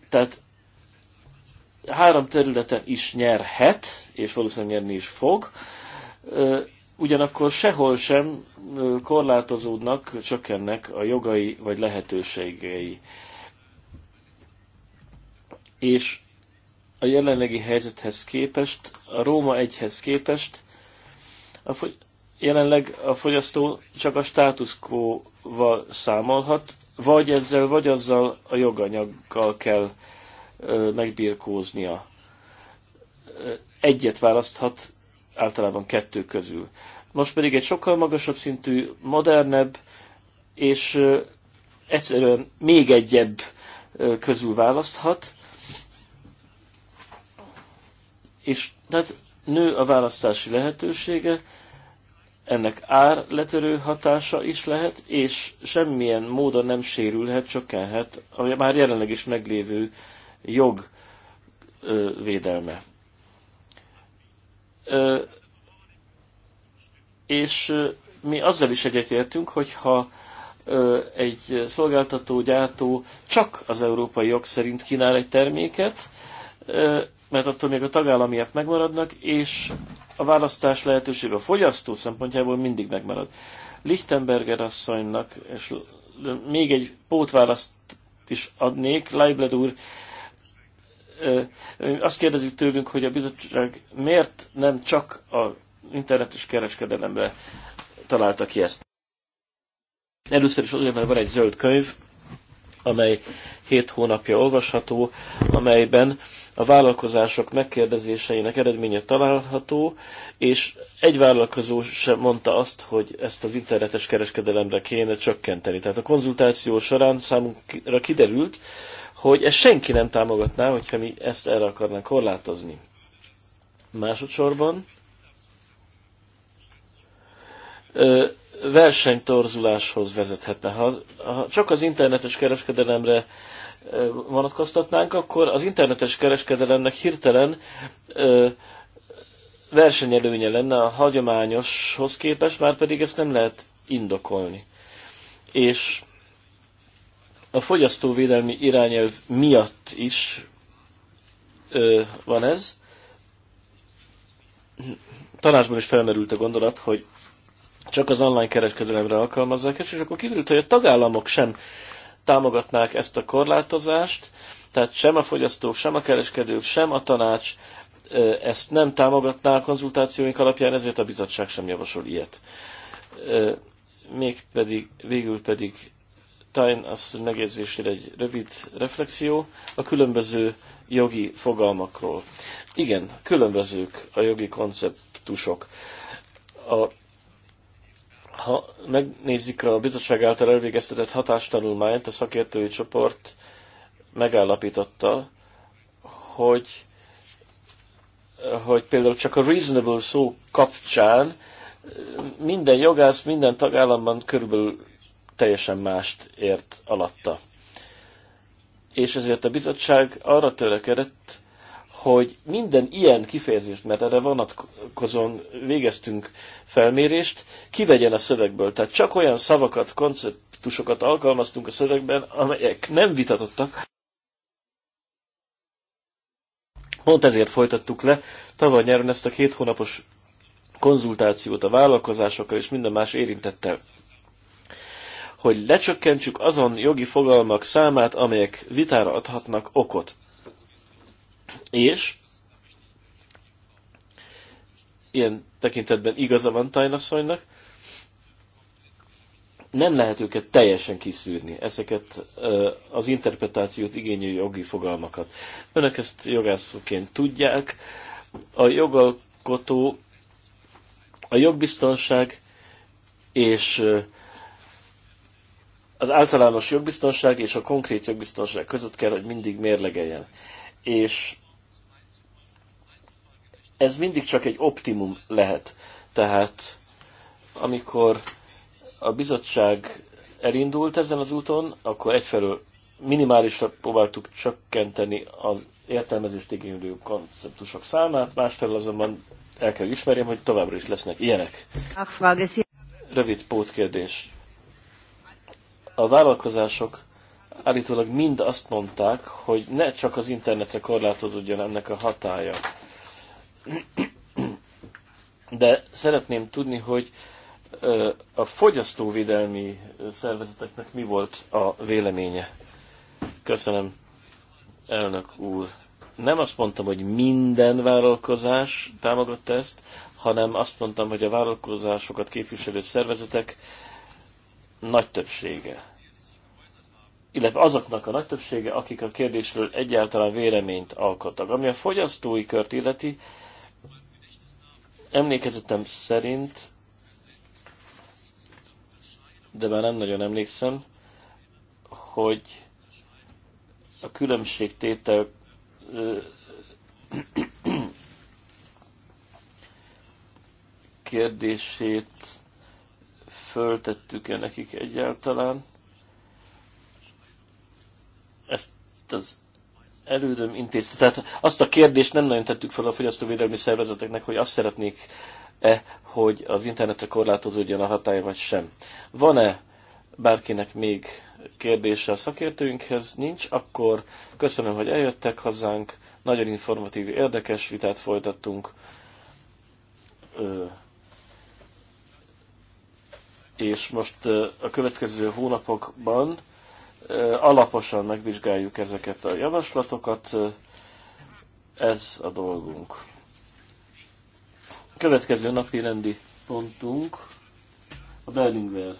Tehát három területen is nyerhet, és valószínűleg nyerni is fog, ugyanakkor sehol sem korlátozódnak, csökkennek a jogai vagy lehetőségei. És a jelenlegi helyzethez képest, a Róma egyhez képest, a jelenleg a fogyasztó csak a status quo-val számolhat, vagy ezzel, vagy azzal a joganyaggal kell ö, megbirkóznia. Egyet választhat általában kettő közül. Most pedig egy sokkal magasabb szintű, modernebb és ö, egyszerűen még egyebb ö, közül választhat, és tehát nő a választási lehetősége, ennek ár letörő hatása is lehet, és semmilyen módon nem sérülhet, csökkenhet a már jelenleg is meglévő jog ö, védelme. Ö, és ö, mi azzal is egyetértünk, hogyha ö, egy szolgáltató, gyártó csak az európai jog szerint kínál egy terméket, ö, mert attól még a tagállamiak megmaradnak, és a választás lehetőség a fogyasztó szempontjából mindig megmarad. Lichtenberger asszonynak, és még egy pótválaszt is adnék, Leibled úr, azt kérdezik tőlünk, hogy a bizottság miért nem csak a internetes kereskedelemre találta ki ezt. Először is azért, mert van egy zöld könyv, amely hét hónapja olvasható, amelyben a vállalkozások megkérdezéseinek eredménye található, és egy vállalkozó sem mondta azt, hogy ezt az internetes kereskedelemre kéne csökkenteni. Tehát a konzultáció során számunkra kiderült, hogy ezt senki nem támogatná, hogyha mi ezt erre akarnánk korlátozni. Másodszorban versenytorzuláshoz vezethetne. Ha, ha csak az internetes kereskedelemre e, vonatkoztatnánk, akkor az internetes kereskedelemnek hirtelen ö, e, versenyelőnye lenne a hagyományoshoz képest, már pedig ezt nem lehet indokolni. És a fogyasztóvédelmi irányelv miatt is ö, e, van ez. Tanácsban is felmerült a gondolat, hogy csak az online kereskedelemre alkalmazzák, és akkor kiderült, hogy a tagállamok sem támogatnák ezt a korlátozást, tehát sem a fogyasztók, sem a kereskedők, sem a tanács ezt nem támogatná a konzultációink alapján, ezért a bizottság sem javasol ilyet. Még pedig, végül pedig Tain az megjegyzésére egy rövid reflexió a különböző jogi fogalmakról. Igen, különbözők a jogi konceptusok. A ha megnézik a bizottság által elvégeztetett hatástanulmányt, a szakértői csoport megállapította, hogy, hogy például csak a reasonable szó kapcsán minden jogász minden tagállamban körülbelül teljesen mást ért alatta. És ezért a bizottság arra törekedett, hogy minden ilyen kifejezést, mert erre vonatkozóan végeztünk felmérést, kivegyen a szövegből. Tehát csak olyan szavakat, konceptusokat alkalmaztunk a szövegben, amelyek nem vitatottak. Pont ezért folytattuk le tavaly nyáron ezt a két hónapos konzultációt a vállalkozásokkal és minden más érintettel hogy lecsökkentsük azon jogi fogalmak számát, amelyek vitára adhatnak okot. És ilyen tekintetben igaza van Tajnaszonynak, nem lehet őket teljesen kiszűrni, ezeket az interpretációt igénylő jogi fogalmakat. Önök ezt jogászként tudják, a jogalkotó, a jogbiztonság és az általános jogbiztonság és a konkrét jogbiztonság között kell, hogy mindig mérlegeljen és ez mindig csak egy optimum lehet. Tehát amikor a bizottság elindult ezen az úton, akkor egyfelől minimálisra próbáltuk csökkenteni az értelmezést igénylő konceptusok számát, másfelől azonban el kell ismerjem, hogy továbbra is lesznek ilyenek. Rövid pótkérdés. A vállalkozások állítólag mind azt mondták, hogy ne csak az internetre korlátozódjon ennek a hatája. De szeretném tudni, hogy a fogyasztóvédelmi szervezeteknek mi volt a véleménye. Köszönöm, elnök úr. Nem azt mondtam, hogy minden vállalkozás támogatta ezt, hanem azt mondtam, hogy a vállalkozásokat képviselő szervezetek nagy többsége illetve azoknak a nagy többsége, akik a kérdésről egyáltalán véleményt alkottak. Ami a fogyasztói kört illeti, emlékezetem szerint, de már nem nagyon emlékszem, hogy a különbségtétel kérdését föltettük-e nekik egyáltalán ezt az elődöm intézte. Tehát azt a kérdést nem nagyon tettük fel a fogyasztóvédelmi szervezeteknek, hogy azt szeretnék-e, hogy az internetre korlátozódjon a hatály, vagy sem. Van-e bárkinek még kérdése a szakértőinkhez? Nincs, akkor köszönöm, hogy eljöttek hozzánk. Nagyon informatív, érdekes vitát folytattunk. Ö és most a következő hónapokban alaposan megvizsgáljuk ezeket a javaslatokat, ez a dolgunk. Következő napi rendi pontunk a Berlingwer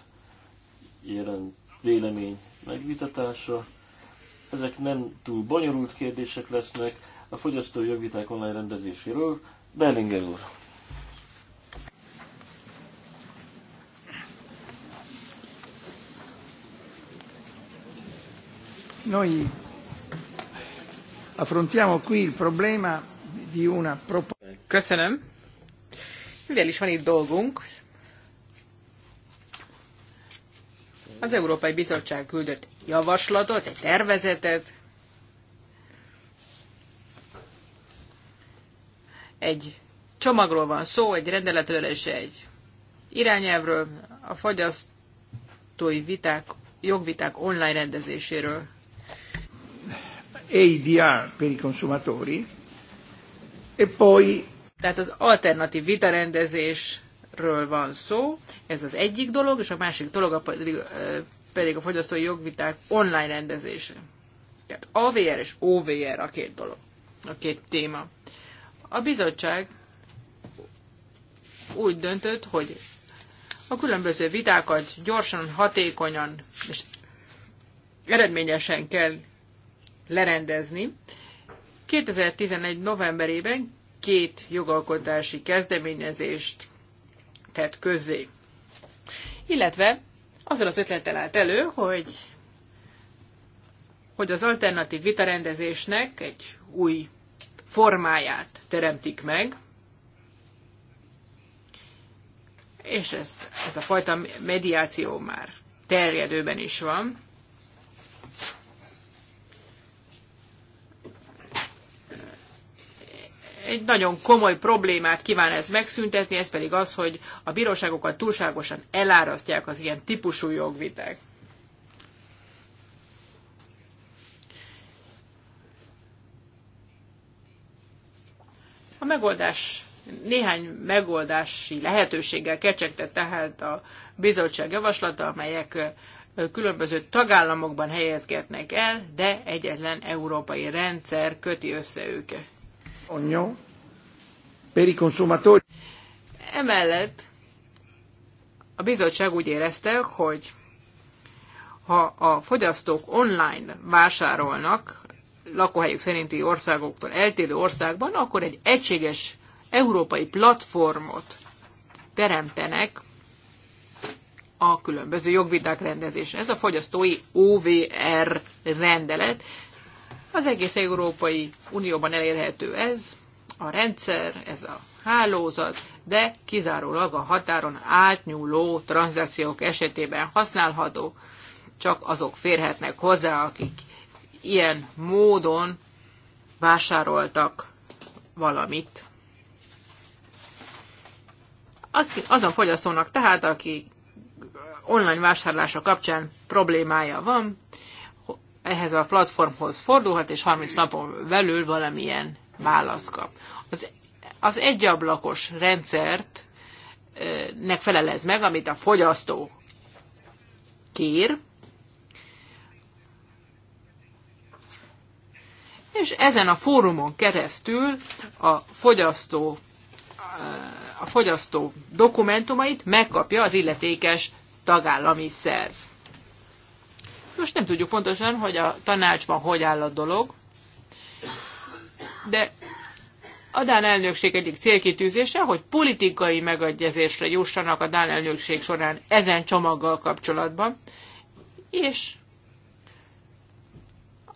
jelen vélemény megvitatása. Ezek nem túl bonyolult kérdések lesznek a fogyasztói jogviták online rendezéséről. Berlinger úr! Noi affrontiamo qui il problema di una proposta. Köszönöm. Mivel is van itt dolgunk, az Európai Bizottság küldött javaslatot, egy tervezetet, egy csomagról van szó, egy rendeletről és egy irányelvről, a fogyasztói viták, jogviták online rendezéséről. ADR per i consumatori e poi... Tehát az alternatív vitarendezésről van szó, ez az egyik dolog, és a másik dolog a, pedig a fogyasztói jogviták online rendezése. Tehát AVR és OVR a két dolog, a két téma. A bizottság úgy döntött, hogy a különböző vitákat gyorsan, hatékonyan és eredményesen kell lerendezni. 2011. novemberében két jogalkotási kezdeményezést tett közzé. Illetve azzal az ötlettel állt elő, hogy, hogy az alternatív vitarendezésnek egy új formáját teremtik meg, és ez, ez a fajta mediáció már terjedőben is van. egy nagyon komoly problémát kíván ez megszüntetni, ez pedig az, hogy a bíróságokat túlságosan elárasztják az ilyen típusú jogviták. A megoldás, néhány megoldási lehetőséggel kecsegtett tehát a bizottság javaslata, amelyek különböző tagállamokban helyezgetnek el, de egyetlen európai rendszer köti össze őket. Emellett a bizottság úgy érezte, hogy ha a fogyasztók online vásárolnak lakóhelyük szerinti országoktól eltérő országban, akkor egy egységes európai platformot teremtenek a különböző jogviták rendezésre. Ez a fogyasztói OVR rendelet. Az egész Európai Unióban elérhető ez, a rendszer, ez a hálózat, de kizárólag a határon átnyúló tranzakciók esetében használható. Csak azok férhetnek hozzá, akik ilyen módon vásároltak valamit. Azon fogyasztónak tehát, aki online vásárlása kapcsán problémája van, ehhez a platformhoz fordulhat, és 30 napon belül valamilyen választ kap. Az, az egyablakos rendszert nek felelez meg, amit a fogyasztó kér, és ezen a fórumon keresztül a fogyasztó, a fogyasztó dokumentumait megkapja az illetékes tagállami szerv. Most nem tudjuk pontosan, hogy a tanácsban hogy áll a dolog, de a Dán elnökség egyik célkitűzése, hogy politikai megegyezésre jussanak a Dán elnökség során ezen csomaggal kapcsolatban, és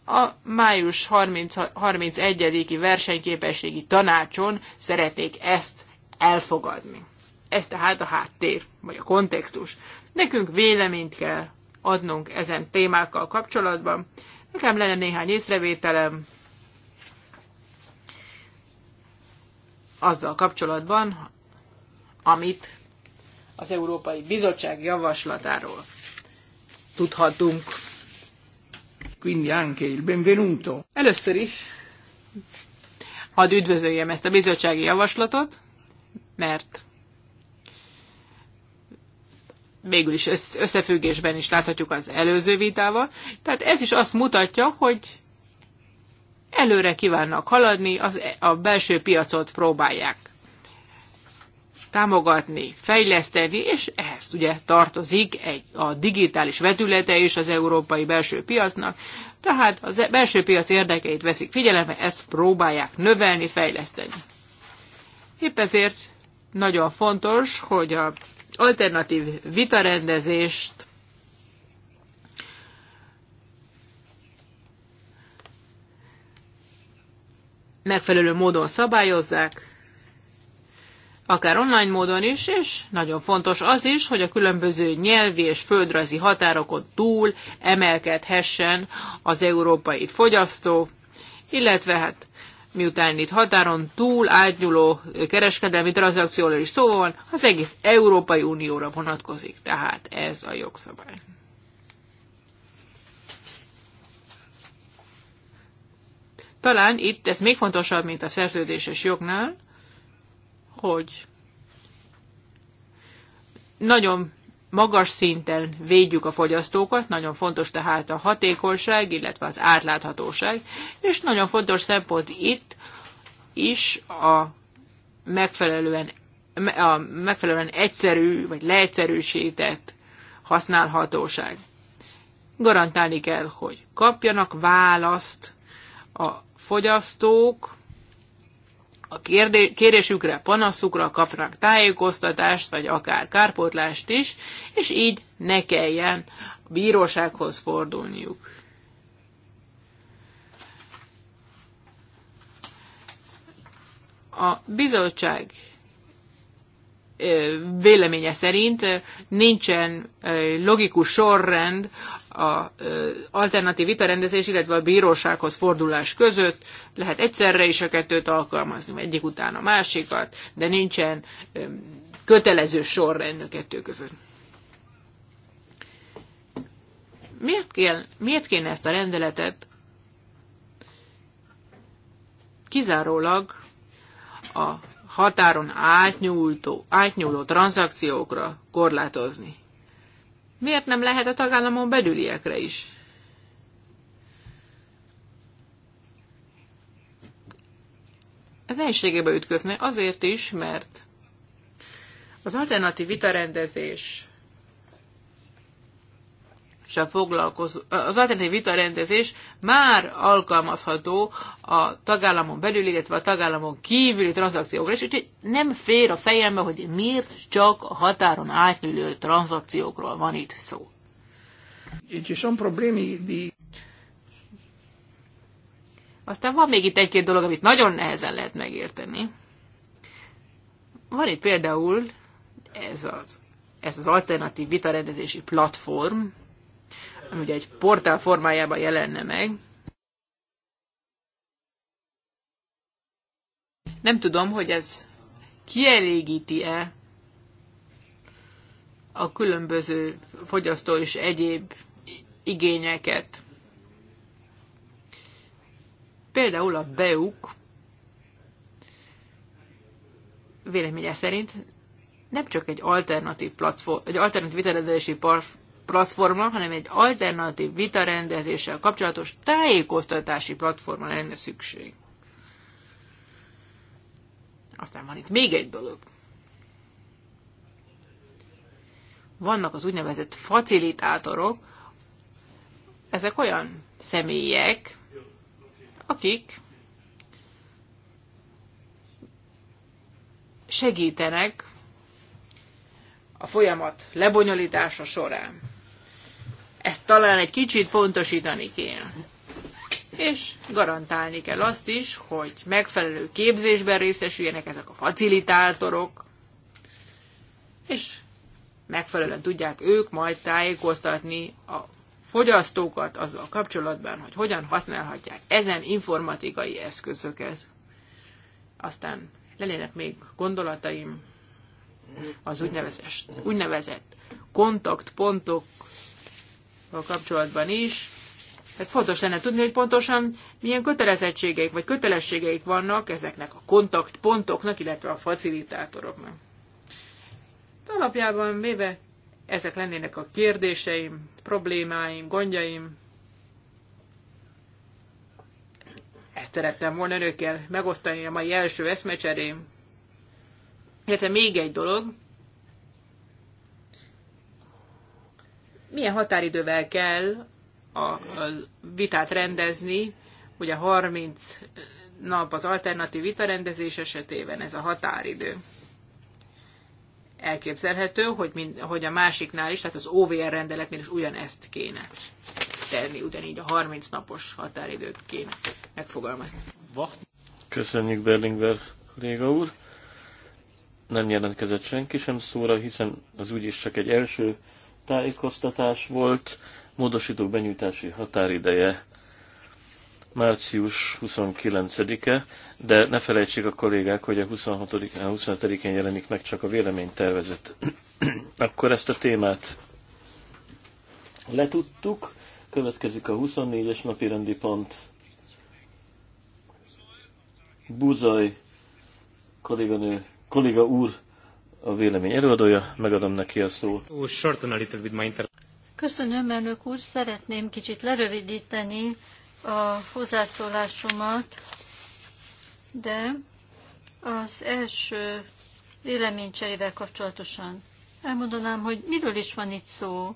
a május 31-i versenyképességi tanácson szeretnék ezt elfogadni. Ez tehát a háttér, vagy a kontextus. Nekünk véleményt kell adnunk ezen témákkal kapcsolatban. Nekem lenne néhány észrevételem azzal kapcsolatban, amit az Európai Bizottság javaslatáról tudhatunk. Quindi anche il benvenuto. Először is hadd üdvözöljem ezt a bizottsági javaslatot, mert végül is összefüggésben is láthatjuk az előző vitával. Tehát ez is azt mutatja, hogy előre kívánnak haladni, az, a belső piacot próbálják támogatni, fejleszteni, és ehhez ugye tartozik egy, a digitális vetülete is az európai belső piacnak, tehát az e- belső piac érdekeit veszik figyelembe, ezt próbálják növelni, fejleszteni. Épp ezért nagyon fontos, hogy a alternatív vitarendezést, megfelelő módon szabályozzák, akár online módon is, és nagyon fontos az is, hogy a különböző nyelvi és földrajzi határokon túl emelkedhessen az európai fogyasztó, illetve hát miután itt határon túl átnyúló kereskedelmi tranzakcióról is szó van, az egész Európai Unióra vonatkozik, tehát ez a jogszabály. Talán itt ez még fontosabb, mint a szerződéses jognál, hogy nagyon magas szinten védjük a fogyasztókat, nagyon fontos tehát a hatékonyság, illetve az átláthatóság, és nagyon fontos szempont itt is a megfelelően, a megfelelően egyszerű vagy leegyszerűsített használhatóság. Garantálni kell, hogy kapjanak választ a fogyasztók, a kérésükre, panaszukra kapnak tájékoztatást, vagy akár kárpótlást is, és így ne kelljen a bírósághoz fordulniuk. A bizottság véleménye szerint nincsen logikus sorrend a alternatív vitarendezés, illetve a bírósághoz fordulás között. Lehet egyszerre is a kettőt alkalmazni, egyik után a másikat, de nincsen kötelező sorrend a kettő között. Miért, kell, miért kéne ezt a rendeletet kizárólag a határon átnyúló, átnyúló tranzakciókra korlátozni? Miért nem lehet a tagállamon belüliekre is? Ez egységébe ütközne azért is, mert az alternatív vitarendezés sem foglalkozó, az alternatív vitarendezés már alkalmazható a tagállamon belül, illetve a tagállamon kívüli tranzakciókra is, úgyhogy nem fér a fejembe, hogy miért csak a határon átnyúló tranzakciókról van itt szó. E Aztán van még itt egy-két dolog, amit nagyon nehezen lehet megérteni. Van itt például ez az, ez az alternatív vitarendezési platform, ugye egy portál formájában jelenne meg. Nem tudom, hogy ez kielégíti-e a különböző fogyasztó és egyéb igényeket. Például a BEUK véleménye szerint nem csak egy alternatív platform, egy alternatív viteledési platforma, hanem egy alternatív vitarendezéssel kapcsolatos tájékoztatási platformra lenne szükség. Aztán van itt még egy dolog. Vannak az úgynevezett facilitátorok, ezek olyan személyek, akik segítenek a folyamat lebonyolítása során. Ezt talán egy kicsit pontosítani kéne. És garantálni kell azt is, hogy megfelelő képzésben részesüljenek ezek a facilitátorok, és megfelelően tudják ők majd tájékoztatni a fogyasztókat azzal kapcsolatban, hogy hogyan használhatják ezen informatikai eszközöket. Aztán lennének még gondolataim az úgynevezett, úgynevezett kontaktpontok kapcsolatban is. Tehát fontos lenne tudni, hogy pontosan milyen kötelezettségeik vagy kötelességeik vannak ezeknek a kontaktpontoknak, illetve a facilitátoroknak. Alapjában véve ezek lennének a kérdéseim, problémáim, gondjaim. Ezt szerettem volna önökkel megosztani a mai első eszmecserém. Illetve még egy dolog, milyen határidővel kell a, a vitát rendezni, ugye 30 nap az alternatív vitarendezés esetében ez a határidő. Elképzelhető, hogy, mind, hogy a másiknál is, tehát az OVR rendeletnél is ugyanezt kéne tenni, ugyanígy a 30 napos határidőt kéne megfogalmazni. Köszönjük Berlingver kolléga úr. Nem jelentkezett senki sem szóra, hiszen az úgyis csak egy első tájékoztatás volt, módosítók benyújtási határideje március 29-e, de ne felejtsék a kollégák, hogy a 26-án, 27-én jelenik meg csak a véleménytervezet. Akkor ezt a témát letudtuk, következik a 24-es napi rendi pont. Buzaj kolléganő, kolléga úr a vélemény előadója, megadom neki a szót. Köszönöm, elnök úr, szeretném kicsit lerövidíteni a hozzászólásomat, de az első véleménycserével kapcsolatosan elmondanám, hogy miről is van itt szó.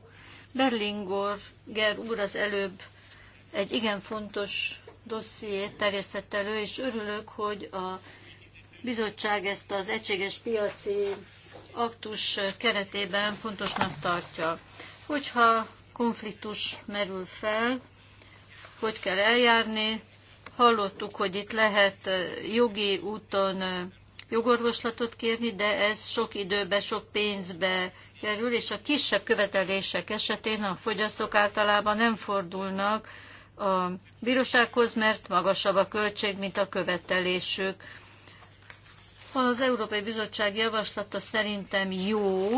Berlingor Ger úr az előbb egy igen fontos dossziét terjesztett elő, és örülök, hogy a bizottság ezt az egységes piaci aktus keretében fontosnak tartja. Hogyha konfliktus merül fel, hogy kell eljárni, hallottuk, hogy itt lehet jogi úton jogorvoslatot kérni, de ez sok időbe, sok pénzbe kerül, és a kisebb követelések esetén a fogyasztók általában nem fordulnak a bírósághoz, mert magasabb a költség, mint a követelésük. Az Európai Bizottság javaslata szerintem jó,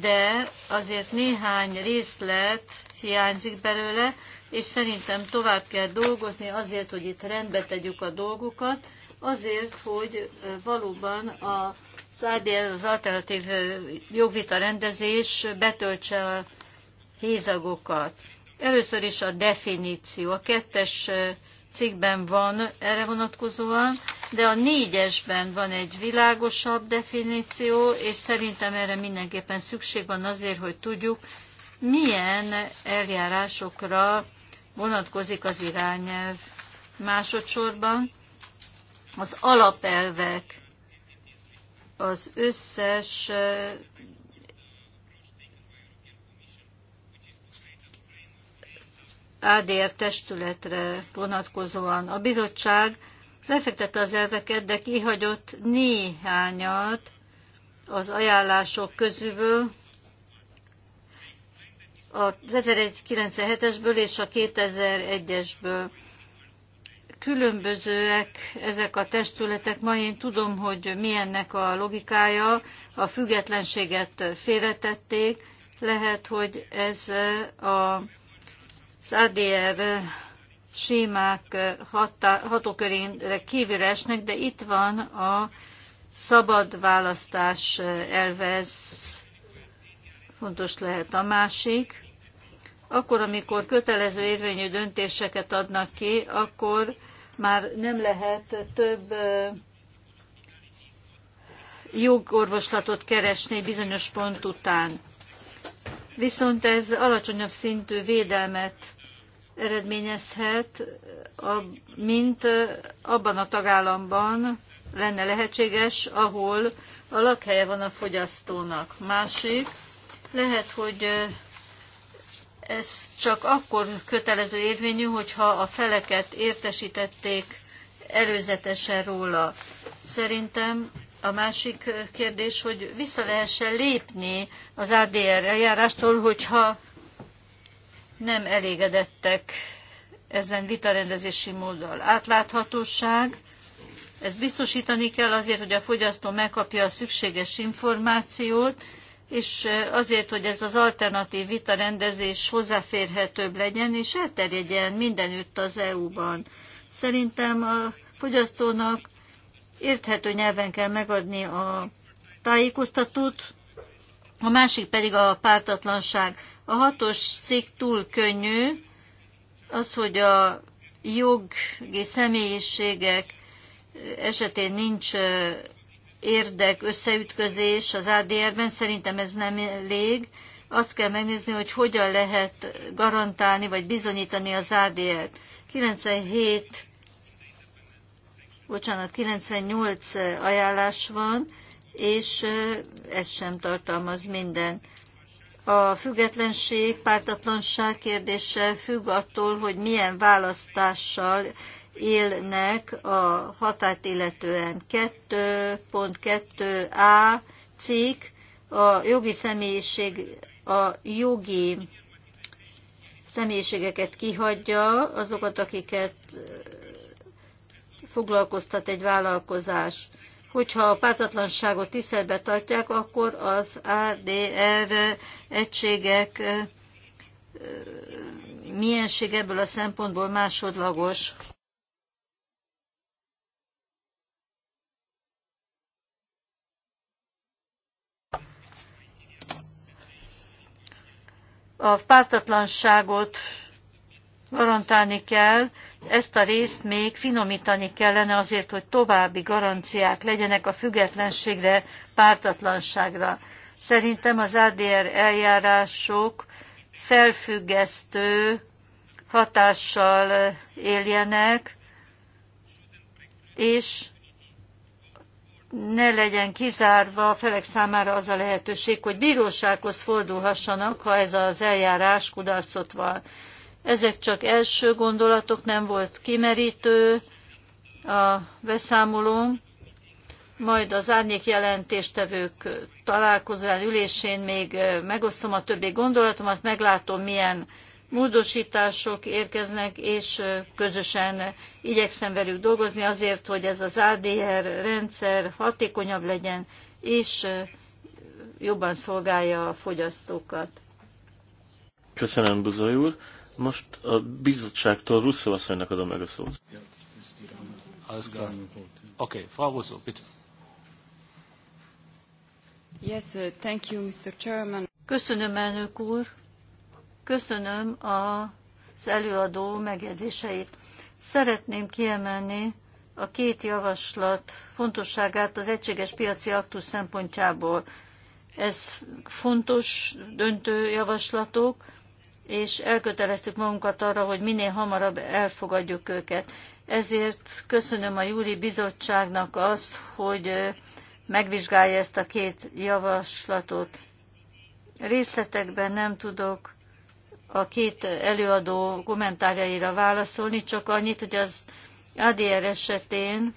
de azért néhány részlet hiányzik belőle, és szerintem tovább kell dolgozni azért, hogy itt rendbe tegyük a dolgokat, azért, hogy valóban a az alternatív jogvita rendezés betöltse a hézagokat. Először is a definíció. A kettes cikkben van erre vonatkozóan, de a négyesben van egy világosabb definíció, és szerintem erre mindenképpen szükség van azért, hogy tudjuk, milyen eljárásokra vonatkozik az irányelv. Másodszorban az alapelvek, az összes eh, ADR testületre vonatkozóan. A bizottság lefektette az elveket, de kihagyott néhányat az ajánlások közül, a 1997-esből és a 2001-esből. Különbözőek ezek a testületek, ma én tudom, hogy milyennek a logikája, a függetlenséget félretették, lehet, hogy ez a, az ADR sémák hatókörére kívül esnek, de itt van a szabad választás elvez fontos lehet a másik. Akkor, amikor kötelező érvényű döntéseket adnak ki, akkor már nem lehet több jogorvoslatot keresni bizonyos pont után. Viszont ez alacsonyabb szintű védelmet eredményezhet, mint abban a tagállamban lenne lehetséges, ahol a lakhelye van a fogyasztónak. Másik, lehet, hogy ez csak akkor kötelező érvényű, hogyha a feleket értesítették előzetesen róla. Szerintem a másik kérdés, hogy vissza lehessen lépni az ADR eljárástól, hogyha nem elégedettek ezen vitarendezési móddal. Átláthatóság, ezt biztosítani kell azért, hogy a fogyasztó megkapja a szükséges információt, és azért, hogy ez az alternatív vitarendezés hozzáférhetőbb legyen, és elterjedjen mindenütt az EU-ban. Szerintem a fogyasztónak érthető nyelven kell megadni a tájékoztatót, a másik pedig a pártatlanság. A hatos cikk túl könnyű, az, hogy a jogi személyiségek esetén nincs érdek összeütközés az ADR-ben, szerintem ez nem elég. Azt kell megnézni, hogy hogyan lehet garantálni vagy bizonyítani az ADR-t. 97, bocsánat, 98 ajánlás van, és ez sem tartalmaz minden. A függetlenség, pártatlanság kérdése függ attól, hogy milyen választással élnek a határt illetően. 2.2a cikk a jogi személyiség, a jogi személyiségeket kihagyja, azokat, akiket foglalkoztat egy vállalkozás hogyha a pártatlanságot tiszteletbe tartják, akkor az ADR egységek milyenség ebből a szempontból másodlagos. A pártatlanságot garantálni kell, ezt a részt még finomítani kellene azért, hogy további garanciák legyenek a függetlenségre, pártatlanságra. Szerintem az ADR eljárások felfüggesztő hatással éljenek, és ne legyen kizárva a felek számára az a lehetőség, hogy bírósághoz fordulhassanak, ha ez az eljárás kudarcot val. Ezek csak első gondolatok, nem volt kimerítő a beszámolónk. Majd az árnyék jelentéstevők találkozóan ülésén még megosztom a többi gondolatomat, meglátom, milyen módosítások érkeznek, és közösen igyekszem velük dolgozni azért, hogy ez az ADR rendszer hatékonyabb legyen, és jobban szolgálja a fogyasztókat. Köszönöm, Buzoly úr. Most a bizottságtól Russzó asszonynak adom meg a szót. Oké, klar. Okay, Frau Russo, bitte. Yes, uh, thank you, Mr. Chairman. Köszönöm, elnök úr. Köszönöm az előadó megjegyzéseit. Szeretném kiemelni a két javaslat fontosságát az egységes piaci aktus szempontjából. Ez fontos, döntő javaslatok és elköteleztük magunkat arra, hogy minél hamarabb elfogadjuk őket. Ezért köszönöm a Júri Bizottságnak azt, hogy megvizsgálja ezt a két javaslatot. Részletekben nem tudok a két előadó kommentárjaira válaszolni, csak annyit, hogy az ADR esetén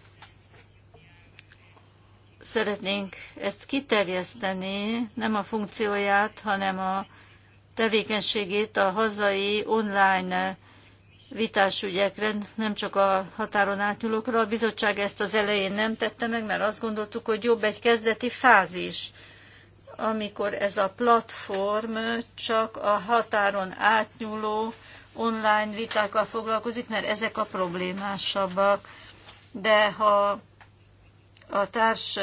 szeretnénk ezt kiterjeszteni, nem a funkcióját, hanem a tevékenységét a hazai online vitás nem csak a határon átnyúlókra. A bizottság ezt az elején nem tette meg, mert azt gondoltuk, hogy jobb egy kezdeti fázis, amikor ez a platform csak a határon átnyúló online vitákkal foglalkozik, mert ezek a problémásabbak. De ha a társ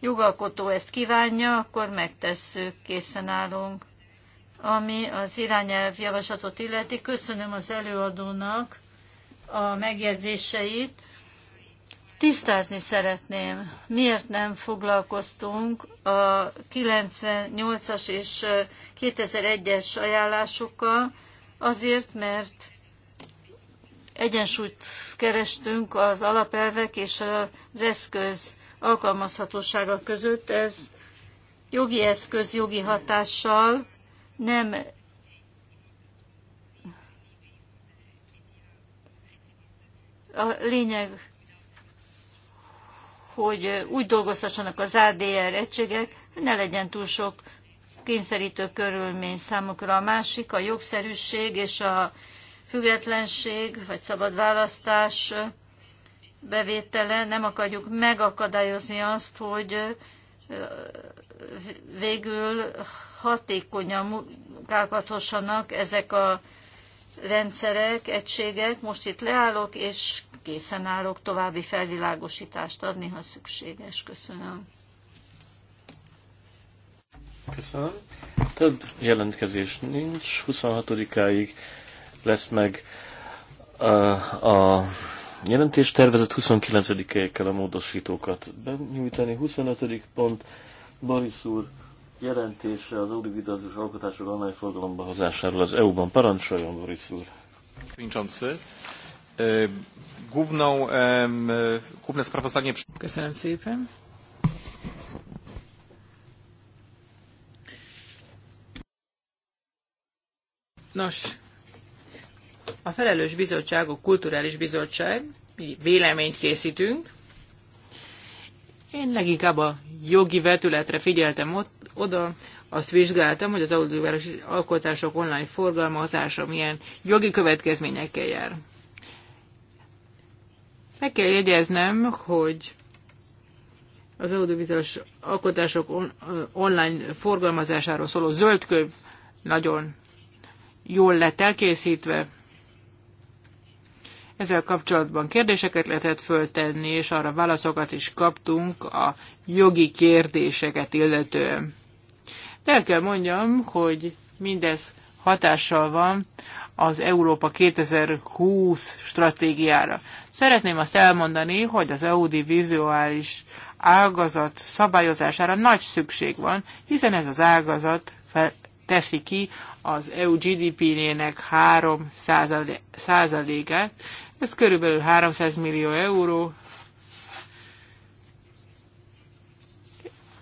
jogalkotó ezt kívánja, akkor megtesszük, készen állunk. Ami az irányelv javaslatot illeti, köszönöm az előadónak a megjegyzéseit. Tisztázni szeretném, miért nem foglalkoztunk a 98-as és 2001-es ajánlásokkal, azért, mert egyensúlyt kerestünk az alapelvek és az eszköz alkalmazhatósága között. Ez jogi eszköz jogi hatással nem a lényeg, hogy úgy dolgozhassanak az ADR egységek, hogy ne legyen túl sok kényszerítő körülmény számukra. A másik a jogszerűség és a függetlenség, vagy szabad választás bevétele. Nem akarjuk megakadályozni azt, hogy végül hatékonyan munkálkodhassanak ezek a rendszerek, egységek. Most itt leállok, és készen állok további felvilágosítást adni, ha szükséges. Köszönöm. Köszönöm. Több jelentkezés nincs. 26-áig lesz meg a, uh, a jelentés tervezett 29 kell a módosítókat benyújtani. 25. pont Boris úr Jelentése az audiovizuális alkotások online forgalomba hozásáról az EU-ban. Parancsoljon, Boris úr! E, e, Köszönöm szépen. Nos, a felelős bizottságok kulturális bizottság, mi véleményt készítünk. Én leginkább a jogi vetületre figyeltem ott, oda, azt vizsgáltam, hogy az audiovárosi alkotások online forgalmazása milyen jogi következményekkel jár. Meg kell jegyeznem, hogy az audiovizuális alkotások on, online forgalmazásáról szóló zöldköv nagyon jól lett elkészítve. Ezzel kapcsolatban kérdéseket lehetett föltenni, és arra válaszokat is kaptunk a jogi kérdéseket illetően. De el kell mondjam, hogy mindez hatással van az Európa 2020 stratégiára. Szeretném azt elmondani, hogy az audiovizuális ágazat szabályozására nagy szükség van, hiszen ez az ágazat teszi ki az EU GDP-nének 3 százalékát, ez körülbelül 300 millió euró,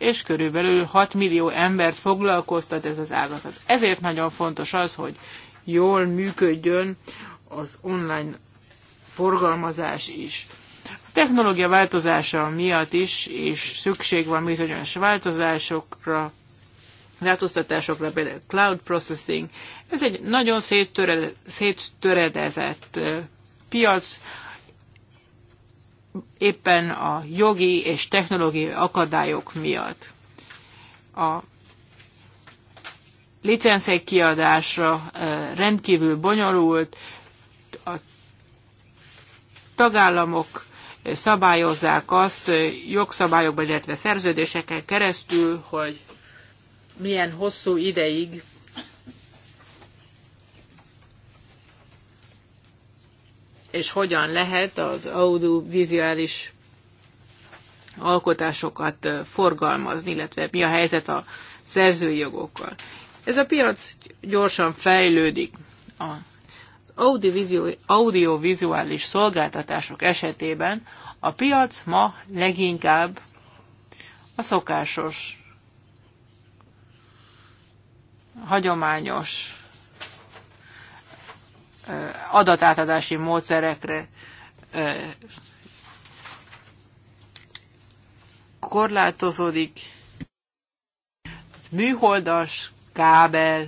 és körülbelül 6 millió embert foglalkoztat ez az ágazat. Ezért nagyon fontos az, hogy jól működjön az online forgalmazás is. A technológia változása miatt is, és szükség van bizonyos változásokra, változtatásokra, például cloud processing. Ez egy nagyon széttöredezett piac, éppen a jogi és technológiai akadályok miatt. A licenszek kiadása rendkívül bonyolult, a tagállamok szabályozzák azt jogszabályokban, illetve szerződéseken keresztül, hogy milyen hosszú ideig és hogyan lehet az audiovizuális alkotásokat forgalmazni, illetve mi a helyzet a szerzői jogokkal. Ez a piac gyorsan fejlődik. Az audiovizuális szolgáltatások esetében a piac ma leginkább a szokásos, hagyományos adatátadási módszerekre korlátozódik. Műholdas kábelről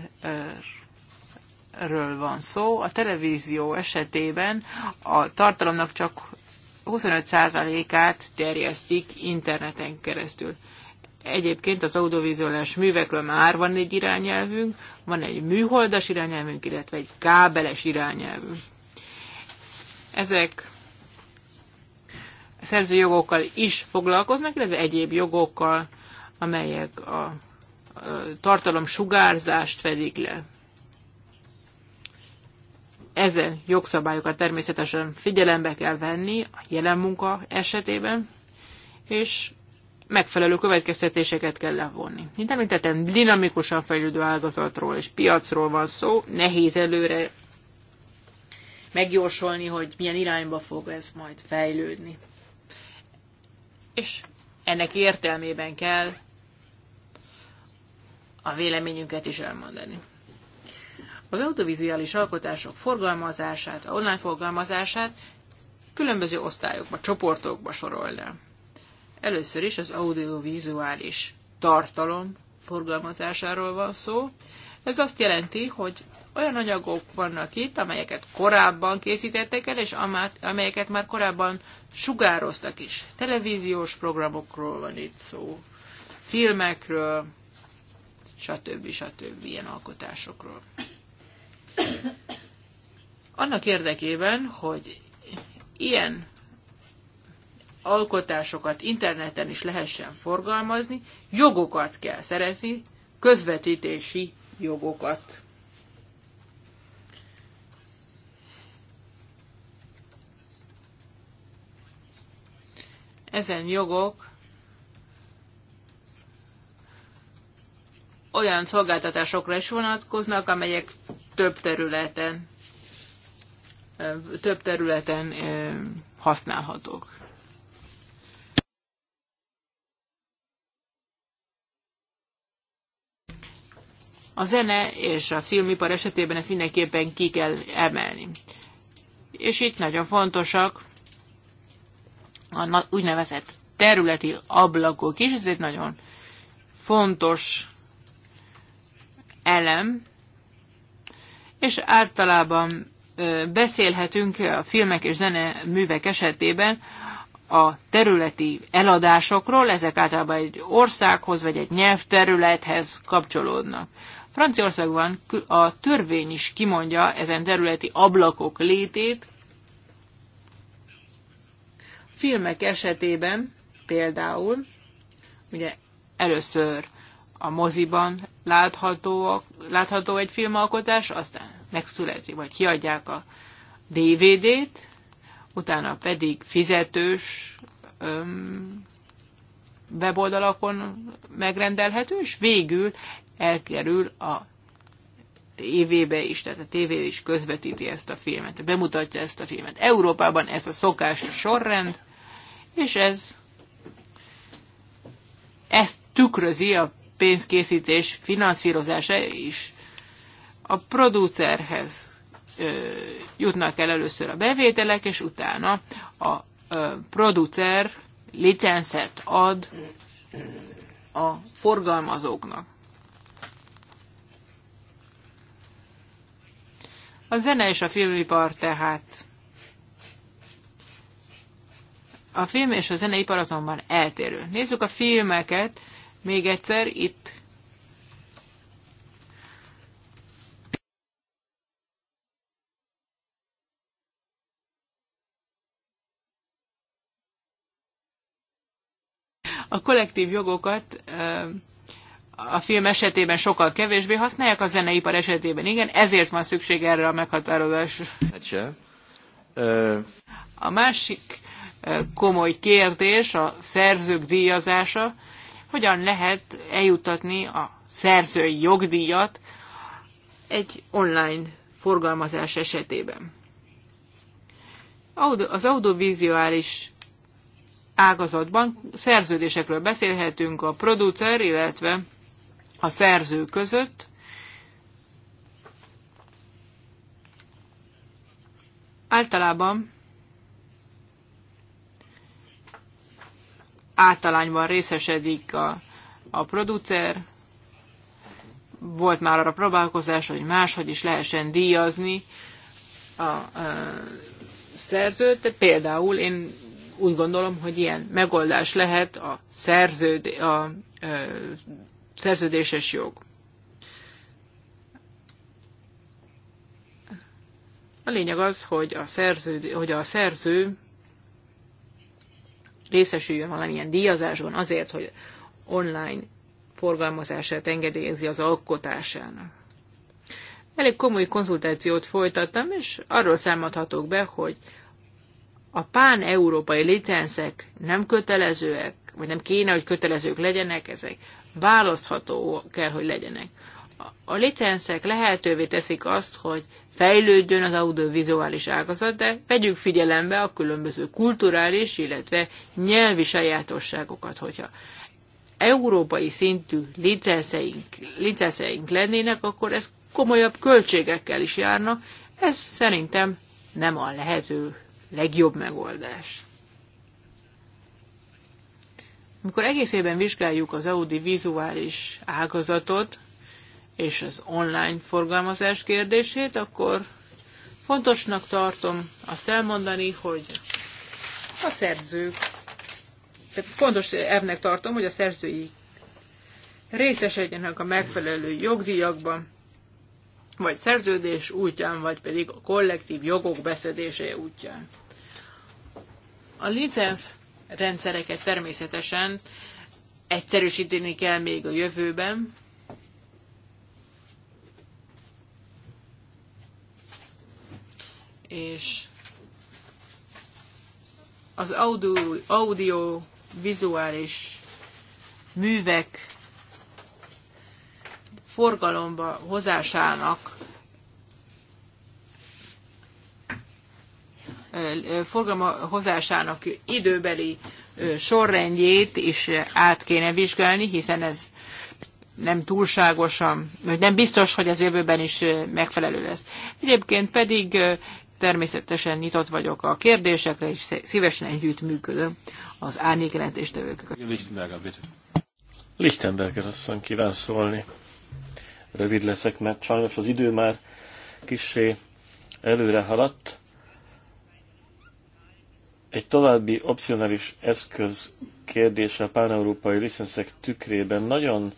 van szó. A televízió esetében a tartalomnak csak 25%-át terjesztik interneten keresztül. Egyébként az audiovizuális művekről már van egy irányelvünk, van egy műholdas irányelvünk, illetve egy kábeles irányelvünk. Ezek szerző jogokkal is foglalkoznak, illetve egyéb jogokkal, amelyek a, a tartalom sugárzást fedik le. Ezen jogszabályokat természetesen figyelembe kell venni a jelen munka esetében, és megfelelő következtetéseket kell levonni. Mint említettem, dinamikusan fejlődő ágazatról és piacról van szó, nehéz előre megjósolni, hogy milyen irányba fog ez majd fejlődni. És ennek értelmében kell a véleményünket is elmondani. Az autovizuális alkotások forgalmazását, online forgalmazását különböző osztályokba, csoportokba sorolnám. Először is az audiovizuális tartalom forgalmazásáról van szó. Ez azt jelenti, hogy olyan anyagok vannak itt, amelyeket korábban készítettek el, és amelyeket már korábban sugároztak is. Televíziós programokról van itt szó, filmekről, stb. stb. ilyen alkotásokról. Annak érdekében, hogy ilyen alkotásokat interneten is lehessen forgalmazni, jogokat kell szerezni, közvetítési jogokat. Ezen jogok olyan szolgáltatásokra is vonatkoznak, amelyek több területen több területen használhatók. A zene és a filmipar esetében ezt mindenképpen ki kell emelni. És itt nagyon fontosak a úgynevezett területi ablakok is, ez egy nagyon fontos elem, és általában beszélhetünk a filmek és zene művek esetében a területi eladásokról, ezek általában egy országhoz vagy egy nyelvterülethez kapcsolódnak. Franciaországban a törvény is kimondja ezen területi ablakok létét. Filmek esetében például, ugye először a moziban látható, látható egy filmalkotás, aztán megszületi, vagy kiadják a DVD-t, utána pedig fizetős öm, weboldalakon megrendelhető, és végül elkerül a tévébe is, tehát a tévé is közvetíti ezt a filmet, bemutatja ezt a filmet. Európában ez a szokásos sorrend, és ez ezt tükrözi a pénzkészítés finanszírozása is. A producerhez ö, jutnak el először a bevételek, és utána a ö, producer licenszet ad a forgalmazóknak. A zene és a filmipar tehát. A film és a zeneipar azonban eltérő. Nézzük a filmeket. Még egyszer itt a kollektív jogokat a film esetében sokkal kevésbé használják, a zeneipar esetében igen, ezért van szükség erre a meghatározásra. A másik komoly kérdés a szerzők díjazása, hogyan lehet eljutatni a szerzői jogdíjat egy online forgalmazás esetében. Az audiovizuális ágazatban szerződésekről beszélhetünk a producer, illetve a szerző között. Általában általányban részesedik a, a producer, volt már arra próbálkozás, hogy máshogy is lehessen díjazni a, a szerzőt. Például én úgy gondolom, hogy ilyen megoldás lehet a szerződ, a, a szerződéses jog. A lényeg az, hogy a szerző, hogy a szerző részesüljön valamilyen díjazásban azért, hogy online forgalmazását engedélyezi az alkotásának. Elég komoly konzultációt folytattam, és arról számolhatok be, hogy a pán-európai licenszek nem kötelezőek, vagy nem kéne, hogy kötelezők legyenek, ezek választható kell, hogy legyenek. A licenszek lehetővé teszik azt, hogy fejlődjön az audiovizuális ágazat, de vegyük figyelembe a különböző kulturális, illetve nyelvi sajátosságokat, hogyha európai szintű licenszeink, licenszeink lennének, akkor ez komolyabb költségekkel is járna. Ez szerintem nem a lehető legjobb megoldás. Amikor egészében vizsgáljuk az audiovizuális ágazatot és az online forgalmazás kérdését, akkor fontosnak tartom azt elmondani, hogy a szerzők, tehát fontos ebnek tartom, hogy a szerzői részesedjenek a megfelelő jogdíjakban, vagy szerződés útján, vagy pedig a kollektív jogok beszedése útján. A licensz rendszereket természetesen egyszerűsíteni kell még a jövőben. És az audio, audio vizuális művek forgalomba hozásának forgalma időbeli sorrendjét is át kéne vizsgálni, hiszen ez nem túlságosan, vagy nem biztos, hogy az jövőben is megfelelő lesz. Egyébként pedig természetesen nyitott vagyok a kérdésekre, és szívesen együtt működöm az árnyékjelentéstevőkkel. Lichtenberger, bitte. Lichtenberger asszony kíván szólni. Rövid leszek, mert sajnos az idő már kissé előre haladt. Egy további opcionális eszköz kérdése a páneurópai licenszek tükrében nagyon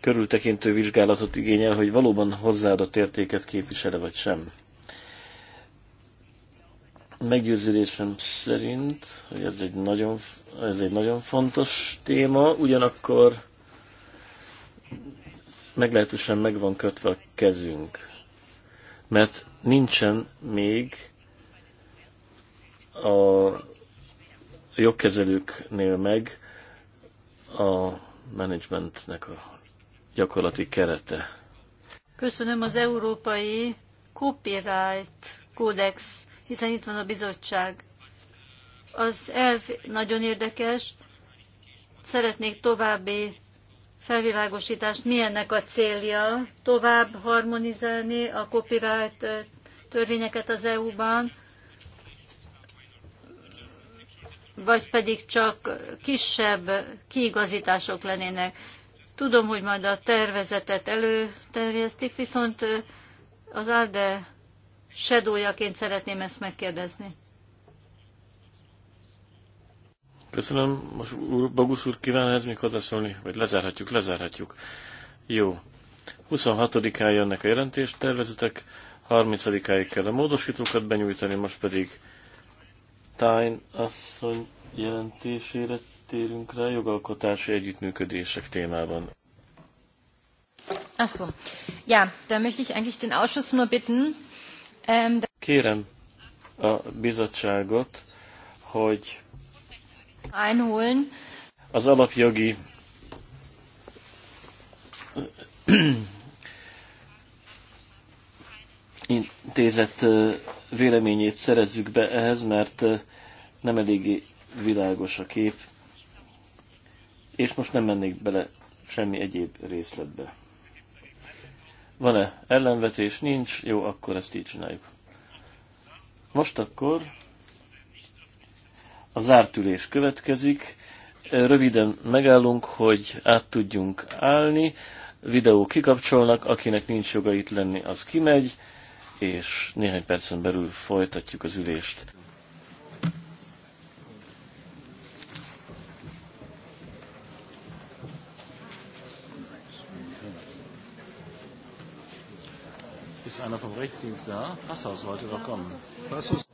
körültekintő vizsgálatot igényel, hogy valóban hozzáadott értéket képvisele vagy sem. Meggyőződésem szerint, hogy ez egy nagyon, ez egy nagyon fontos téma, ugyanakkor meglehetősen meg van kötve a kezünk, mert nincsen még a jogkezelőknél meg a menedzsmentnek a gyakorlati kerete. Köszönöm az Európai Copyright Kódex, hiszen itt van a bizottság. Az elv nagyon érdekes. Szeretnék további felvilágosítást, milyennek a célja tovább harmonizálni a copyright törvényeket az EU-ban, vagy pedig csak kisebb kiigazítások lennének. Tudom, hogy majd a tervezetet előterjesztik, viszont az ALDE sedójaként szeretném ezt megkérdezni. Köszönöm. Most úr, Bagusz úr kíván ez még hozzászólni? Vagy lezárhatjuk? Lezárhatjuk. Jó. 26-án jönnek a jelentéstervezetek, 30-áig kell a módosítókat benyújtani, most pedig Stein asszony jelentésére térünk rá jogalkotási együttműködések témában. Ach so. Ja, da möchte ich eigentlich den Ausschuss nur bitten. Ähm, da... Kérem a bizottságot, hogy einholen. Az alapjogi intézet véleményét szerezzük be ehhez, mert nem eléggé világos a kép, és most nem mennék bele semmi egyéb részletbe. Van-e ellenvetés? Nincs. Jó, akkor ezt így csináljuk. Most akkor a zárt ülés következik. Röviden megállunk, hogy át tudjunk állni. Videó kikapcsolnak, akinek nincs joga itt lenni, az kimegy és néhány percen belül folytatjuk az ülést. Ist einer vom Rechtsdienst da? Passhaus wollte doch kommen. Passus.